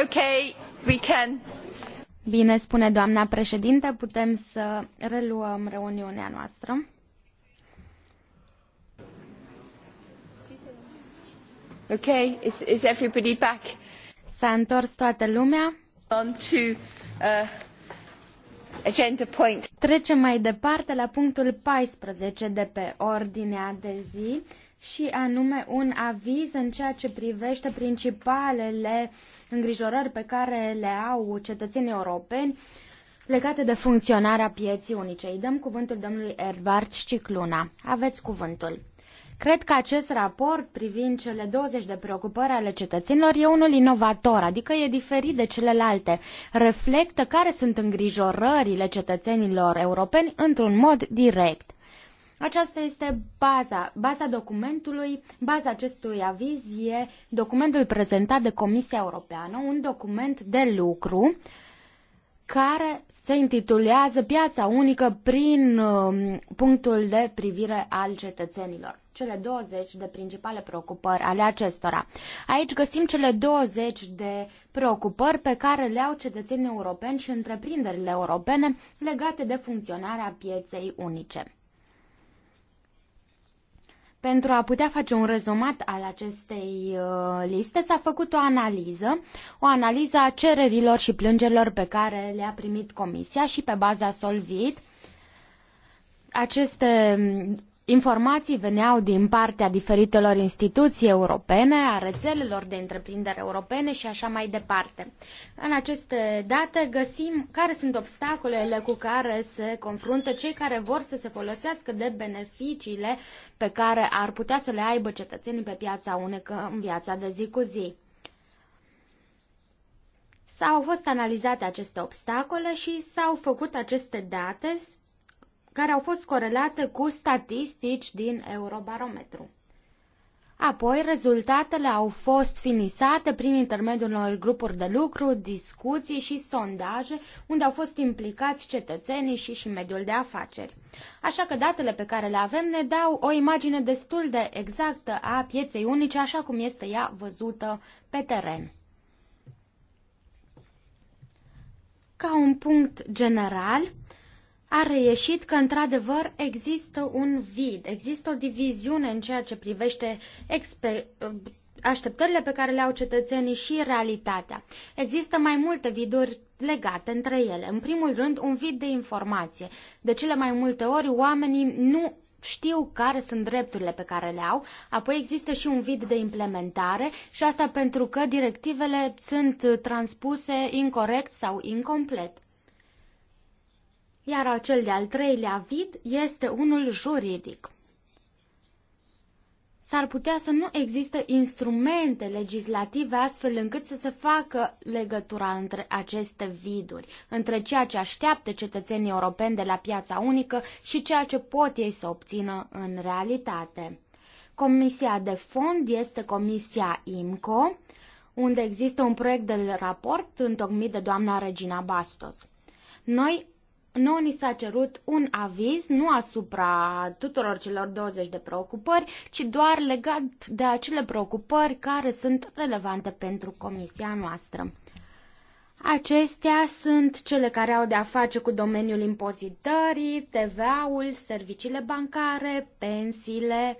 Okay, we can. Bine spune doamna președinte, putem să reluăm reuniunea noastră. Okay, is, is everybody back? S-a întors toată lumea. On to, uh, agenda point. Trecem mai departe la punctul 14 de pe ordinea de zi și anume un aviz în ceea ce privește principalele îngrijorări pe care le au cetățenii europeni legate de funcționarea pieții unice. Îi dăm cuvântul domnului Erbart Cicluna. Aveți cuvântul. Cred că acest raport privind cele 20 de preocupări ale cetățenilor e unul inovator, adică e diferit de celelalte. Reflectă care sunt îngrijorările cetățenilor europeni într-un mod direct. Aceasta este baza, baza documentului, baza acestui aviz e documentul prezentat de Comisia Europeană, un document de lucru care se intitulează Piața unică prin um, punctul de privire al cetățenilor. Cele 20 de principale preocupări ale acestora. Aici găsim cele 20 de preocupări pe care le au cetățenii europeni și întreprinderile europene legate de funcționarea pieței unice. Pentru a putea face un rezumat al acestei uh, liste s-a făcut o analiză, o analiză a cererilor și plângerilor pe care le-a primit Comisia și pe baza Solvit aceste informații veneau din partea diferitelor instituții europene, a rețelelor de întreprindere europene și așa mai departe. În aceste date găsim care sunt obstacolele cu care se confruntă cei care vor să se folosească de beneficiile pe care ar putea să le aibă cetățenii pe piața unică în viața de zi cu zi. S-au fost analizate aceste obstacole și s-au făcut aceste date care au fost corelate cu statistici din Eurobarometru. Apoi, rezultatele au fost finisate prin intermediul unor grupuri de lucru, discuții și sondaje, unde au fost implicați cetățenii și și mediul de afaceri. Așa că datele pe care le avem ne dau o imagine destul de exactă a pieței unice, așa cum este ea văzută pe teren. Ca un punct general, a reieșit că, într-adevăr, există un vid, există o diviziune în ceea ce privește așteptările pe care le au cetățenii și realitatea. Există mai multe viduri legate între ele. În primul rând, un vid de informație. De cele mai multe ori, oamenii nu știu care sunt drepturile pe care le au, apoi există și un vid de implementare și asta pentru că directivele sunt transpuse incorrect sau incomplet iar acel de-al treilea vid este unul juridic. S-ar putea să nu există instrumente legislative astfel încât să se facă legătura între aceste viduri, între ceea ce așteaptă cetățenii europeni de la piața unică și ceea ce pot ei să obțină în realitate. Comisia de fond este Comisia IMCO, unde există un proiect de raport întocmit de doamna Regina Bastos. Noi nu ni s-a cerut un aviz nu asupra tuturor celor 20 de preocupări, ci doar legat de acele preocupări care sunt relevante pentru comisia noastră. Acestea sunt cele care au de-a face cu domeniul impozitării, TVA-ul, serviciile bancare, pensiile,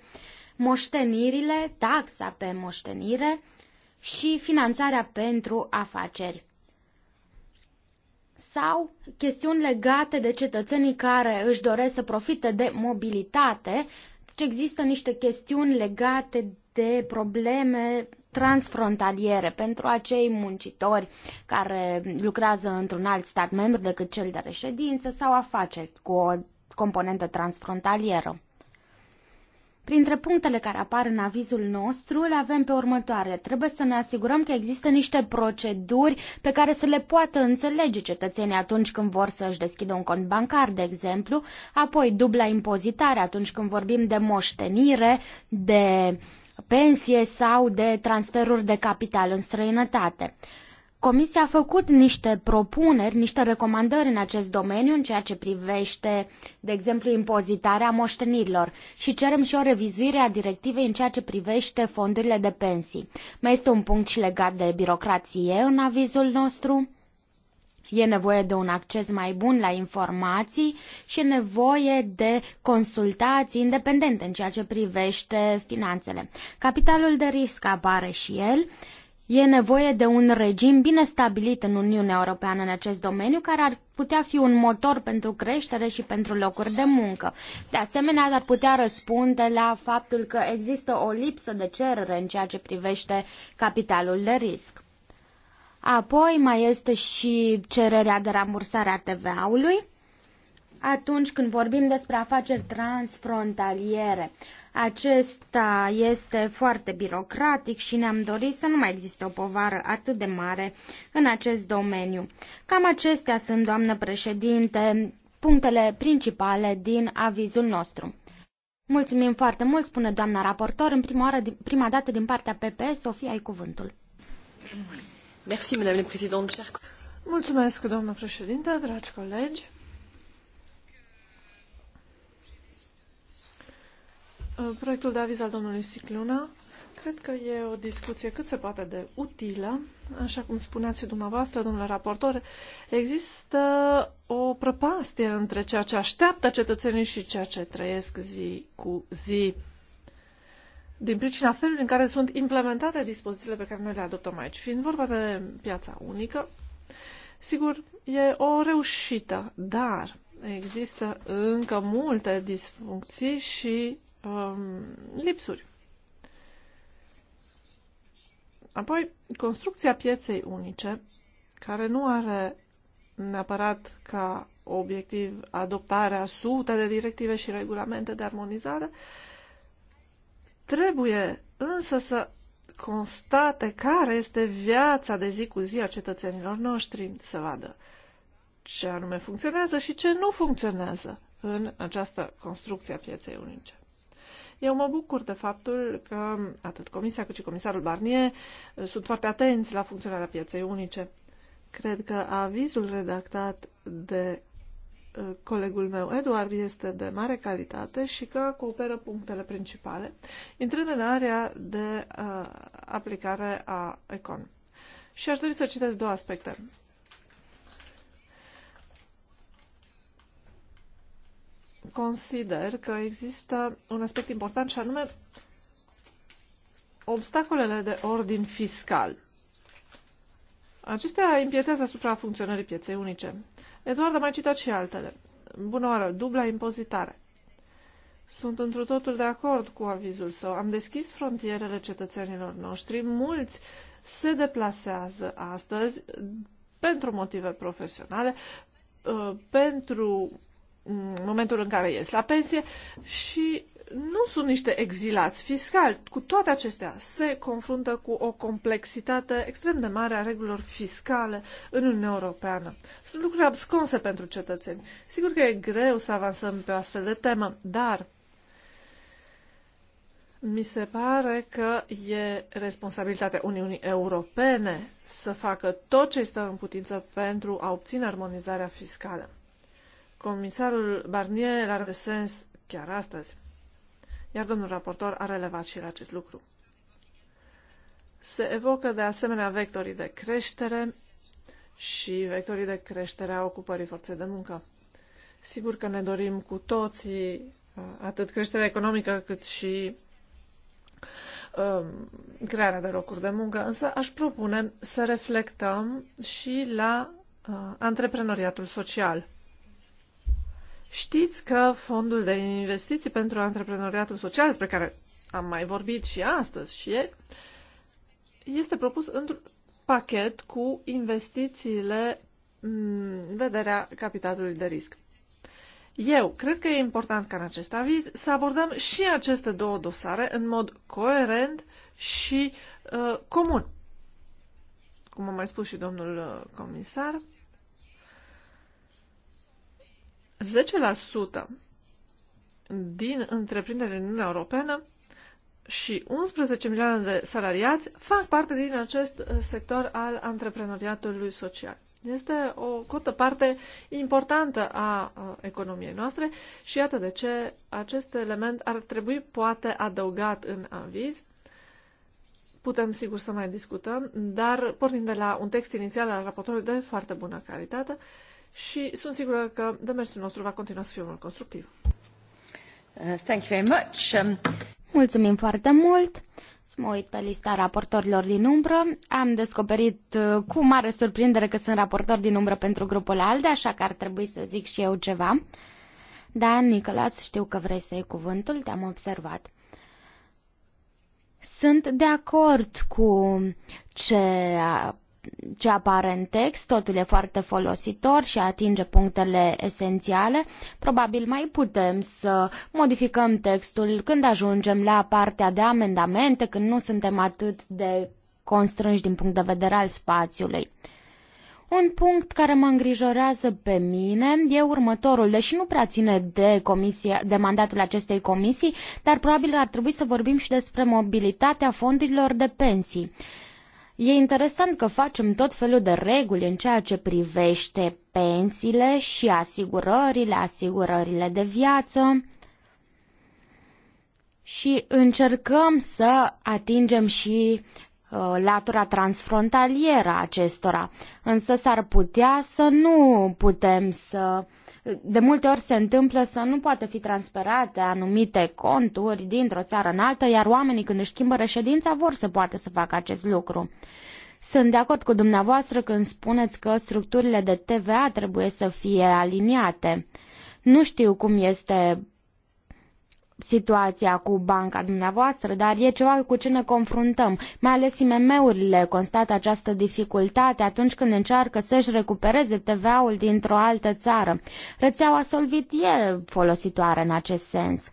moștenirile, taxa pe moștenire și finanțarea pentru afaceri sau chestiuni legate de cetățenii care își doresc să profite de mobilitate. Deci există niște chestiuni legate de probleme transfrontaliere pentru acei muncitori care lucrează într-un alt stat membru decât cel de reședință sau afaceri cu o componentă transfrontalieră. Printre punctele care apar în avizul nostru, le avem pe următoarele. Trebuie să ne asigurăm că există niște proceduri pe care să le poată înțelege cetățenii atunci când vor să își deschidă un cont bancar, de exemplu, apoi dubla impozitare atunci când vorbim de moștenire, de pensie sau de transferuri de capital în străinătate. Comisia a făcut niște propuneri, niște recomandări în acest domeniu, în ceea ce privește, de exemplu, impozitarea moștenirilor și cerem și o revizuire a directivei în ceea ce privește fondurile de pensii. Mai este un punct și legat de birocrație în avizul nostru. E nevoie de un acces mai bun la informații și e nevoie de consultații independente în ceea ce privește finanțele. Capitalul de risc apare și el. E nevoie de un regim bine stabilit în Uniunea Europeană în acest domeniu, care ar putea fi un motor pentru creștere și pentru locuri de muncă. De asemenea, ar putea răspunde la faptul că există o lipsă de cerere în ceea ce privește capitalul de risc. Apoi mai este și cererea de rambursare a TVA-ului atunci când vorbim despre afaceri transfrontaliere. Acesta este foarte birocratic și ne-am dorit să nu mai existe o povară atât de mare în acest domeniu. Cam acestea sunt, doamnă președinte, punctele principale din avizul nostru. Mulțumim foarte mult, spune doamna raportor. În prima, oară, prima dată din partea PP, Sofia, ai cuvântul. Merci, Mulțumesc, doamnă președinte, dragi colegi. Uh, proiectul de aviz al domnului Sicluna. Cred că e o discuție cât se poate de utilă. Așa cum spuneați și dumneavoastră, domnule raportor, există o prăpastie între ceea ce așteaptă cetățenii și ceea ce trăiesc zi cu zi. Din pricina felului în care sunt implementate dispozițiile pe care noi le adoptăm aici. Fiind vorba de piața unică, sigur, e o reușită, dar există încă multe disfuncții și um, lipsuri. Apoi, construcția pieței unice, care nu are neapărat ca obiectiv adoptarea sute de directive și regulamente de armonizare, trebuie însă să constate care este viața de zi cu zi a cetățenilor noștri, să vadă ce anume funcționează și ce nu funcționează în această construcție a pieței unice. Eu mă bucur de faptul că atât Comisia cât și Comisarul Barnier uh, sunt foarte atenți la funcționarea pieței unice. Cred că avizul redactat de uh, colegul meu, Eduard, este de mare calitate și că acoperă punctele principale, intrând în area de uh, aplicare a ECON. Și aș dori să citesc două aspecte. consider că există un aspect important și anume obstacolele de ordin fiscal. Acestea impietează asupra funcționării pieței unice. Eduard a mai citat și altele. Bună oară, dubla impozitare. Sunt întru totul de acord cu avizul său. Am deschis frontierele cetățenilor noștri. Mulți se deplasează astăzi pentru motive profesionale, uh, pentru momentul în care ies la pensie și nu sunt niște exilați fiscali. Cu toate acestea, se confruntă cu o complexitate extrem de mare a regulilor fiscale în Uniunea Europeană. Sunt lucruri absconse pentru cetățeni. Sigur că e greu să avansăm pe o astfel de temă, dar mi se pare că e responsabilitatea Uniunii Europene să facă tot ce stă în putință pentru a obține armonizarea fiscală. Comisarul Barnier l-a de sens chiar astăzi, iar domnul raportor a relevat și la acest lucru. Se evocă de asemenea vectorii de creștere și vectorii de creștere a ocupării forței de muncă. Sigur că ne dorim cu toții uh, atât creșterea economică cât și um, crearea de locuri de muncă, însă aș propune să reflectăm și la uh, antreprenoriatul social. Știți că fondul de investiții pentru antreprenoriatul social, despre care am mai vorbit și astăzi și ieri, este propus într-un pachet cu investițiile mm, în vederea capitalului de risc. Eu cred că e important ca în acest aviz să abordăm și aceste două dosare în mod coerent și uh, comun. Cum a mai spus și domnul uh, comisar, 10% din întreprinderile în Uniunea Europeană și 11 milioane de salariați fac parte din acest sector al antreprenoriatului social. Este o cotă parte importantă a economiei noastre și iată de ce acest element ar trebui poate adăugat în aviz. Putem sigur să mai discutăm, dar pornind de la un text inițial al raportorului de foarte bună calitate, și sunt sigură că demersul nostru va continua să fie unul constructiv. Uh, thank you very much. Um... Mulțumim foarte mult! Să mă uit pe lista raportorilor din umbră. Am descoperit uh, cu mare surprindere că sunt raportor din umbră pentru grupul ALDE, așa că ar trebui să zic și eu ceva. Da, Nicolas, știu că vrei să iei cuvântul, te-am observat. Sunt de acord cu ce a ce apare în text, totul e foarte folositor și atinge punctele esențiale. Probabil mai putem să modificăm textul când ajungem la partea de amendamente, când nu suntem atât de constrânși din punct de vedere al spațiului. Un punct care mă îngrijorează pe mine e următorul, deși nu prea ține de, comisia, de mandatul acestei comisii, dar probabil ar trebui să vorbim și despre mobilitatea fondurilor de pensii. E interesant că facem tot felul de reguli în ceea ce privește pensiile și asigurările, asigurările de viață și încercăm să atingem și uh, latura transfrontalieră a acestora, însă s-ar putea să nu putem să uh, de multe ori se întâmplă să nu poată fi transferate anumite conturi dintr-o țară în alta, iar oamenii când își schimbă reședința vor să poată să facă acest lucru. Sunt de acord cu dumneavoastră când spuneți că structurile de TVA trebuie să fie aliniate. Nu știu cum este situația cu banca dumneavoastră, dar e ceva cu ce ne confruntăm. Mai ales IMM-urile constată această dificultate atunci când încearcă să-și recupereze TVA-ul dintr-o altă țară. Rețeaua Solvit e folositoare în acest sens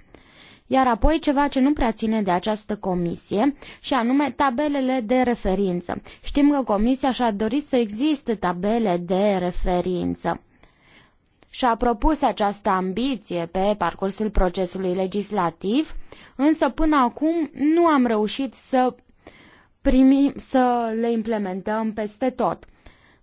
iar apoi ceva ce nu prea ține de această comisie, și anume tabelele de referință. Știm că comisia și-a dorit să existe tabele de referință și-a propus această ambiție pe parcursul procesului legislativ, însă până acum nu am reușit să, primim, să le implementăm peste tot.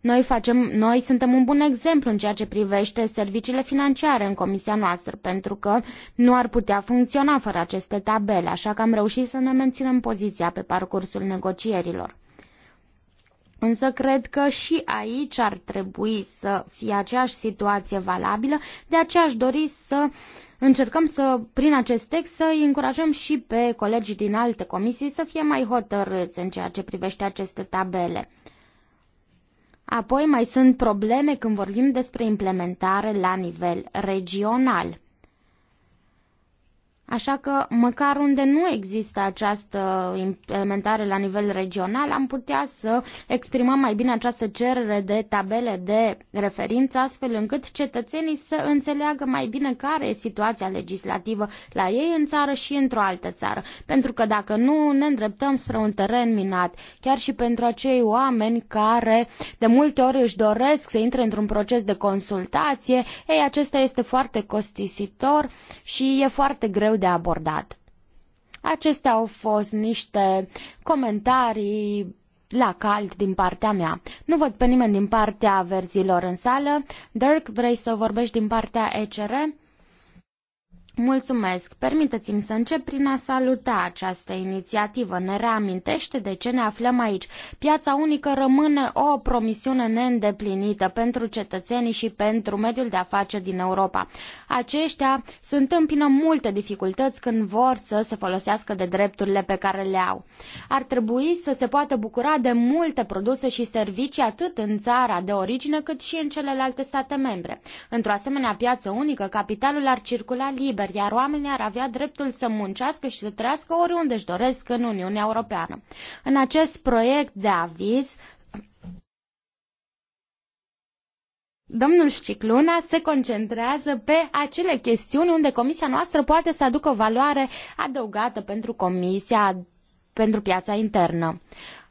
Noi, facem, noi suntem un bun exemplu în ceea ce privește serviciile financiare în comisia noastră, pentru că nu ar putea funcționa fără aceste tabele, așa că am reușit să ne menținem poziția pe parcursul negocierilor. Însă cred că și aici ar trebui să fie aceeași situație valabilă, de aceea aș dori să încercăm să, prin acest text, să îi încurajăm și pe colegii din alte comisii să fie mai hotărâți în ceea ce privește aceste tabele. Apoi mai sunt probleme când vorbim despre implementare la nivel regional. Așa că, măcar unde nu există această implementare la nivel regional, am putea să exprimăm mai bine această cerere de tabele de referință, astfel încât cetățenii să înțeleagă mai bine care e situația legislativă la ei în țară și într-o altă țară. Pentru că dacă nu, ne îndreptăm spre un teren minat, chiar și pentru acei oameni care de multe ori își doresc să intre într-un proces de consultație, ei, acesta este foarte costisitor și e foarte greu greu de abordat. Acestea au fost niște comentarii la cald din partea mea. Nu văd pe nimeni din partea verzilor în sală. Dirk, vrei să vorbești din partea ECR? Mulțumesc! Permiteți-mi să încep prin a saluta această inițiativă. Ne reamintește de ce ne aflăm aici. Piața unică rămâne o promisiune neîndeplinită pentru cetățenii și pentru mediul de afaceri din Europa. Aceștia se întâmpină multe dificultăți când vor să se folosească de drepturile pe care le au. Ar trebui să se poată bucura de multe produse și servicii atât în țara de origine cât și în celelalte state membre. Într-o asemenea piață unică, capitalul ar circula liber țări, iar oamenii ar avea dreptul să muncească și să trăiască oriunde își doresc în Uniunea Europeană. În acest proiect de aviz, Domnul Șcicluna se concentrează pe acele chestiuni unde comisia noastră poate să aducă valoare adăugată pentru comisia pentru piața internă.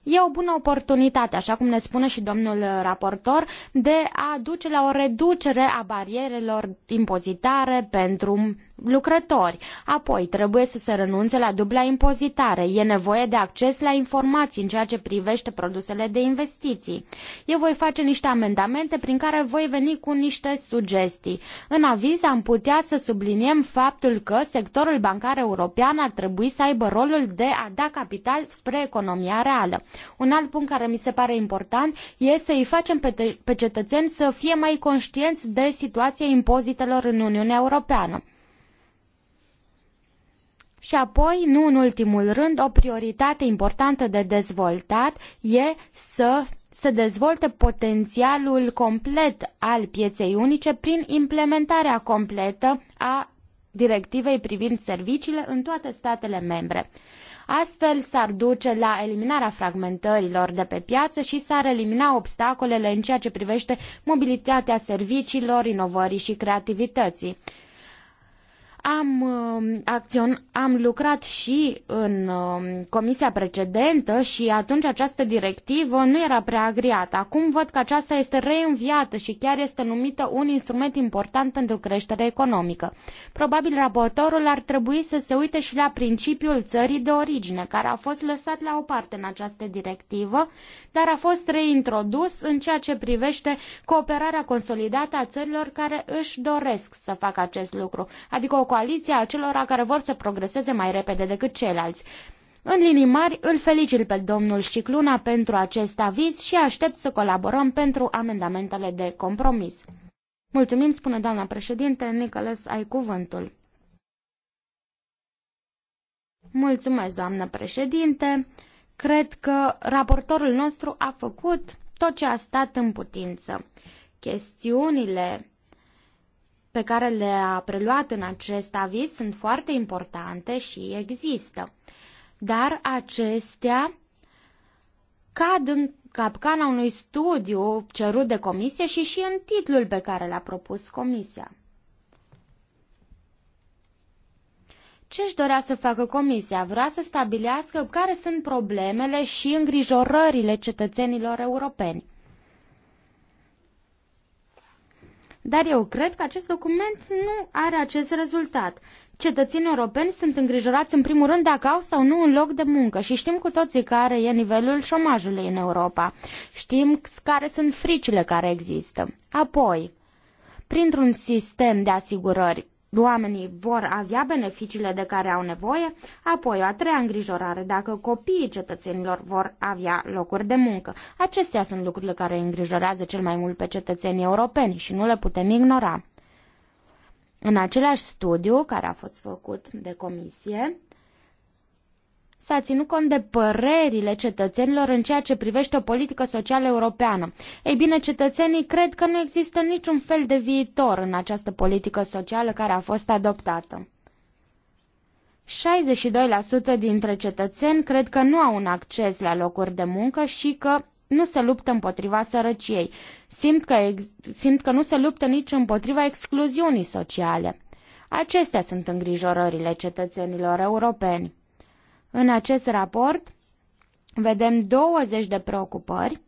E o bună oportunitate, așa cum ne spune și domnul raportor, de a duce la o reducere a barierelor impozitare pentru lucrători. Apoi, trebuie să se renunțe la dubla impozitare. E nevoie de acces la informații în ceea ce privește produsele de investiții. Eu voi face niște amendamente prin care voi veni cu niște sugestii. În aviz am putea să subliniem faptul că sectorul bancar european ar trebui să aibă rolul de a da capital spre economia reală. Un alt punct care mi se pare important e să îi facem pe, pe cetățeni să fie mai conștienți de situația impozitelor în Uniunea Europeană. Și apoi, nu în ultimul rând, o prioritate importantă de dezvoltat e să se dezvolte potențialul complet al pieței unice prin implementarea completă a directivei privind serviciile în toate statele membre. Astfel s-ar duce la eliminarea fragmentărilor de pe piață și s-ar elimina obstacolele în ceea ce privește mobilitatea serviciilor, inovării și creativității. Am, um, acțion, am lucrat și în um, comisia precedentă și atunci această directivă nu era prea agriată. Acum văd că aceasta este reînviată și chiar este numită un instrument important pentru creșterea economică. Probabil raportorul ar trebui să se uite și la principiul țării de origine, care a fost lăsat la o parte în această directivă, dar a fost reintrodus în ceea ce privește cooperarea consolidată a țărilor care își doresc să facă acest lucru, adică o coaliția acelora care vor să progreseze mai repede decât ceilalți. În linii mari, îl felicit pe domnul Șicluna pentru acest aviz și aștept să colaborăm pentru amendamentele de compromis. Mulțumim, spune doamna președinte. Nicolas, ai cuvântul. Mulțumesc, doamnă președinte. Cred că raportorul nostru a făcut tot ce a stat în putință. Chestiunile pe care le-a preluat în acest aviz sunt foarte importante și există. Dar acestea cad în capcana unui studiu cerut de comisie și și în titlul pe care l-a propus comisia. Ce își dorea să facă comisia? Vrea să stabilească care sunt problemele și îngrijorările cetățenilor europeni. Dar eu cred că acest document nu are acest rezultat. Cetățenii europeni sunt îngrijorați în primul rând dacă au sau nu un loc de muncă și știm cu toții care e nivelul șomajului în Europa. Știm care sunt fricile care există. Apoi, printr-un sistem de asigurări oamenii vor avea beneficiile de care au nevoie, apoi o a treia îngrijorare, dacă copiii cetățenilor vor avea locuri de muncă. Acestea sunt lucrurile care îngrijorează cel mai mult pe cetățenii europeni și nu le putem ignora. În același studiu care a fost făcut de comisie, s-a ținut cont de părerile cetățenilor în ceea ce privește o politică socială europeană. Ei bine, cetățenii cred că nu există niciun fel de viitor în această politică socială care a fost adoptată. 62% dintre cetățeni cred că nu au un acces la locuri de muncă și că nu se luptă împotriva sărăciei. Simt că, simt că nu se luptă nici împotriva excluziunii sociale. Acestea sunt îngrijorările cetățenilor europeni. În acest raport vedem 20 de preocupări.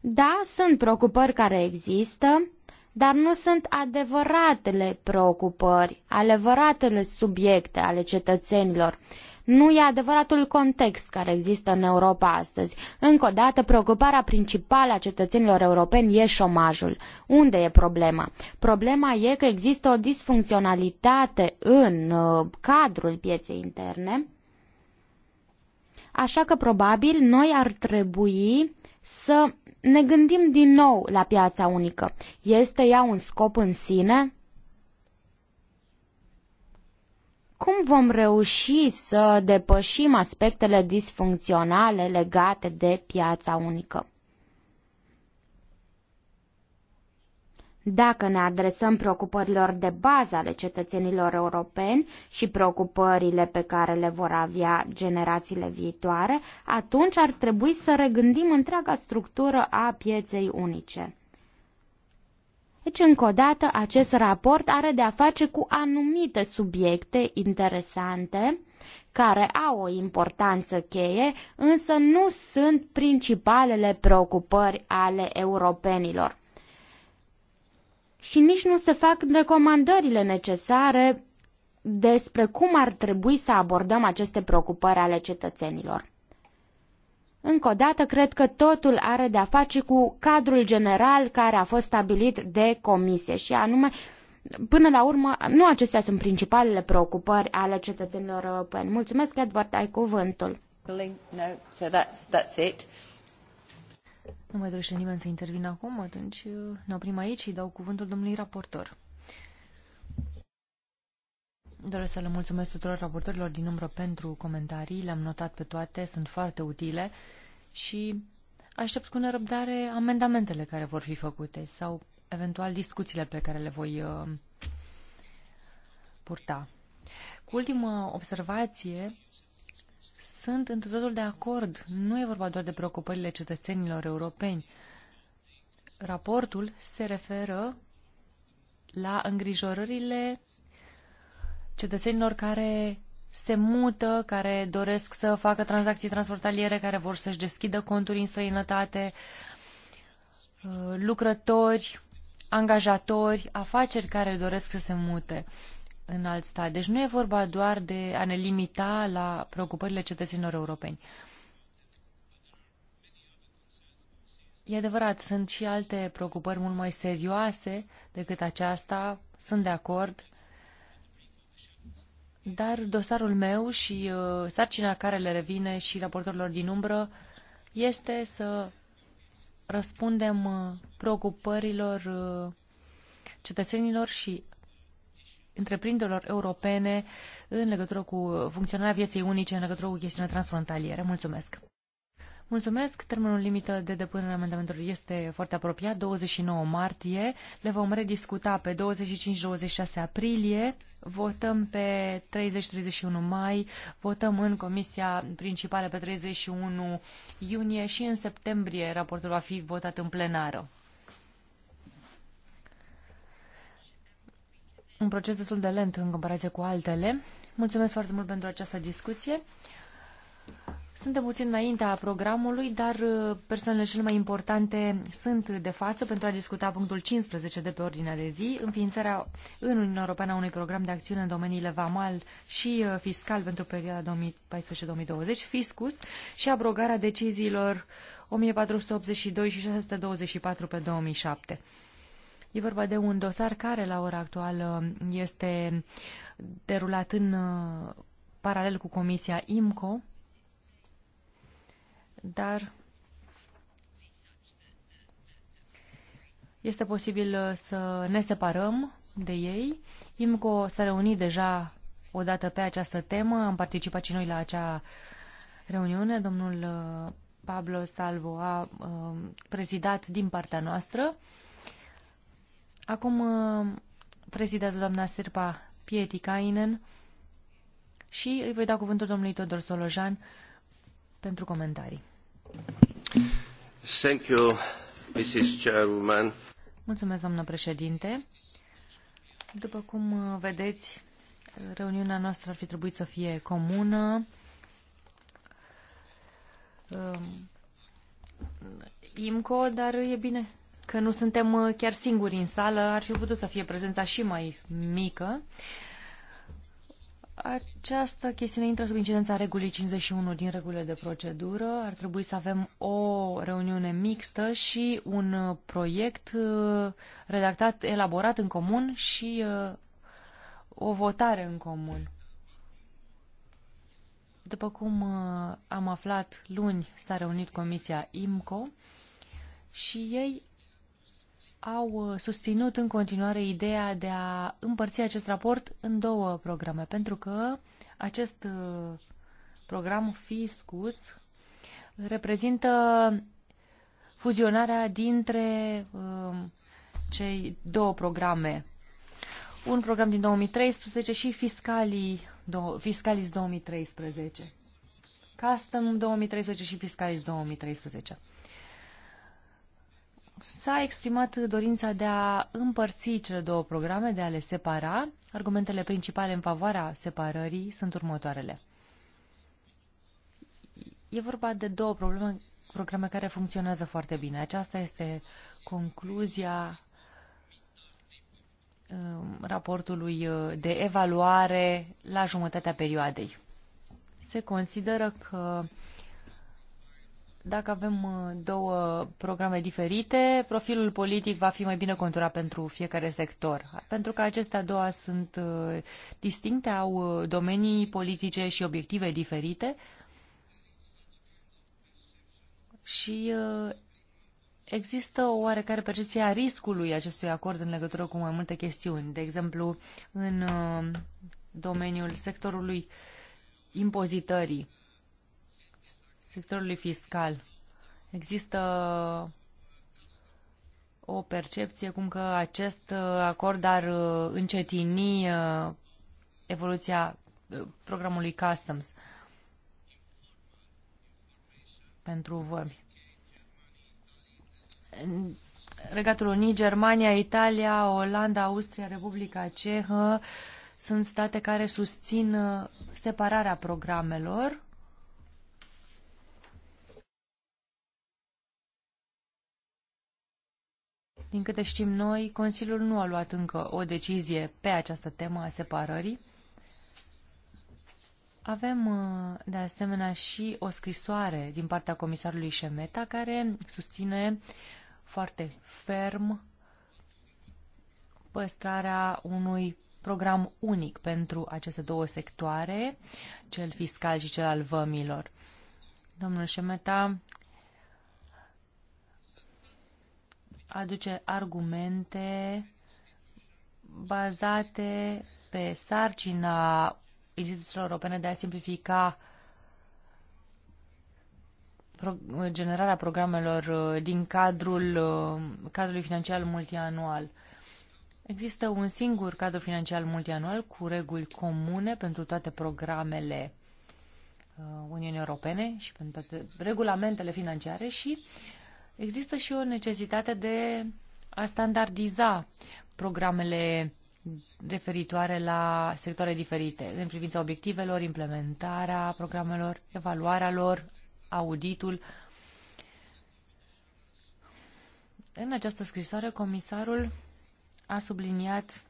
Da, sunt preocupări care există, dar nu sunt adevăratele preocupări, adevăratele subiecte ale cetățenilor. Nu e adevăratul context care există în Europa astăzi. Încă o dată, preocuparea principală a cetățenilor europeni e șomajul. Unde e problema? Problema e că există o disfuncționalitate în uh, cadrul pieței interne, așa că probabil noi ar trebui să ne gândim din nou la piața unică. Este ea un scop în sine? cum vom reuși să depășim aspectele disfuncționale legate de piața unică? Dacă ne adresăm preocupărilor de bază ale cetățenilor europeni și preocupările pe care le vor avea generațiile viitoare, atunci ar trebui să regândim întreaga structură a pieței unice. Deci, încă o dată, acest raport are de a face cu anumite subiecte interesante care au o importanță cheie, însă nu sunt principalele preocupări ale europenilor. Și nici nu se fac recomandările necesare despre cum ar trebui să abordăm aceste preocupări ale cetățenilor. Încă o dată, cred că totul are de-a face cu cadrul general care a fost stabilit de comisie și anume, până la urmă, nu acestea sunt principalele preocupări ale cetățenilor europeni. Mulțumesc, Edward, ai cuvântul. No. So that's, that's it. Nu mai dorește nimeni să intervină acum, atunci uh, ne oprim aici și dau cuvântul domnului raportor. Doresc să le mulțumesc tuturor raportorilor din umbră pentru comentarii, le-am notat pe toate, sunt foarte utile și aștept cu nerăbdare amendamentele care vor fi făcute sau eventual discuțiile pe care le voi uh, purta. Cu ultima observație, sunt într totul de acord. Nu e vorba doar de preocupările cetățenilor europeni. Raportul se referă la îngrijorările cetățenilor care se mută, care doresc să facă tranzacții transfrontaliere, care vor să-și deschidă conturi în străinătate, uh, lucrători, angajatori, afaceri care doresc să se mute în alt stat. Deci nu e vorba doar de a ne limita la preocupările cetățenilor europeni. E adevărat, sunt și alte preocupări mult mai serioase decât aceasta, sunt de acord. Dar dosarul meu și uh, sarcina care le revine și raportorilor din umbră este să răspundem uh, preocupărilor uh, cetățenilor și întreprinderilor europene în legătură cu funcționarea pieței unice, în legătură cu chestiunea transfrontalieră. Mulțumesc! Mulțumesc. Termenul limită de depunere a amendamentelor este foarte apropiat, 29 martie. Le vom rediscuta pe 25-26 aprilie. Votăm pe 30-31 mai, votăm în comisia principală pe 31 iunie și în septembrie raportul va fi votat în plenară. Un proces destul de lent în comparație cu altele. Mulțumesc foarte mult pentru această discuție. Suntem puțin înaintea programului, dar uh, persoanele cele mai importante sunt de față pentru a discuta punctul 15 de pe ordinea de zi, înființarea în Uniunea Europeană a unui program de acțiune în domeniile vamal și uh, fiscal pentru perioada 2014-2020, fiscus, și abrogarea deciziilor 1482 și 624 pe 2007. E vorba de un dosar care la ora actuală este derulat în uh, paralel cu Comisia IMCO, dar este posibil uh, să ne separăm de ei. IMCO s-a reunit deja o dată pe această temă, am participat și noi la acea reuniune. Domnul uh, Pablo Salvo a uh, prezidat din partea noastră. Acum prezidează doamna Sirpa Pietikainen și îi voi da cuvântul domnului Todor Solojan pentru comentarii. Mulțumesc, președinte. După cum uh, vedeți, reuniunea noastră ar fi trebuit să fie comună. Um, IMCO, dar e bine că nu suntem uh, chiar singuri în sală, ar fi putut să fie prezența și mai mică. Uh, această chestiune intră sub incidența regulii 51 din regulile de procedură. Ar trebui să avem o reuniune mixtă și un uh, proiect uh, redactat, elaborat în comun și uh, o votare în comun. După cum am aflat luni, s-a reunit Comisia IMCO și ei au uh, susținut în continuare ideea de a împărți acest raport în două programe, pentru că acest uh, program Fiscus reprezintă fuzionarea dintre um, cei două programe. Un program din 2013 și Fiscalii, Fiscalis 2013. Custom 2013 și Fiscalis 2013. S-a exprimat dorința de a împărți cele două programe, de a le separa. Argumentele principale în favoarea separării sunt următoarele. E vorba de două probleme, programe care funcționează foarte bine. Aceasta este concluzia um, raportului uh, de evaluare la jumătatea perioadei. Se consideră că uh, dacă avem uh, două programe diferite, profilul politic va fi mai bine conturat pentru fiecare sector, pentru că acestea două sunt uh, distincte, au uh, domenii politice și obiective diferite și există o oarecare percepție a riscului acestui acord în legătură cu mai multe chestiuni. De exemplu, în domeniul sectorului impozitării sectorului fiscal. Există o percepție cum că acest uh, acord ar uh, încetini uh, evoluția programului Customs pentru vămi. Regatul Unii, Germania, Italia, Olanda, Austria, Republica Cehă sunt state care susțin separarea programelor Din câte știm noi, Consiliul nu a luat încă o decizie pe această temă a separării. Avem, uh, de asemenea, și o scrisoare din partea comisarului Șemeta, care susține foarte ferm păstrarea unui program unic pentru aceste două sectoare, cel fiscal și cel al vămilor. Domnul Șemeta aduce argumente bazate pe sarcina instituțiilor europene de a simplifica generarea programelor uh, din cadrul uh, cadrului financiar multianual. Există un singur cadru financiar multianual cu reguli comune pentru toate programele uh, Uniunii Europene și pentru toate regulamentele financiare și Există și o necesitate de a standardiza programele referitoare la sectoare diferite în privința obiectivelor, implementarea programelor, evaluarea lor, auditul. În această scrisoare, comisarul a subliniat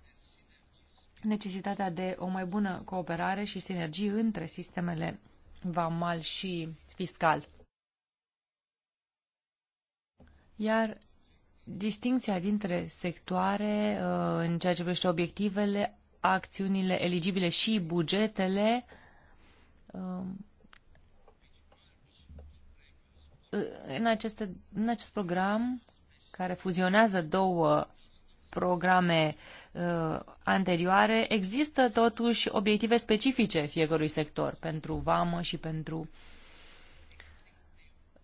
necesitatea de o mai bună cooperare și sinergii între sistemele vamal și fiscal. Iar distinția dintre sectoare uh, în ceea ce privește obiectivele, acțiunile eligibile și bugetele um, uh, în, aceste, în acest program care fuzionează două programe uh, anterioare, există totuși obiective specifice fiecărui sector, pentru vamă și pentru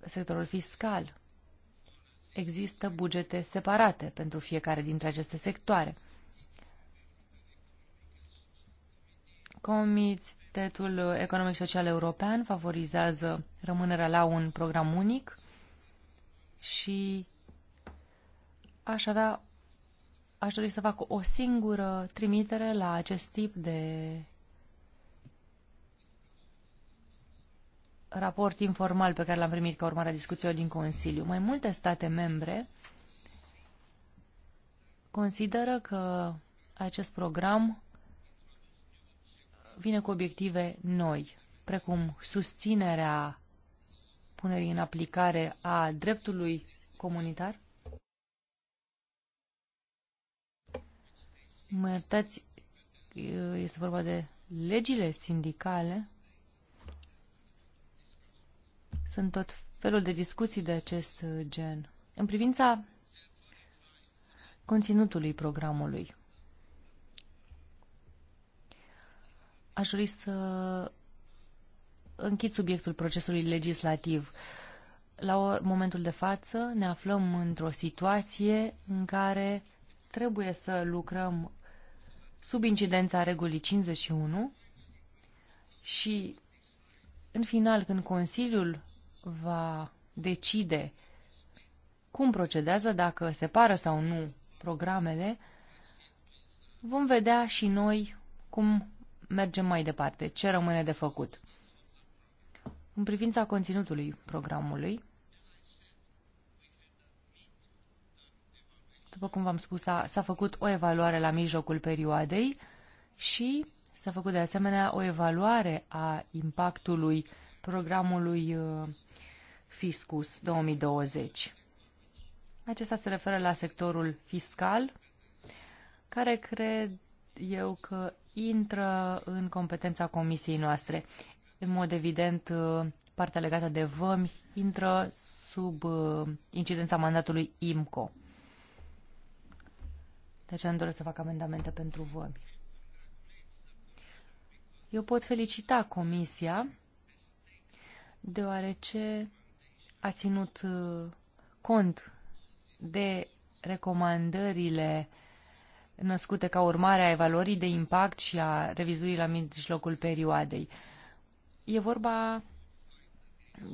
sectorul fiscal există bugete separate pentru fiecare dintre aceste sectoare. Comitetul Economic Social European favorizează rămânerea la un program unic și aș avea aș dori să fac o singură trimitere la acest tip de raport informal pe care l-am primit ca urmare a discuțiilor din Consiliu. Mai multe state membre consideră că acest program vine cu obiective noi, precum susținerea punerii în aplicare a dreptului comunitar? Mă iertați, este vorba de legile sindicale sunt tot felul de discuții de acest uh, gen. În privința conținutului programului, aș dori să închid subiectul procesului legislativ. La momentul de față ne aflăm într-o situație în care trebuie să lucrăm sub incidența regulii 51 și, în final, când Consiliul va decide cum procedează, dacă separă sau nu programele, vom vedea și noi cum mergem mai departe, ce rămâne de făcut. În privința conținutului programului, după cum v-am spus, s-a făcut o evaluare la mijlocul perioadei și s-a făcut de asemenea o evaluare a impactului programului uh, Fiscus 2020. Acesta se referă la sectorul fiscal, care cred eu că intră în competența comisiei noastre. În mod evident, uh, partea legată de vămi intră sub uh, incidența mandatului IMCO. Deci am doresc să fac amendamente pentru vămi. Eu pot felicita comisia deoarece a ținut uh, cont de recomandările născute ca urmare a evaluării de impact și a revizuirii la mijlocul perioadei. E vorba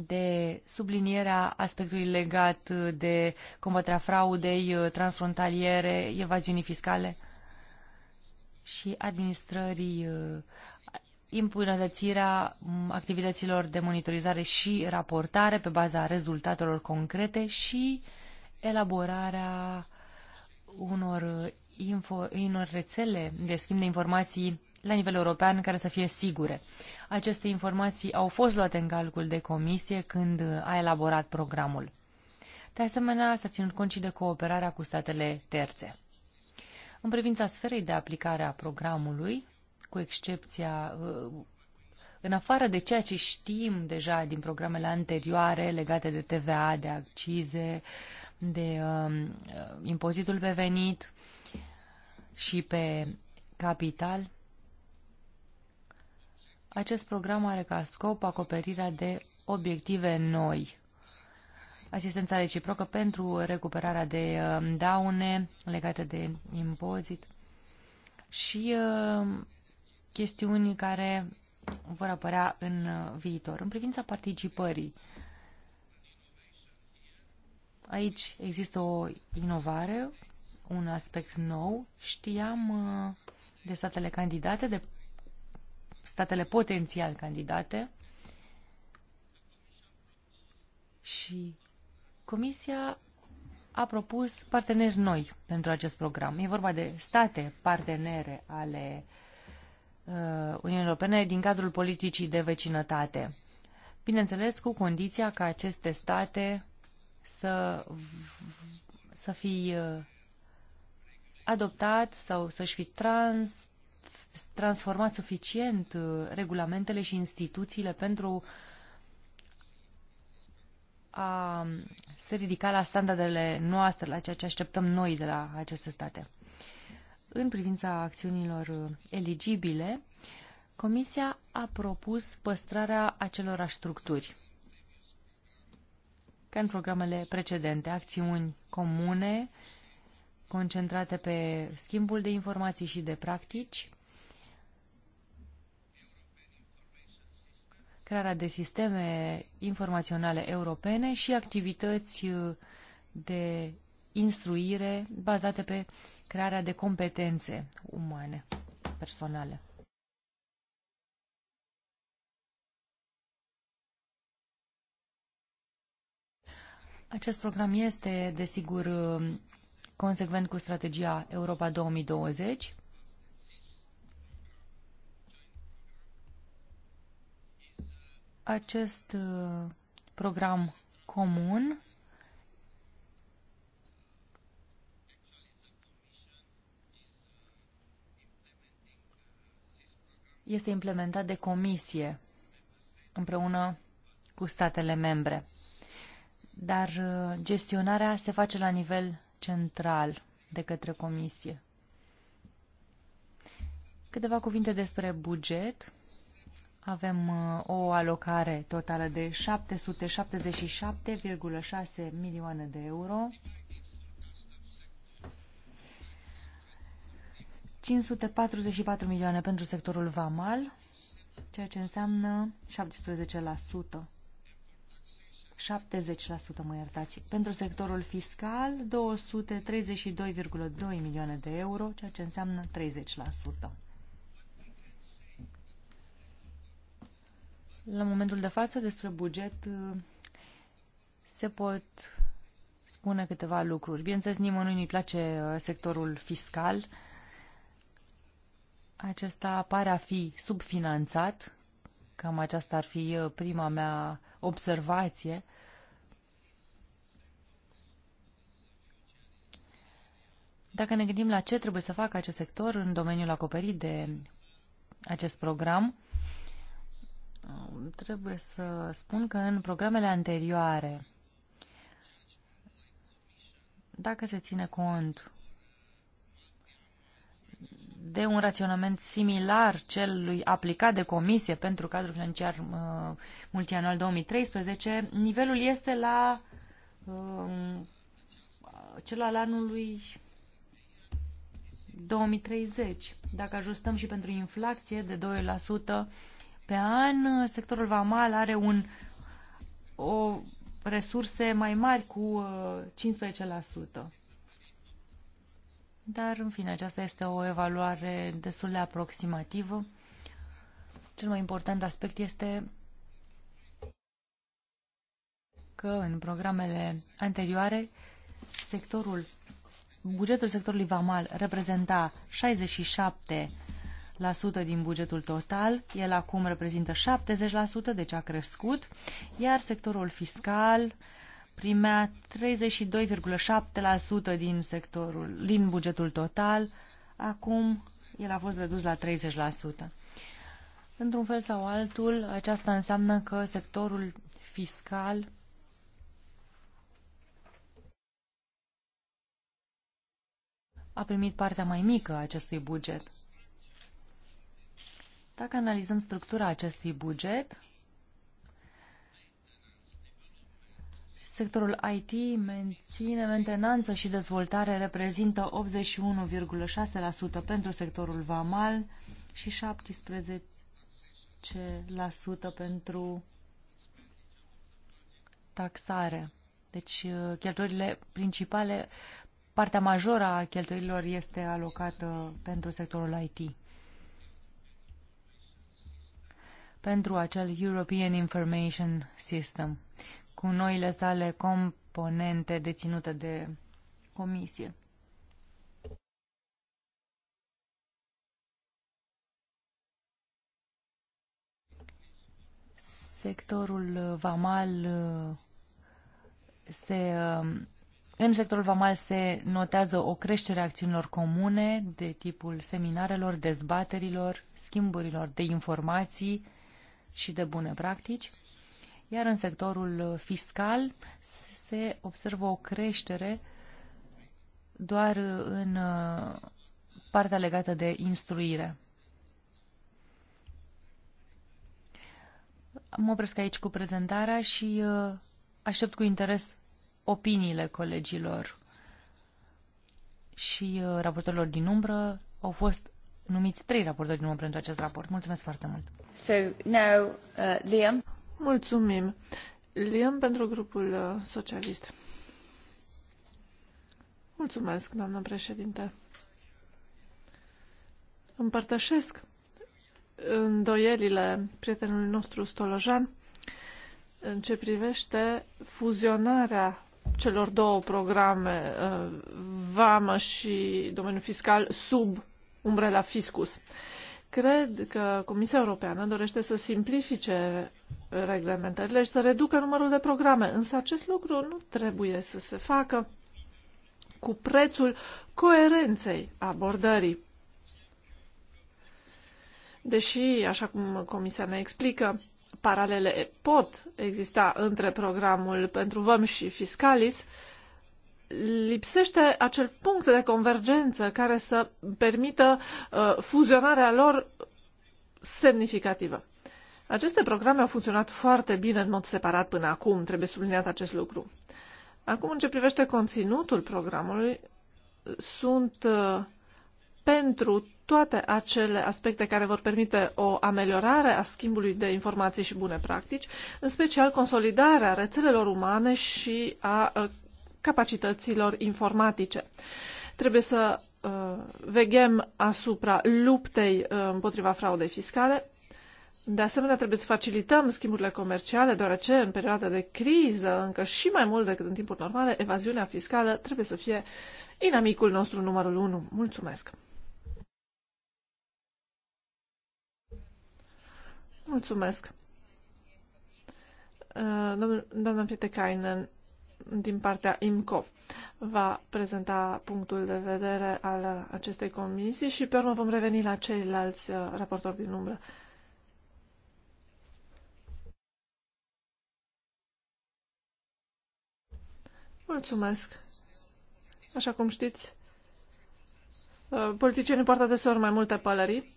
de sublinierea aspectului legat de combaterea fraudei uh, transfrontaliere, evaziunii fiscale și administrării uh, îmbunătățirea mm, activităților de monitorizare și raportare pe baza rezultatelor concrete și elaborarea unor, info, unor rețele de schimb de informații la nivel european care să fie sigure. Aceste informații au fost luate în calcul de comisie când a elaborat programul. De asemenea, s-a ținut cont și de cooperarea cu statele terțe. În privința sferei de aplicare a programului, cu excepția uh, în afară de ceea ce știm deja din programele anterioare legate de TVA, de accize, de um, uh, impozitul pe venit și pe capital, acest program are ca scop acoperirea de obiective noi. Asistența reciprocă pentru recuperarea de uh, daune legate de impozit și uh, chestiuni care vor apărea în uh, viitor. În privința participării, aici există o inovare, un aspect nou. Știam uh, de statele candidate, de statele potențial candidate și Comisia a propus parteneri noi pentru acest program. E vorba de state partenere ale Uh, Uniunii Europene din cadrul politicii de vecinătate. Bineînțeles, cu condiția ca aceste state să, să fi uh, adoptat sau să-și fi trans, transformat suficient uh, regulamentele și instituțiile pentru a se ridica la standardele noastre, la ceea ce așteptăm noi de la aceste state în privința acțiunilor uh, eligibile, Comisia a propus păstrarea acelorași structuri ca în programele precedente, acțiuni comune concentrate pe schimbul de informații și de practici, crearea de sisteme informaționale europene și activități uh, de instruire bazate pe crearea de competențe umane, personale. Acest program este, desigur, consecvent cu strategia Europa 2020. Acest uh, program comun este implementat de comisie împreună cu statele membre. Dar uh, gestionarea se face la nivel central de către comisie. Câteva cuvinte despre buget. Avem uh, o alocare totală de 777,6 milioane de euro 544 milioane pentru sectorul vamal, ceea ce înseamnă 17%. 70%, mă iertați. Pentru sectorul fiscal, 232,2 milioane de euro, ceea ce înseamnă 30%. La momentul de față, despre buget, se pot spune câteva lucruri. Bineînțeles, nimănui nu-i place uh, sectorul fiscal, acesta pare a fi subfinanțat, cam aceasta ar fi uh, prima mea observație. Dacă ne gândim la ce trebuie să facă acest sector în domeniul acoperit de acest program, uh, trebuie să spun că în programele anterioare, dacă se ține cont de un raționament similar celui aplicat de comisie pentru cadrul financiar uh, multianual 2013, nivelul este la uh, cel al anului 2030. Dacă ajustăm și pentru inflație de 2% pe an, sectorul vamal are un, o resurse mai mari cu 15%. Uh, dar, în fine, aceasta este o evaluare destul de aproximativă. Cel mai important aspect este că în programele anterioare sectorul, bugetul sectorului vamal reprezenta 67% din bugetul total, el acum reprezintă 70%, deci a crescut, iar sectorul fiscal uh, primea 32,7% din sectorul, din bugetul total. Acum el a fost redus la 30%. Într-un fel sau altul, aceasta înseamnă că sectorul fiscal a primit partea mai mică a acestui buget. Dacă analizăm structura acestui buget, Sectorul IT, menține, mentenanță și dezvoltare reprezintă 81,6% pentru sectorul VAMAL și 17% pentru taxare. Deci uh, cheltuielile principale, partea majoră a cheltuielilor este alocată pentru sectorul IT. Pentru acel European Information System, cu noile sale componente deținute de comisie. sectorul vamal uh, se, uh, în sectorul vamal se notează o creștere a acțiunilor comune de tipul seminarelor, dezbaterilor, schimburilor de informații și de bune practici. Iar în sectorul uh, fiscal se observă o creștere doar uh, în uh, partea legată de instruire. Mă opresc aici cu prezentarea și aștept cu interes opiniile colegilor și raportorilor din umbră. Au fost numiți trei raportori din umbră pentru acest raport. Mulțumesc foarte mult! So, now, uh, Liam. Mulțumim. Liam pentru grupul uh, socialist. Mulțumesc, doamnă președinte. Împărtășesc îndoielile prietenului nostru Stolojan în ce privește fuzionarea celor două programe, uh, VAMA și domeniul fiscal, sub umbrela Fiscus. Cred că Comisia Europeană dorește să simplifice reglementările și să reducă numărul de programe. Însă acest lucru nu trebuie să se facă cu prețul coerenței abordării. Deși, așa cum Comisia ne explică, paralele pot exista între programul pentru VAM și Fiscalis, lipsește acel punct de convergență care să permită uh, fuzionarea lor semnificativă. Aceste programe au funcționat foarte bine în mod separat până acum, trebuie subliniat acest lucru. Acum, în ce privește conținutul programului, sunt uh, pentru toate acele aspecte care vor permite o ameliorare a schimbului de informații și bune practici, în special consolidarea rețelelor umane și a uh, capacităților informatice. Trebuie să uh, veghem asupra luptei uh, împotriva fraudei fiscale, de asemenea, trebuie să facilităm schimburile comerciale, deoarece în perioada de criză, încă și mai mult decât în timpuri normale, evaziunea fiscală trebuie să fie inamicul nostru numărul 1. Mulțumesc! Mulțumesc! Uh, doamna Pietecainen, din partea IMCO, va prezenta punctul de vedere al acestei comisii și pe urmă vom reveni la ceilalți uh, raportori din umbră. Mulțumesc. Așa cum știți, uh, politicienii poartă deseori mai multe pălării.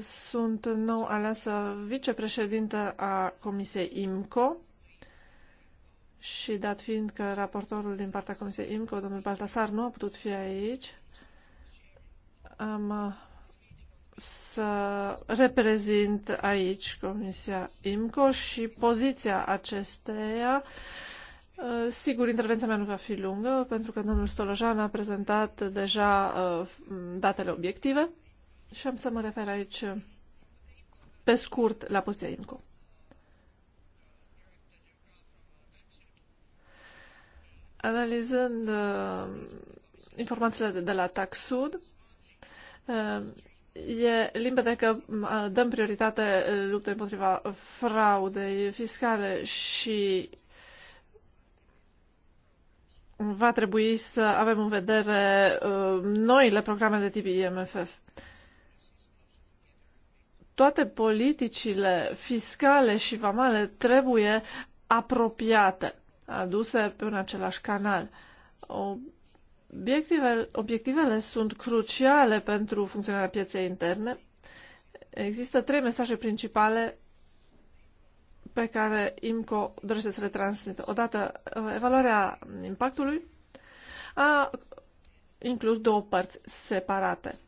Sunt nou aleasă vicepreședintă a Comisiei IMCO și dat fiind că raportorul din partea Comisiei IMCO, domnul Baltasar, nu a putut fi aici, am uh, să reprezint aici Comisia IMCO și poziția acesteia. Uh, sigur, intervenția mea nu va fi lungă, pentru că domnul Stolojan a prezentat deja uh, datele obiective și am să mă refer aici uh, pe scurt la poziția IMCO. Analizând informațiile de la TAC Sud, E limpede că dăm prioritate luptei împotriva fraudei fiscale și va trebui să avem în vedere noile programe de tip IMFF. Toate politicile fiscale și vamale trebuie apropiate, aduse pe un același canal. O Obiectivele, obiectivele sunt cruciale pentru funcționarea pieței interne. Există trei mesaje principale pe care IMCO dorește să le transmită. Odată, evaluarea impactului a inclus două părți separate.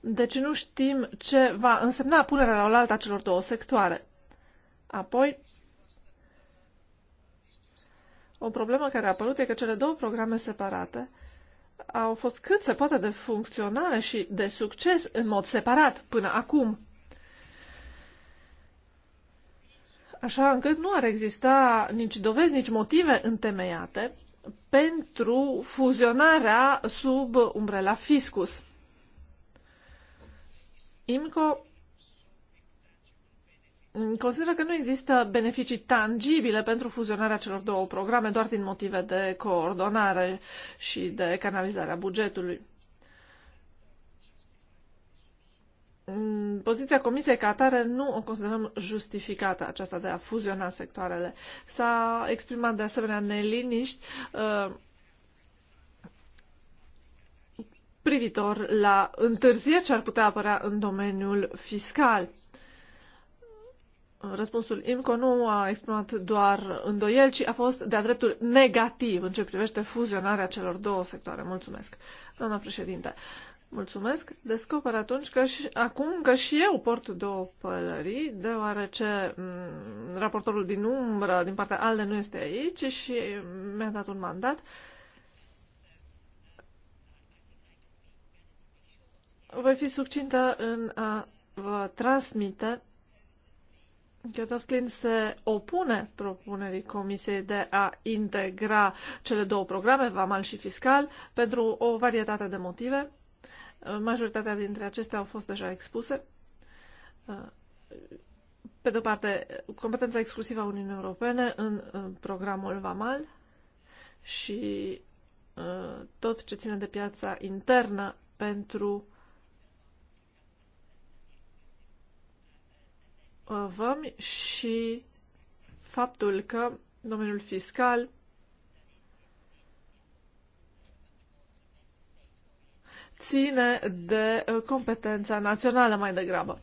Deci nu știm ce va însemna punerea la oaltă a celor două sectoare. Apoi, o problemă care a apărut e că cele două programe separate au fost cât se poate de funcționale și de succes în mod separat până acum. Așa încât nu ar exista nici dovezi, nici motive întemeiate pentru fuzionarea sub umbrela fiscus. IMCO Mm, consideră că nu există beneficii tangibile pentru fuzionarea celor două programe, doar din motive de coordonare și de canalizarea bugetului. Mm, poziția Comisiei ca atare nu o considerăm justificată, aceasta de a fuziona sectoarele. S-a exprimat de asemenea neliniști uh, privitor la întârzieri ce ar putea apărea în domeniul fiscal răspunsul IMCO nu a exprimat doar îndoiel, ci a fost de-a dreptul negativ în ce privește fuzionarea celor două sectoare. Mulțumesc, doamna președinte. Mulțumesc. Descoper atunci că și, acum că și eu port două pălării, deoarece m, mm, raportorul din umbră, din partea ALDE, nu este aici și mi-a dat un mandat. Voi fi succintă în a vă transmite Getav Clint se opune propunerii Comisiei de a integra cele două programe, VAMAL și Fiscal, pentru o varietate de motive. Majoritatea dintre acestea au fost deja expuse. Pe de o parte, competența exclusivă a Uniunii Europene în programul VAMAL și uh, tot ce ține de piața internă pentru avem uh, și faptul că domeniul fiscal ține de uh, competența națională mai degrabă.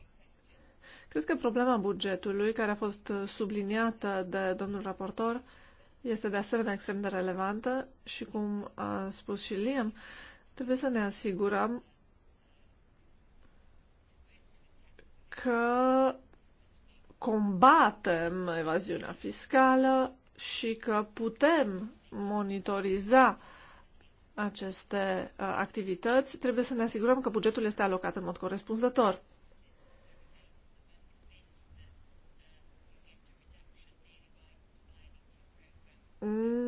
Cred că problema bugetului, care a fost uh, subliniată de domnul raportor, este de asemenea extrem de relevantă și, cum a spus și Liam, trebuie să ne asigurăm că combatem evaziunea fiscală și că putem monitoriza aceste uh, activități, trebuie să ne asigurăm că bugetul este alocat în mod corespunzător.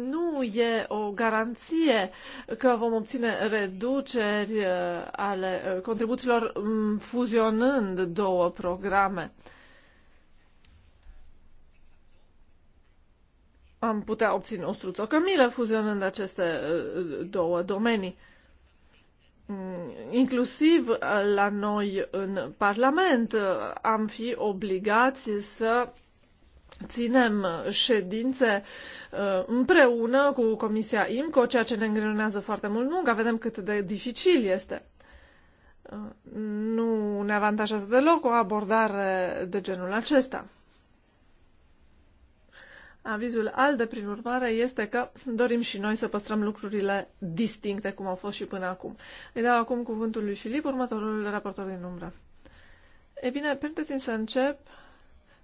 nu e o garanție că vom obține reduceri uh, ale uh, contribuțiilor mm, fuzionând două programe. am putea obține o struțocămilă fuzionând aceste uh, două domenii. Mm, inclusiv uh, la noi în Parlament uh, am fi obligați să ținem ședințe împreună cu Comisia IMCO, ceea ce ne îngreunează foarte mult munca. Vedem cât de dificil este. Nu ne avantajează deloc o abordare de genul acesta. Avizul de prin urmare, este că dorim și noi să păstrăm lucrurile distincte, cum au fost și până acum. Îi dau acum cuvântul lui Filip, următorul raportor din umbră. E bine, permiteți-mi să încep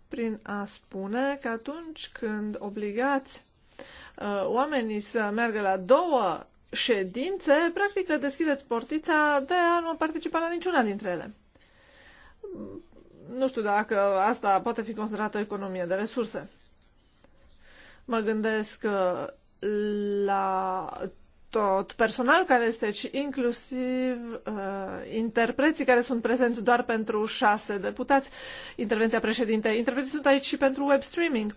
prin a spune că atunci când obligați uh, oamenii să meargă la două ședințe, practic le deschideți portița de a nu participa la niciuna dintre ele. Nu știu dacă asta poate fi considerată o economie de resurse. Mă gândesc uh, la tot personal care este, aici, inclusiv uh, interpreții care sunt prezenți doar pentru șase deputați. Intervenția președinte. Interpreții sunt aici și pentru web streaming.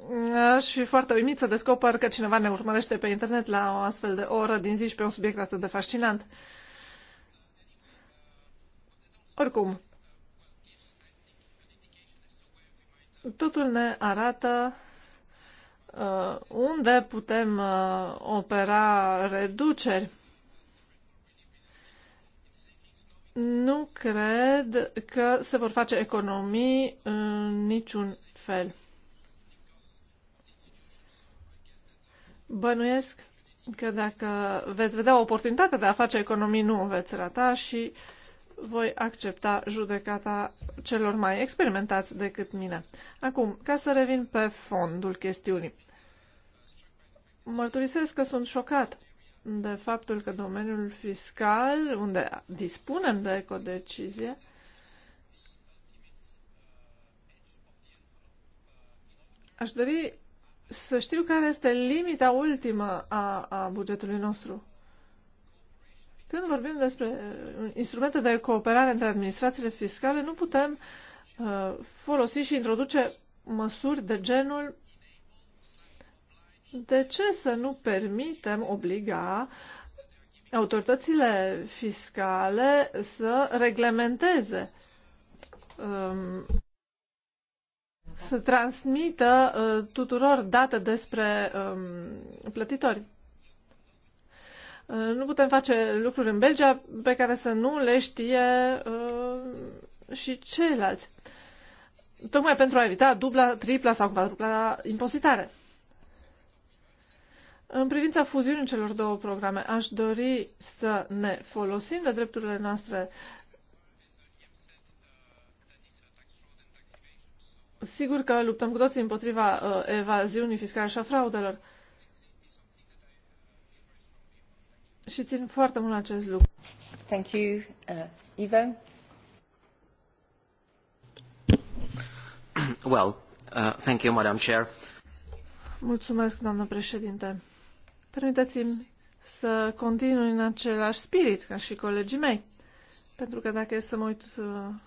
Um, aș fi foarte uimit să descoper că cineva ne urmărește pe internet la o astfel de oră din zi și pe un subiect atât de fascinant. Oricum, totul ne arată uh, unde putem uh, opera reduceri. Nu cred că se vor face economii în niciun fel. Bănuiesc că dacă veți vedea o oportunitate de a face economii, nu o veți rata și uh, voi accepta judecata celor mai experimentați decât mine. Acum, ca să revin pe fondul chestiunii. Mărturisesc că sunt șocat de faptul că domeniul fiscal, unde dispunem de ecodecizie, aș dori să știu care este limita ultimă a, a bugetului nostru. Când vorbim despre uh, instrumente de cooperare între administrațiile fiscale, nu putem uh, folosi și introduce măsuri de genul de ce să nu permitem obliga autoritățile fiscale să reglementeze um, să transmită uh, tuturor date despre um, plătitori. Uh, nu putem face lucruri în Belgia pe care să nu le știe uh, și ceilalți. Tocmai pentru a evita dubla, tripla sau quadrupla impozitare. În privința fuziunii celor două programe, aș dori să ne folosim de drepturile noastre Sigur că luptăm cu toții împotriva uh, evaziunii fiscale și a fraudelor. și țin foarte mult acest lucru. Thank you, uh, Eva. Well, uh, thank you, Madam Chair. Mulțumesc, doamnă președinte. Permiteți-mi să continui în același spirit ca și colegii mei. Pentru că dacă e să mă uit uh,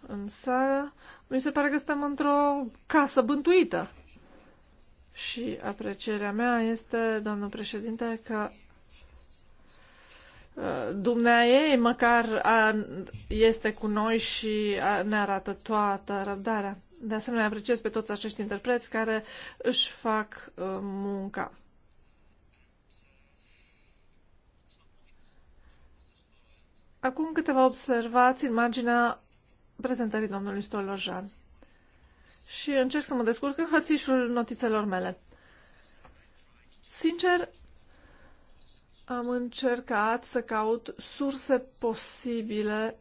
în sală, mi se pare că suntem într-o casă bântuită. Și aprecierea mea este, doamnă președinte, că Dumneaei măcar este cu noi și ne arată toată răbdarea. De asemenea, apreciez pe toți acești interpreți care își fac uh, munca. Acum câteva observații în marginea prezentării domnului Stolojan. Și încerc să mă descurc în hățișul notițelor mele. Sincer, am încercat să caut surse posibile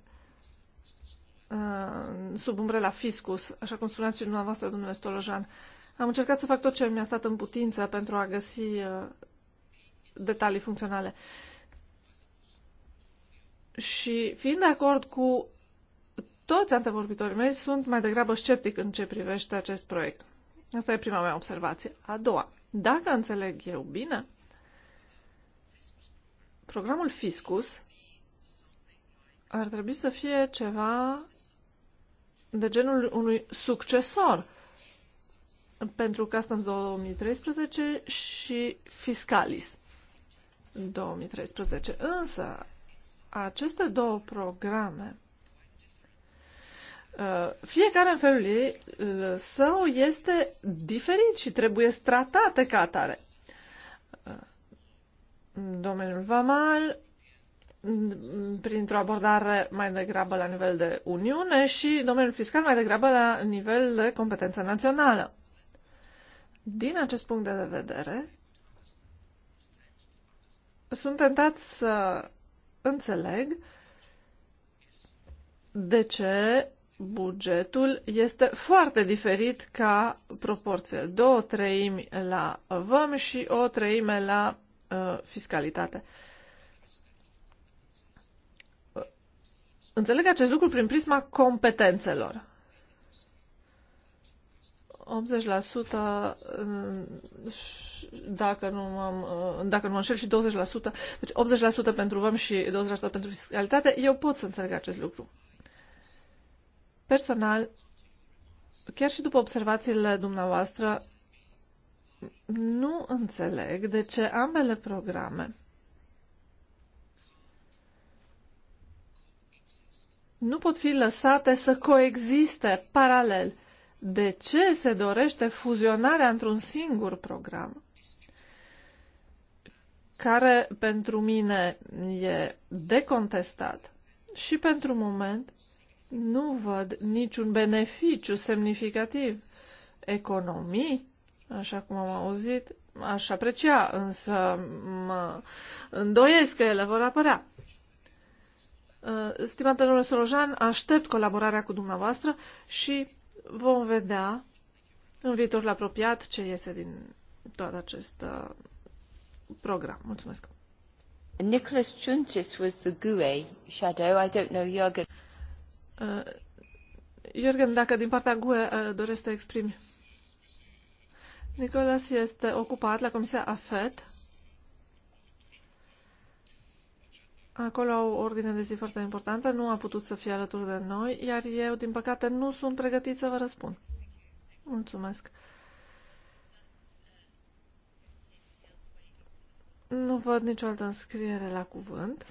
uh, sub umbrela fiscus, așa cum spuneați și dumneavoastră, domnule Stolojan. Am încercat să fac tot ce mi-a stat în putință pentru a găsi uh, detalii funcționale. Și fiind de acord cu toți antevorbitorii mei, sunt mai degrabă sceptic în ce privește acest proiect. Asta e prima mea observație. A doua, dacă înțeleg eu bine, Programul Fiscus ar trebui să fie ceva de genul unui succesor pentru Customs 2013 și Fiscalis 2013. Însă, aceste două programe, uh, fiecare în felul ei său este diferit și trebuie tratate ca atare domeniul vamal printr-o abordare mai degrabă la nivel de Uniune și domeniul fiscal mai degrabă la nivel de competență națională. Din acest punct de vedere, sunt tentat să înțeleg de ce bugetul este foarte diferit ca proporție. Două treimi la văm și o treime la uh, fiscalitate. Uh, înțeleg acest lucru prin prisma competențelor. 80% uh, dacă nu, am, uh, dacă nu mă înșel și 20%, deci 80% pentru vam și 20% pentru fiscalitate, eu pot să înțeleg acest lucru. Personal, chiar și după observațiile dumneavoastră, nu înțeleg de ce ambele programe nu pot fi lăsate să coexiste paralel. De ce se dorește fuzionarea într-un singur program? Care pentru mine e decontestat și pentru moment nu văd niciun beneficiu semnificativ. Economii așa cum am auzit, aș aprecia, însă mă îndoiesc că ele vor apărea. Uh, stimată domnule Sorojan, aștept colaborarea cu dumneavoastră și vom vedea în viitorul apropiat ce iese din tot acest uh, program. Mulțumesc! Nicholas Chuntis was the GUE shadow. I don't know, Jürgen. Uh, Jürgen, dacă din partea GUE uh, dorești să exprimi Nicolas este ocupat la Comisia AFET. Acolo au o ordine de zi foarte importantă, nu a putut să fie alături de noi, iar eu, din păcate, nu sunt pregătit să vă răspund. Mulțumesc. Nu văd nicio altă înscriere la cuvânt.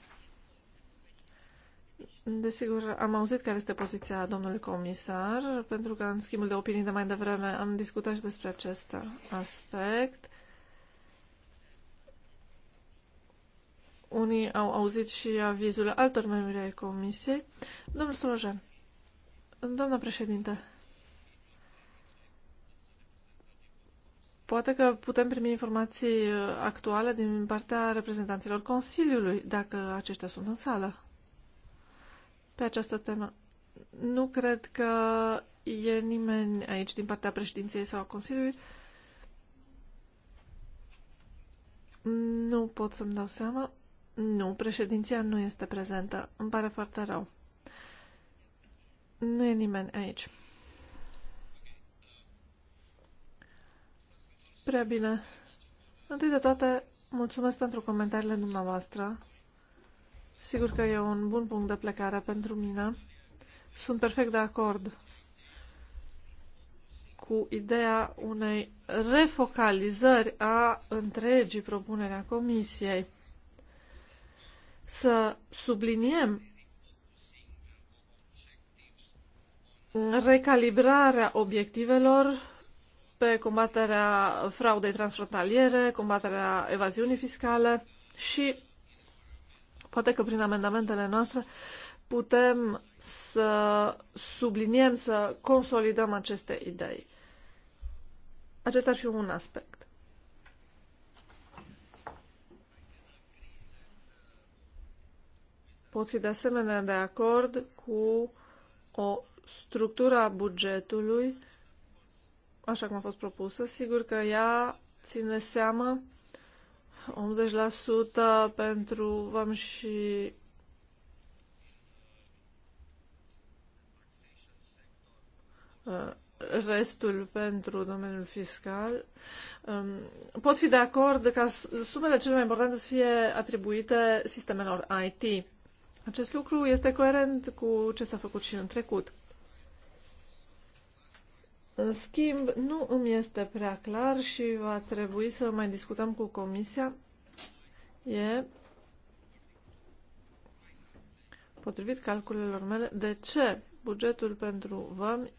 Desigur, am auzit care este poziția domnului comisar, pentru că în schimbul de opinii de mai devreme am discutat și despre acest aspect. Unii au auzit și avizul altor membri ai comisiei. Domnul Sloje, doamna președinte, Poate că putem primi informații actuale din partea reprezentanților Consiliului, dacă aceștia sunt în sală pe această temă. Nu cred că e nimeni aici din partea președinției sau a Consiliului. Nu pot să-mi dau seama. Nu, președinția nu este prezentă. Îmi pare foarte rău. Nu e nimeni aici. Prea bine. Întâi de toate, mulțumesc pentru comentariile dumneavoastră Sigur că e un bun punct de plecare pentru mine. Sunt perfect de acord cu ideea unei refocalizări a întregii propuneri a Comisiei. Să subliniem recalibrarea obiectivelor pe combaterea fraudei transfrontaliere, combaterea evaziunii fiscale și Poate că prin amendamentele noastre putem să subliniem, să consolidăm aceste idei. Acesta ar fi un aspect. Pot fi de asemenea de acord cu o structură a bugetului, așa cum a fost propusă. Sigur că ea ține seama 80% pentru vam și restul pentru domeniul fiscal. Um, pot fi de acord ca sumele cele mai importante să fie atribuite sistemelor IT. Acest lucru este coerent cu ce s-a făcut și în trecut. În schimb, nu îmi este prea clar și va trebui să mai discutăm cu Comisia. E potrivit calculelor mele, de ce bugetul pentru VAM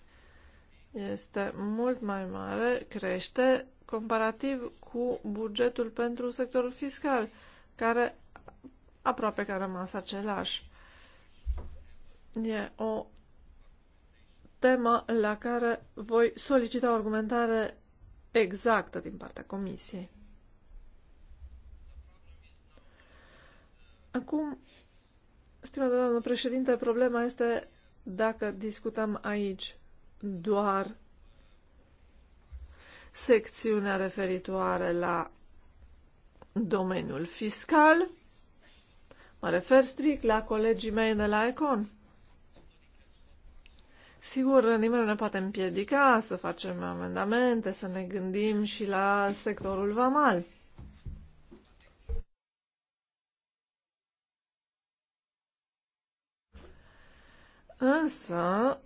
este mult mai mare, crește, comparativ cu bugetul pentru sectorul fiscal, care aproape că a rămas același. E o tema la care voi solicita o argumentare exactă din partea Comisiei. Acum, stimată doamnă președinte, problema este dacă discutăm aici doar secțiunea referitoare la domeniul fiscal, mă refer strict la colegii mei de la Econ. Sigur, nimeni nu ne poate împiedica să facem amendamente, să ne gândim și la sectorul vamal. Însă,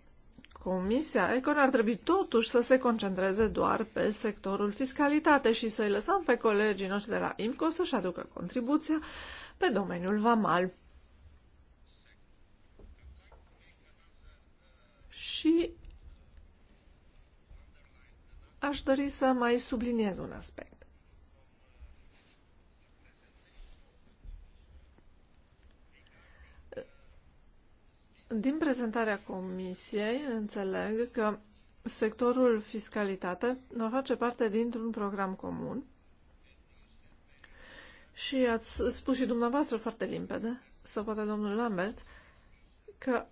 Comisia Econ ar trebui totuși să se concentreze doar pe sectorul fiscalitate și să-i lăsăm pe colegii noștri de la IMCO să-și aducă contribuția pe domeniul vamal. Și aș dori să mai subliniez un aspect. Din prezentarea Comisiei, înțeleg că sectorul fiscalitate va face parte dintr-un program comun și ați spus și dumneavoastră foarte limpede, sau poate domnul Lambert, că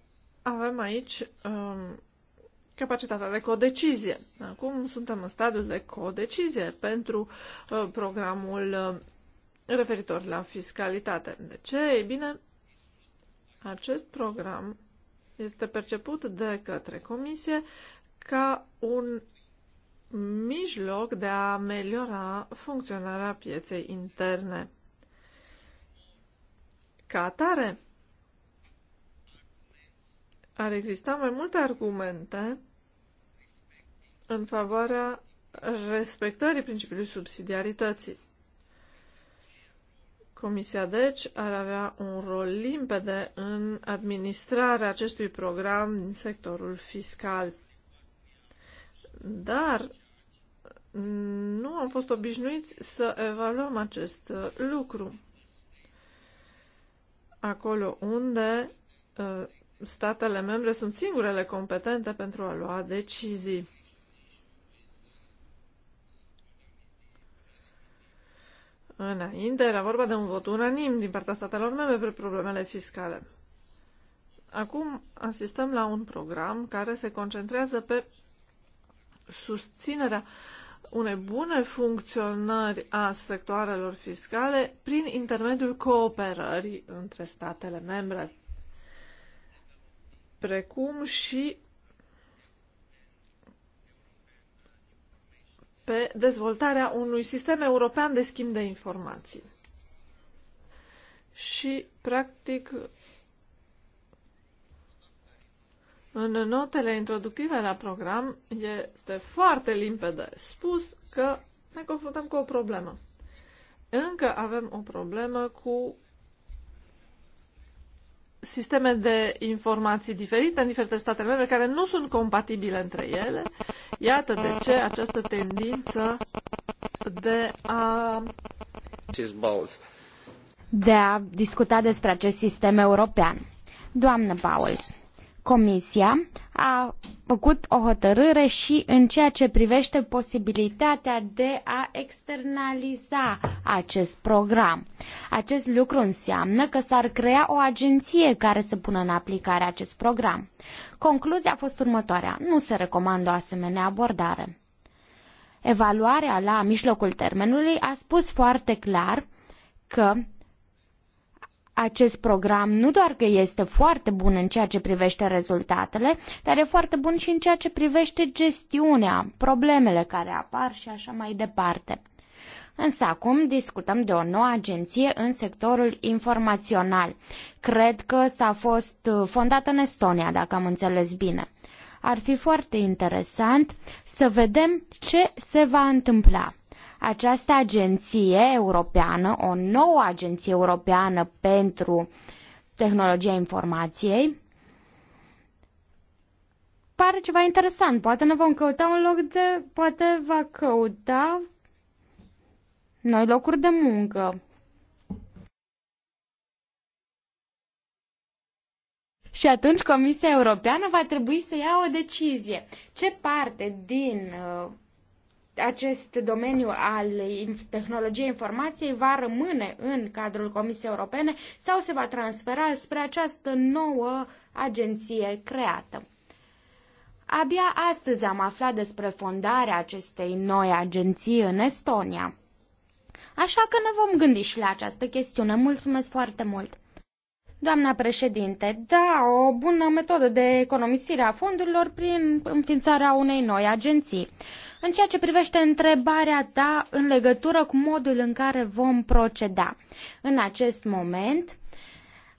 avem aici um, capacitatea de codecizie. Acum suntem în stadiul de codecizie pentru uh, programul uh, referitor la fiscalitate. De ce? Ei bine, acest program este perceput de către Comisie ca un mijloc de a ameliora funcționarea pieței interne. Ca atare, ar exista mai multe argumente în favoarea respectării principiului subsidiarității. Comisia, deci, ar avea un rol limpede în administrarea acestui program din sectorul fiscal. Dar nu am fost obișnuiți să evaluăm acest uh, lucru. Acolo unde uh, statele membre sunt singurele competente pentru a lua decizii. Înainte era vorba de un vot unanim din partea statelor membre pe problemele fiscale. Acum asistăm la un program care se concentrează pe susținerea unei bune funcționări a sectoarelor fiscale prin intermediul cooperării între statele membre precum și pe dezvoltarea unui sistem european de schimb de informații. Și, practic, în notele introductive la program este foarte limpede spus că ne confruntăm cu o problemă. Încă avem o problemă cu sisteme de informații diferite în diferite state membre care nu sunt compatibile între ele. Iată de ce această tendință de a de a discuta despre acest sistem european. Doamnă Bowles, Comisia a făcut o hotărâre și în ceea ce privește posibilitatea de a externaliza acest program. Acest lucru înseamnă că s-ar crea o agenție care să pună în aplicare acest program. Concluzia a fost următoarea. Nu se recomandă o asemenea abordare. Evaluarea la mijlocul termenului a spus foarte clar că acest program nu doar că este foarte bun în ceea ce privește rezultatele, dar e foarte bun și în ceea ce privește gestiunea, problemele care apar și așa mai departe. Însă acum discutăm de o nouă agenție în sectorul informațional. Cred că s-a fost uh, fondată în Estonia, dacă am înțeles bine. Ar fi foarte interesant să vedem ce se va întâmpla. Această agenție europeană, o nouă agenție europeană pentru tehnologia informației, pare ceva interesant. Poate ne vom căuta un loc de... Poate va căuta noi locuri de muncă. Și atunci Comisia Europeană va trebui să ia o decizie. Ce parte din uh, acest domeniu al tehnologiei informației va rămâne în cadrul Comisiei Europene sau se va transfera spre această nouă agenție creată. Abia astăzi am aflat despre fondarea acestei noi agenții în Estonia. Așa că ne vom gândi și la această chestiune. Mulțumesc foarte mult! Doamna președinte, da, o bună metodă de economisire a fondurilor prin înființarea unei noi agenții. În ceea ce privește întrebarea ta da, în legătură cu modul în care vom proceda, în acest moment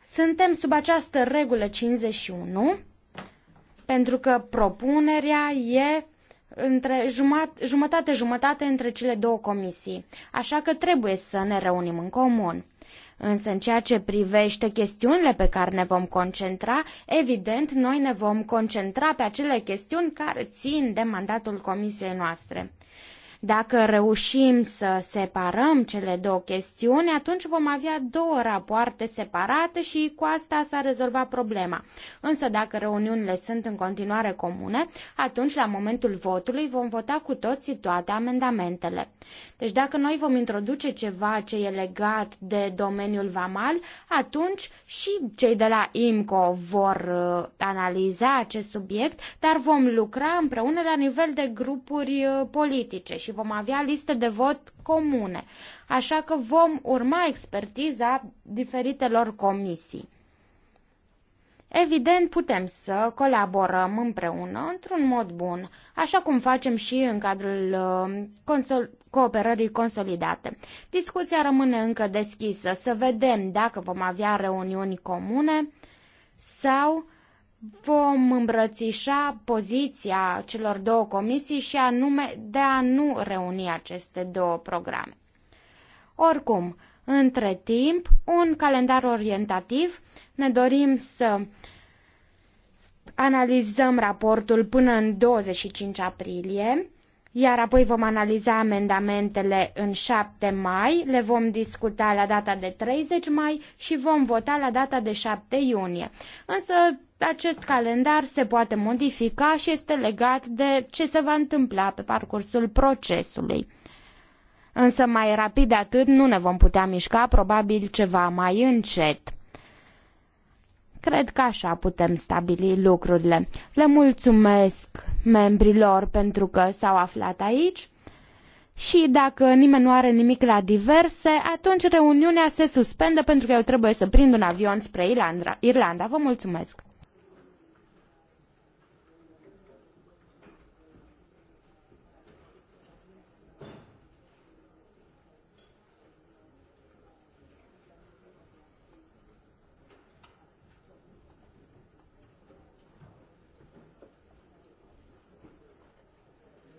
suntem sub această regulă 51, pentru că propunerea e între jumătate-jumătate între cele două comisii, așa că trebuie să ne reunim în comun. Însă în ceea ce privește chestiunile pe care ne vom concentra, evident, noi ne vom concentra pe acele chestiuni care țin de mandatul comisiei noastre. Dacă reușim să separăm cele două chestiuni, atunci vom avea două rapoarte separate și cu asta s-a rezolvat problema. Însă dacă reuniunile sunt în continuare comune, atunci la momentul votului vom vota cu toții toate amendamentele. Deci dacă noi vom introduce ceva ce e legat de domeniul vamal, atunci și cei de la IMCO vor uh, analiza acest subiect, dar vom lucra împreună la nivel de grupuri uh, politice și și vom avea liste de vot comune, așa că vom urma expertiza diferitelor comisii. Evident, putem să colaborăm împreună într-un mod bun, așa cum facem și în cadrul uh, consol- cooperării consolidate. Discuția rămâne încă deschisă, să vedem dacă vom avea reuniuni comune sau vom îmbrățișa poziția celor două comisii și anume de a nu reuni aceste două programe. Oricum, între timp, un calendar orientativ, ne dorim să analizăm raportul până în 25 aprilie, iar apoi vom analiza amendamentele în 7 mai, le vom discuta la data de 30 mai și vom vota la data de 7 iunie. Însă acest calendar se poate modifica și este legat de ce se va întâmpla pe parcursul procesului. Însă mai rapid de atât nu ne vom putea mișca, probabil ceva mai încet. Cred că așa putem stabili lucrurile. Le mulțumesc membrilor pentru că s-au aflat aici. Și dacă nimeni nu are nimic la diverse, atunci reuniunea se suspendă pentru că eu trebuie să prind un avion spre Irlanda. Irlanda. Vă mulțumesc!